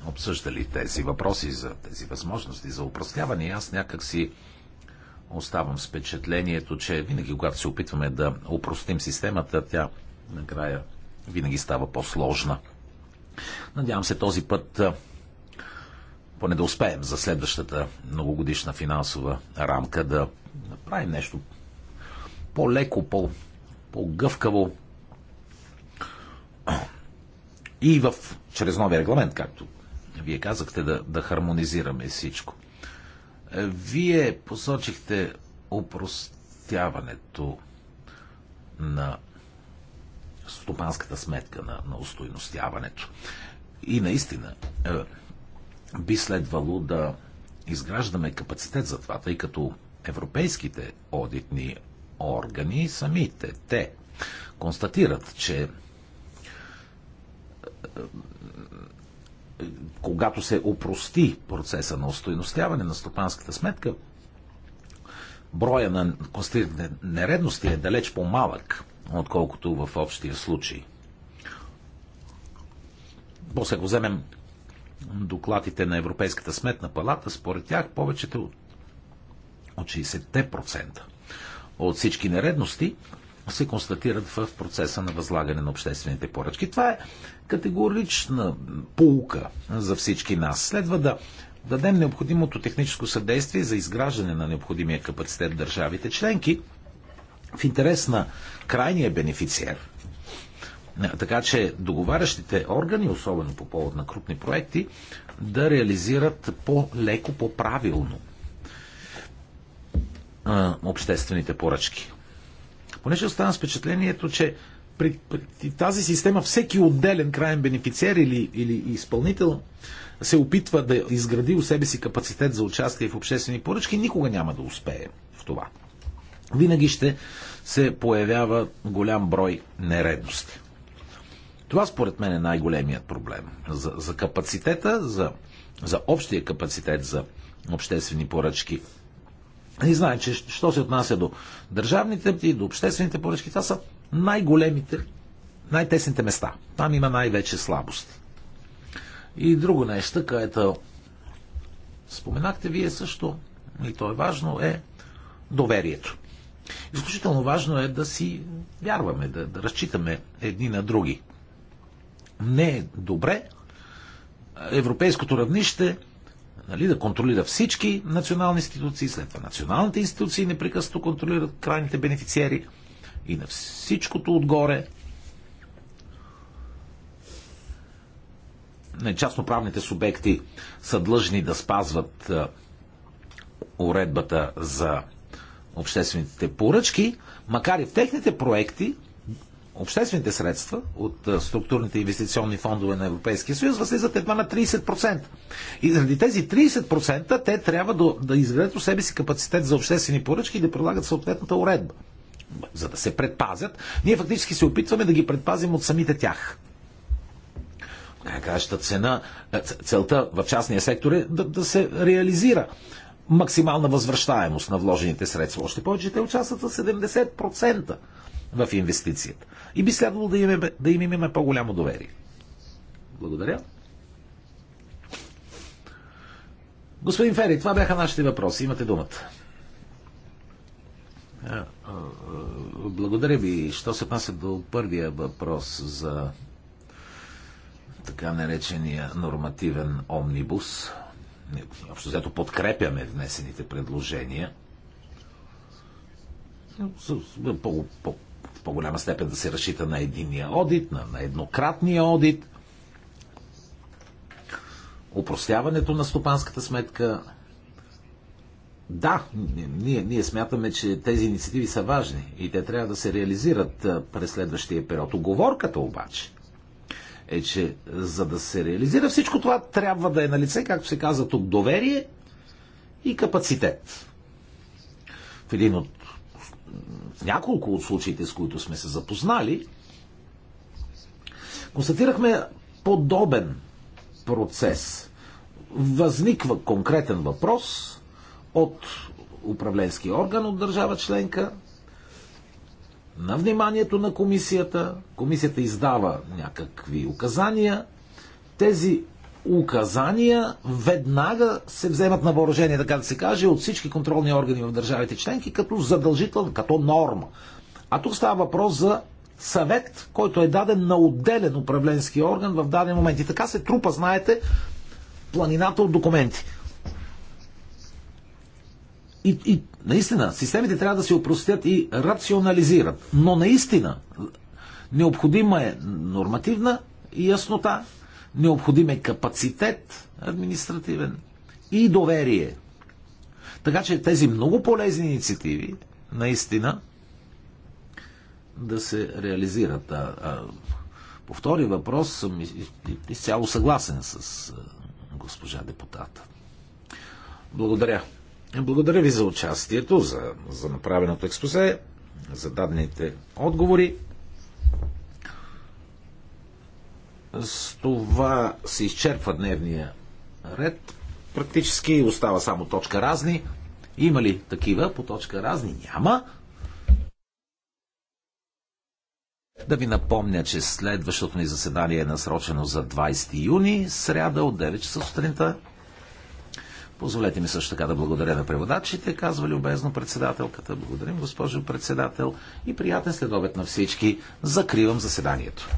обсъждали тези въпроси за тези възможности за упростяване и аз някак си оставам с впечатлението, че винаги, когато се опитваме да упростим системата, тя накрая винаги става по-сложна. Надявам се този път поне да успеем за следващата многогодишна финансова рамка да направим нещо по-леко, по-гъвкаво, и в, чрез новия регламент, както вие казахте, да, да хармонизираме всичко. Е, вие посочихте упростяването на стопанската сметка на, на устойностяването. И наистина е, би следвало да изграждаме капацитет за това, тъй като европейските одитни органи самите, те констатират, че когато се опрости процеса на устойностяване на стопанската сметка, броя на констатираните нередности е далеч по-малък, отколкото в общия случай. После го вземем докладите на Европейската сметна палата, според тях повечето от 60% от всички нередности се констатират в процеса на възлагане на обществените поръчки. Това е категорична полука за всички нас. Следва да дадем необходимото техническо съдействие за изграждане на необходимия капацитет държавите членки в интерес на крайния бенефициер. Така че договарящите органи, особено по повод на крупни проекти, да реализират по-леко, по-правилно обществените поръчки понеже остана с впечатлението, че при, при тази система всеки отделен крайен бенефициер или, или изпълнител се опитва да изгради у себе си капацитет за участие в обществени поръчки, никога няма да успее в това. Винаги ще се появява голям брой нередности. Това според мен е най-големият проблем. За, за капацитета, за, за общия капацитет за обществени поръчки и знае, че що се отнася до държавните и до обществените поръчки, това са най-големите, най-тесните места. Там има най-вече слабости. И друго нещо, което споменахте вие също, и то е важно, е доверието. Изключително важно е да си вярваме, да, да разчитаме едни на други. Не е добре европейското равнище нали, да контролира всички национални институции, след това националните институции непрекъснато контролират крайните бенефициери и на всичкото отгоре частноправните субекти са длъжни да спазват уредбата за обществените поръчки, макар и в техните проекти обществените средства от структурните инвестиционни фондове на Европейския съюз възлизат едва на 30%. И заради тези 30% те трябва да, да изградят у себе си капацитет за обществени поръчки и да прилагат съответната уредба. За да се предпазят, ние фактически се опитваме да ги предпазим от самите тях. Кращата цена, целта в частния сектор е да, да се реализира максимална възвръщаемост на вложените средства. Още повече те участват за 70% в инвестицията. И би следвало да им, да им имаме по-голямо доверие. Благодаря. Господин Фери, това бяха нашите въпроси. Имате думата. Благодаря ви. Що се отнася до първия въпрос за така наречения нормативен омнибус, общо взето подкрепяме внесените предложения. По, по, по-голяма степен да се разчита на единния одит, на, на еднократния одит. упростяването на стопанската сметка. Да, ние, ние смятаме, че тези инициативи са важни и те трябва да се реализират през следващия период. Оговорката обаче е, че за да се реализира всичко това, трябва да е на лице, както се казва тук, доверие и капацитет. В един от в няколко от случаите, с които сме се запознали, констатирахме подобен процес. Възниква конкретен въпрос от управленски орган от държава членка, на вниманието на комисията, комисията издава някакви указания, тези указания веднага се вземат на въоръжение, така да се каже, от всички контролни органи в държавите членки като задължителна, като норма. А тук става въпрос за съвет, който е даден на отделен управленски орган в даден момент. И така се трупа, знаете, планината от документи. И, и наистина, системите трябва да се опростят и рационализират. Но наистина, необходима е нормативна яснота, Необходим е капацитет административен и доверие. Така че тези много полезни инициативи наистина да се реализират. А, а, по втори въпрос съм изцяло съгласен с госпожа депутата. Благодаря. Е, благодаря ви за участието, за, за направеното експозе, за дадените отговори. С това се изчерпва дневния ред. Практически остава само точка разни. Има ли такива по точка разни? Няма. Да ви напомня, че следващото ни заседание е насрочено за 20 юни, сряда от 9 часа сутринта. Позволете ми също така да благодаря на преводачите, казва любезно председателката. Благодарим, госпожо председател, и приятен следобед на всички. Закривам заседанието.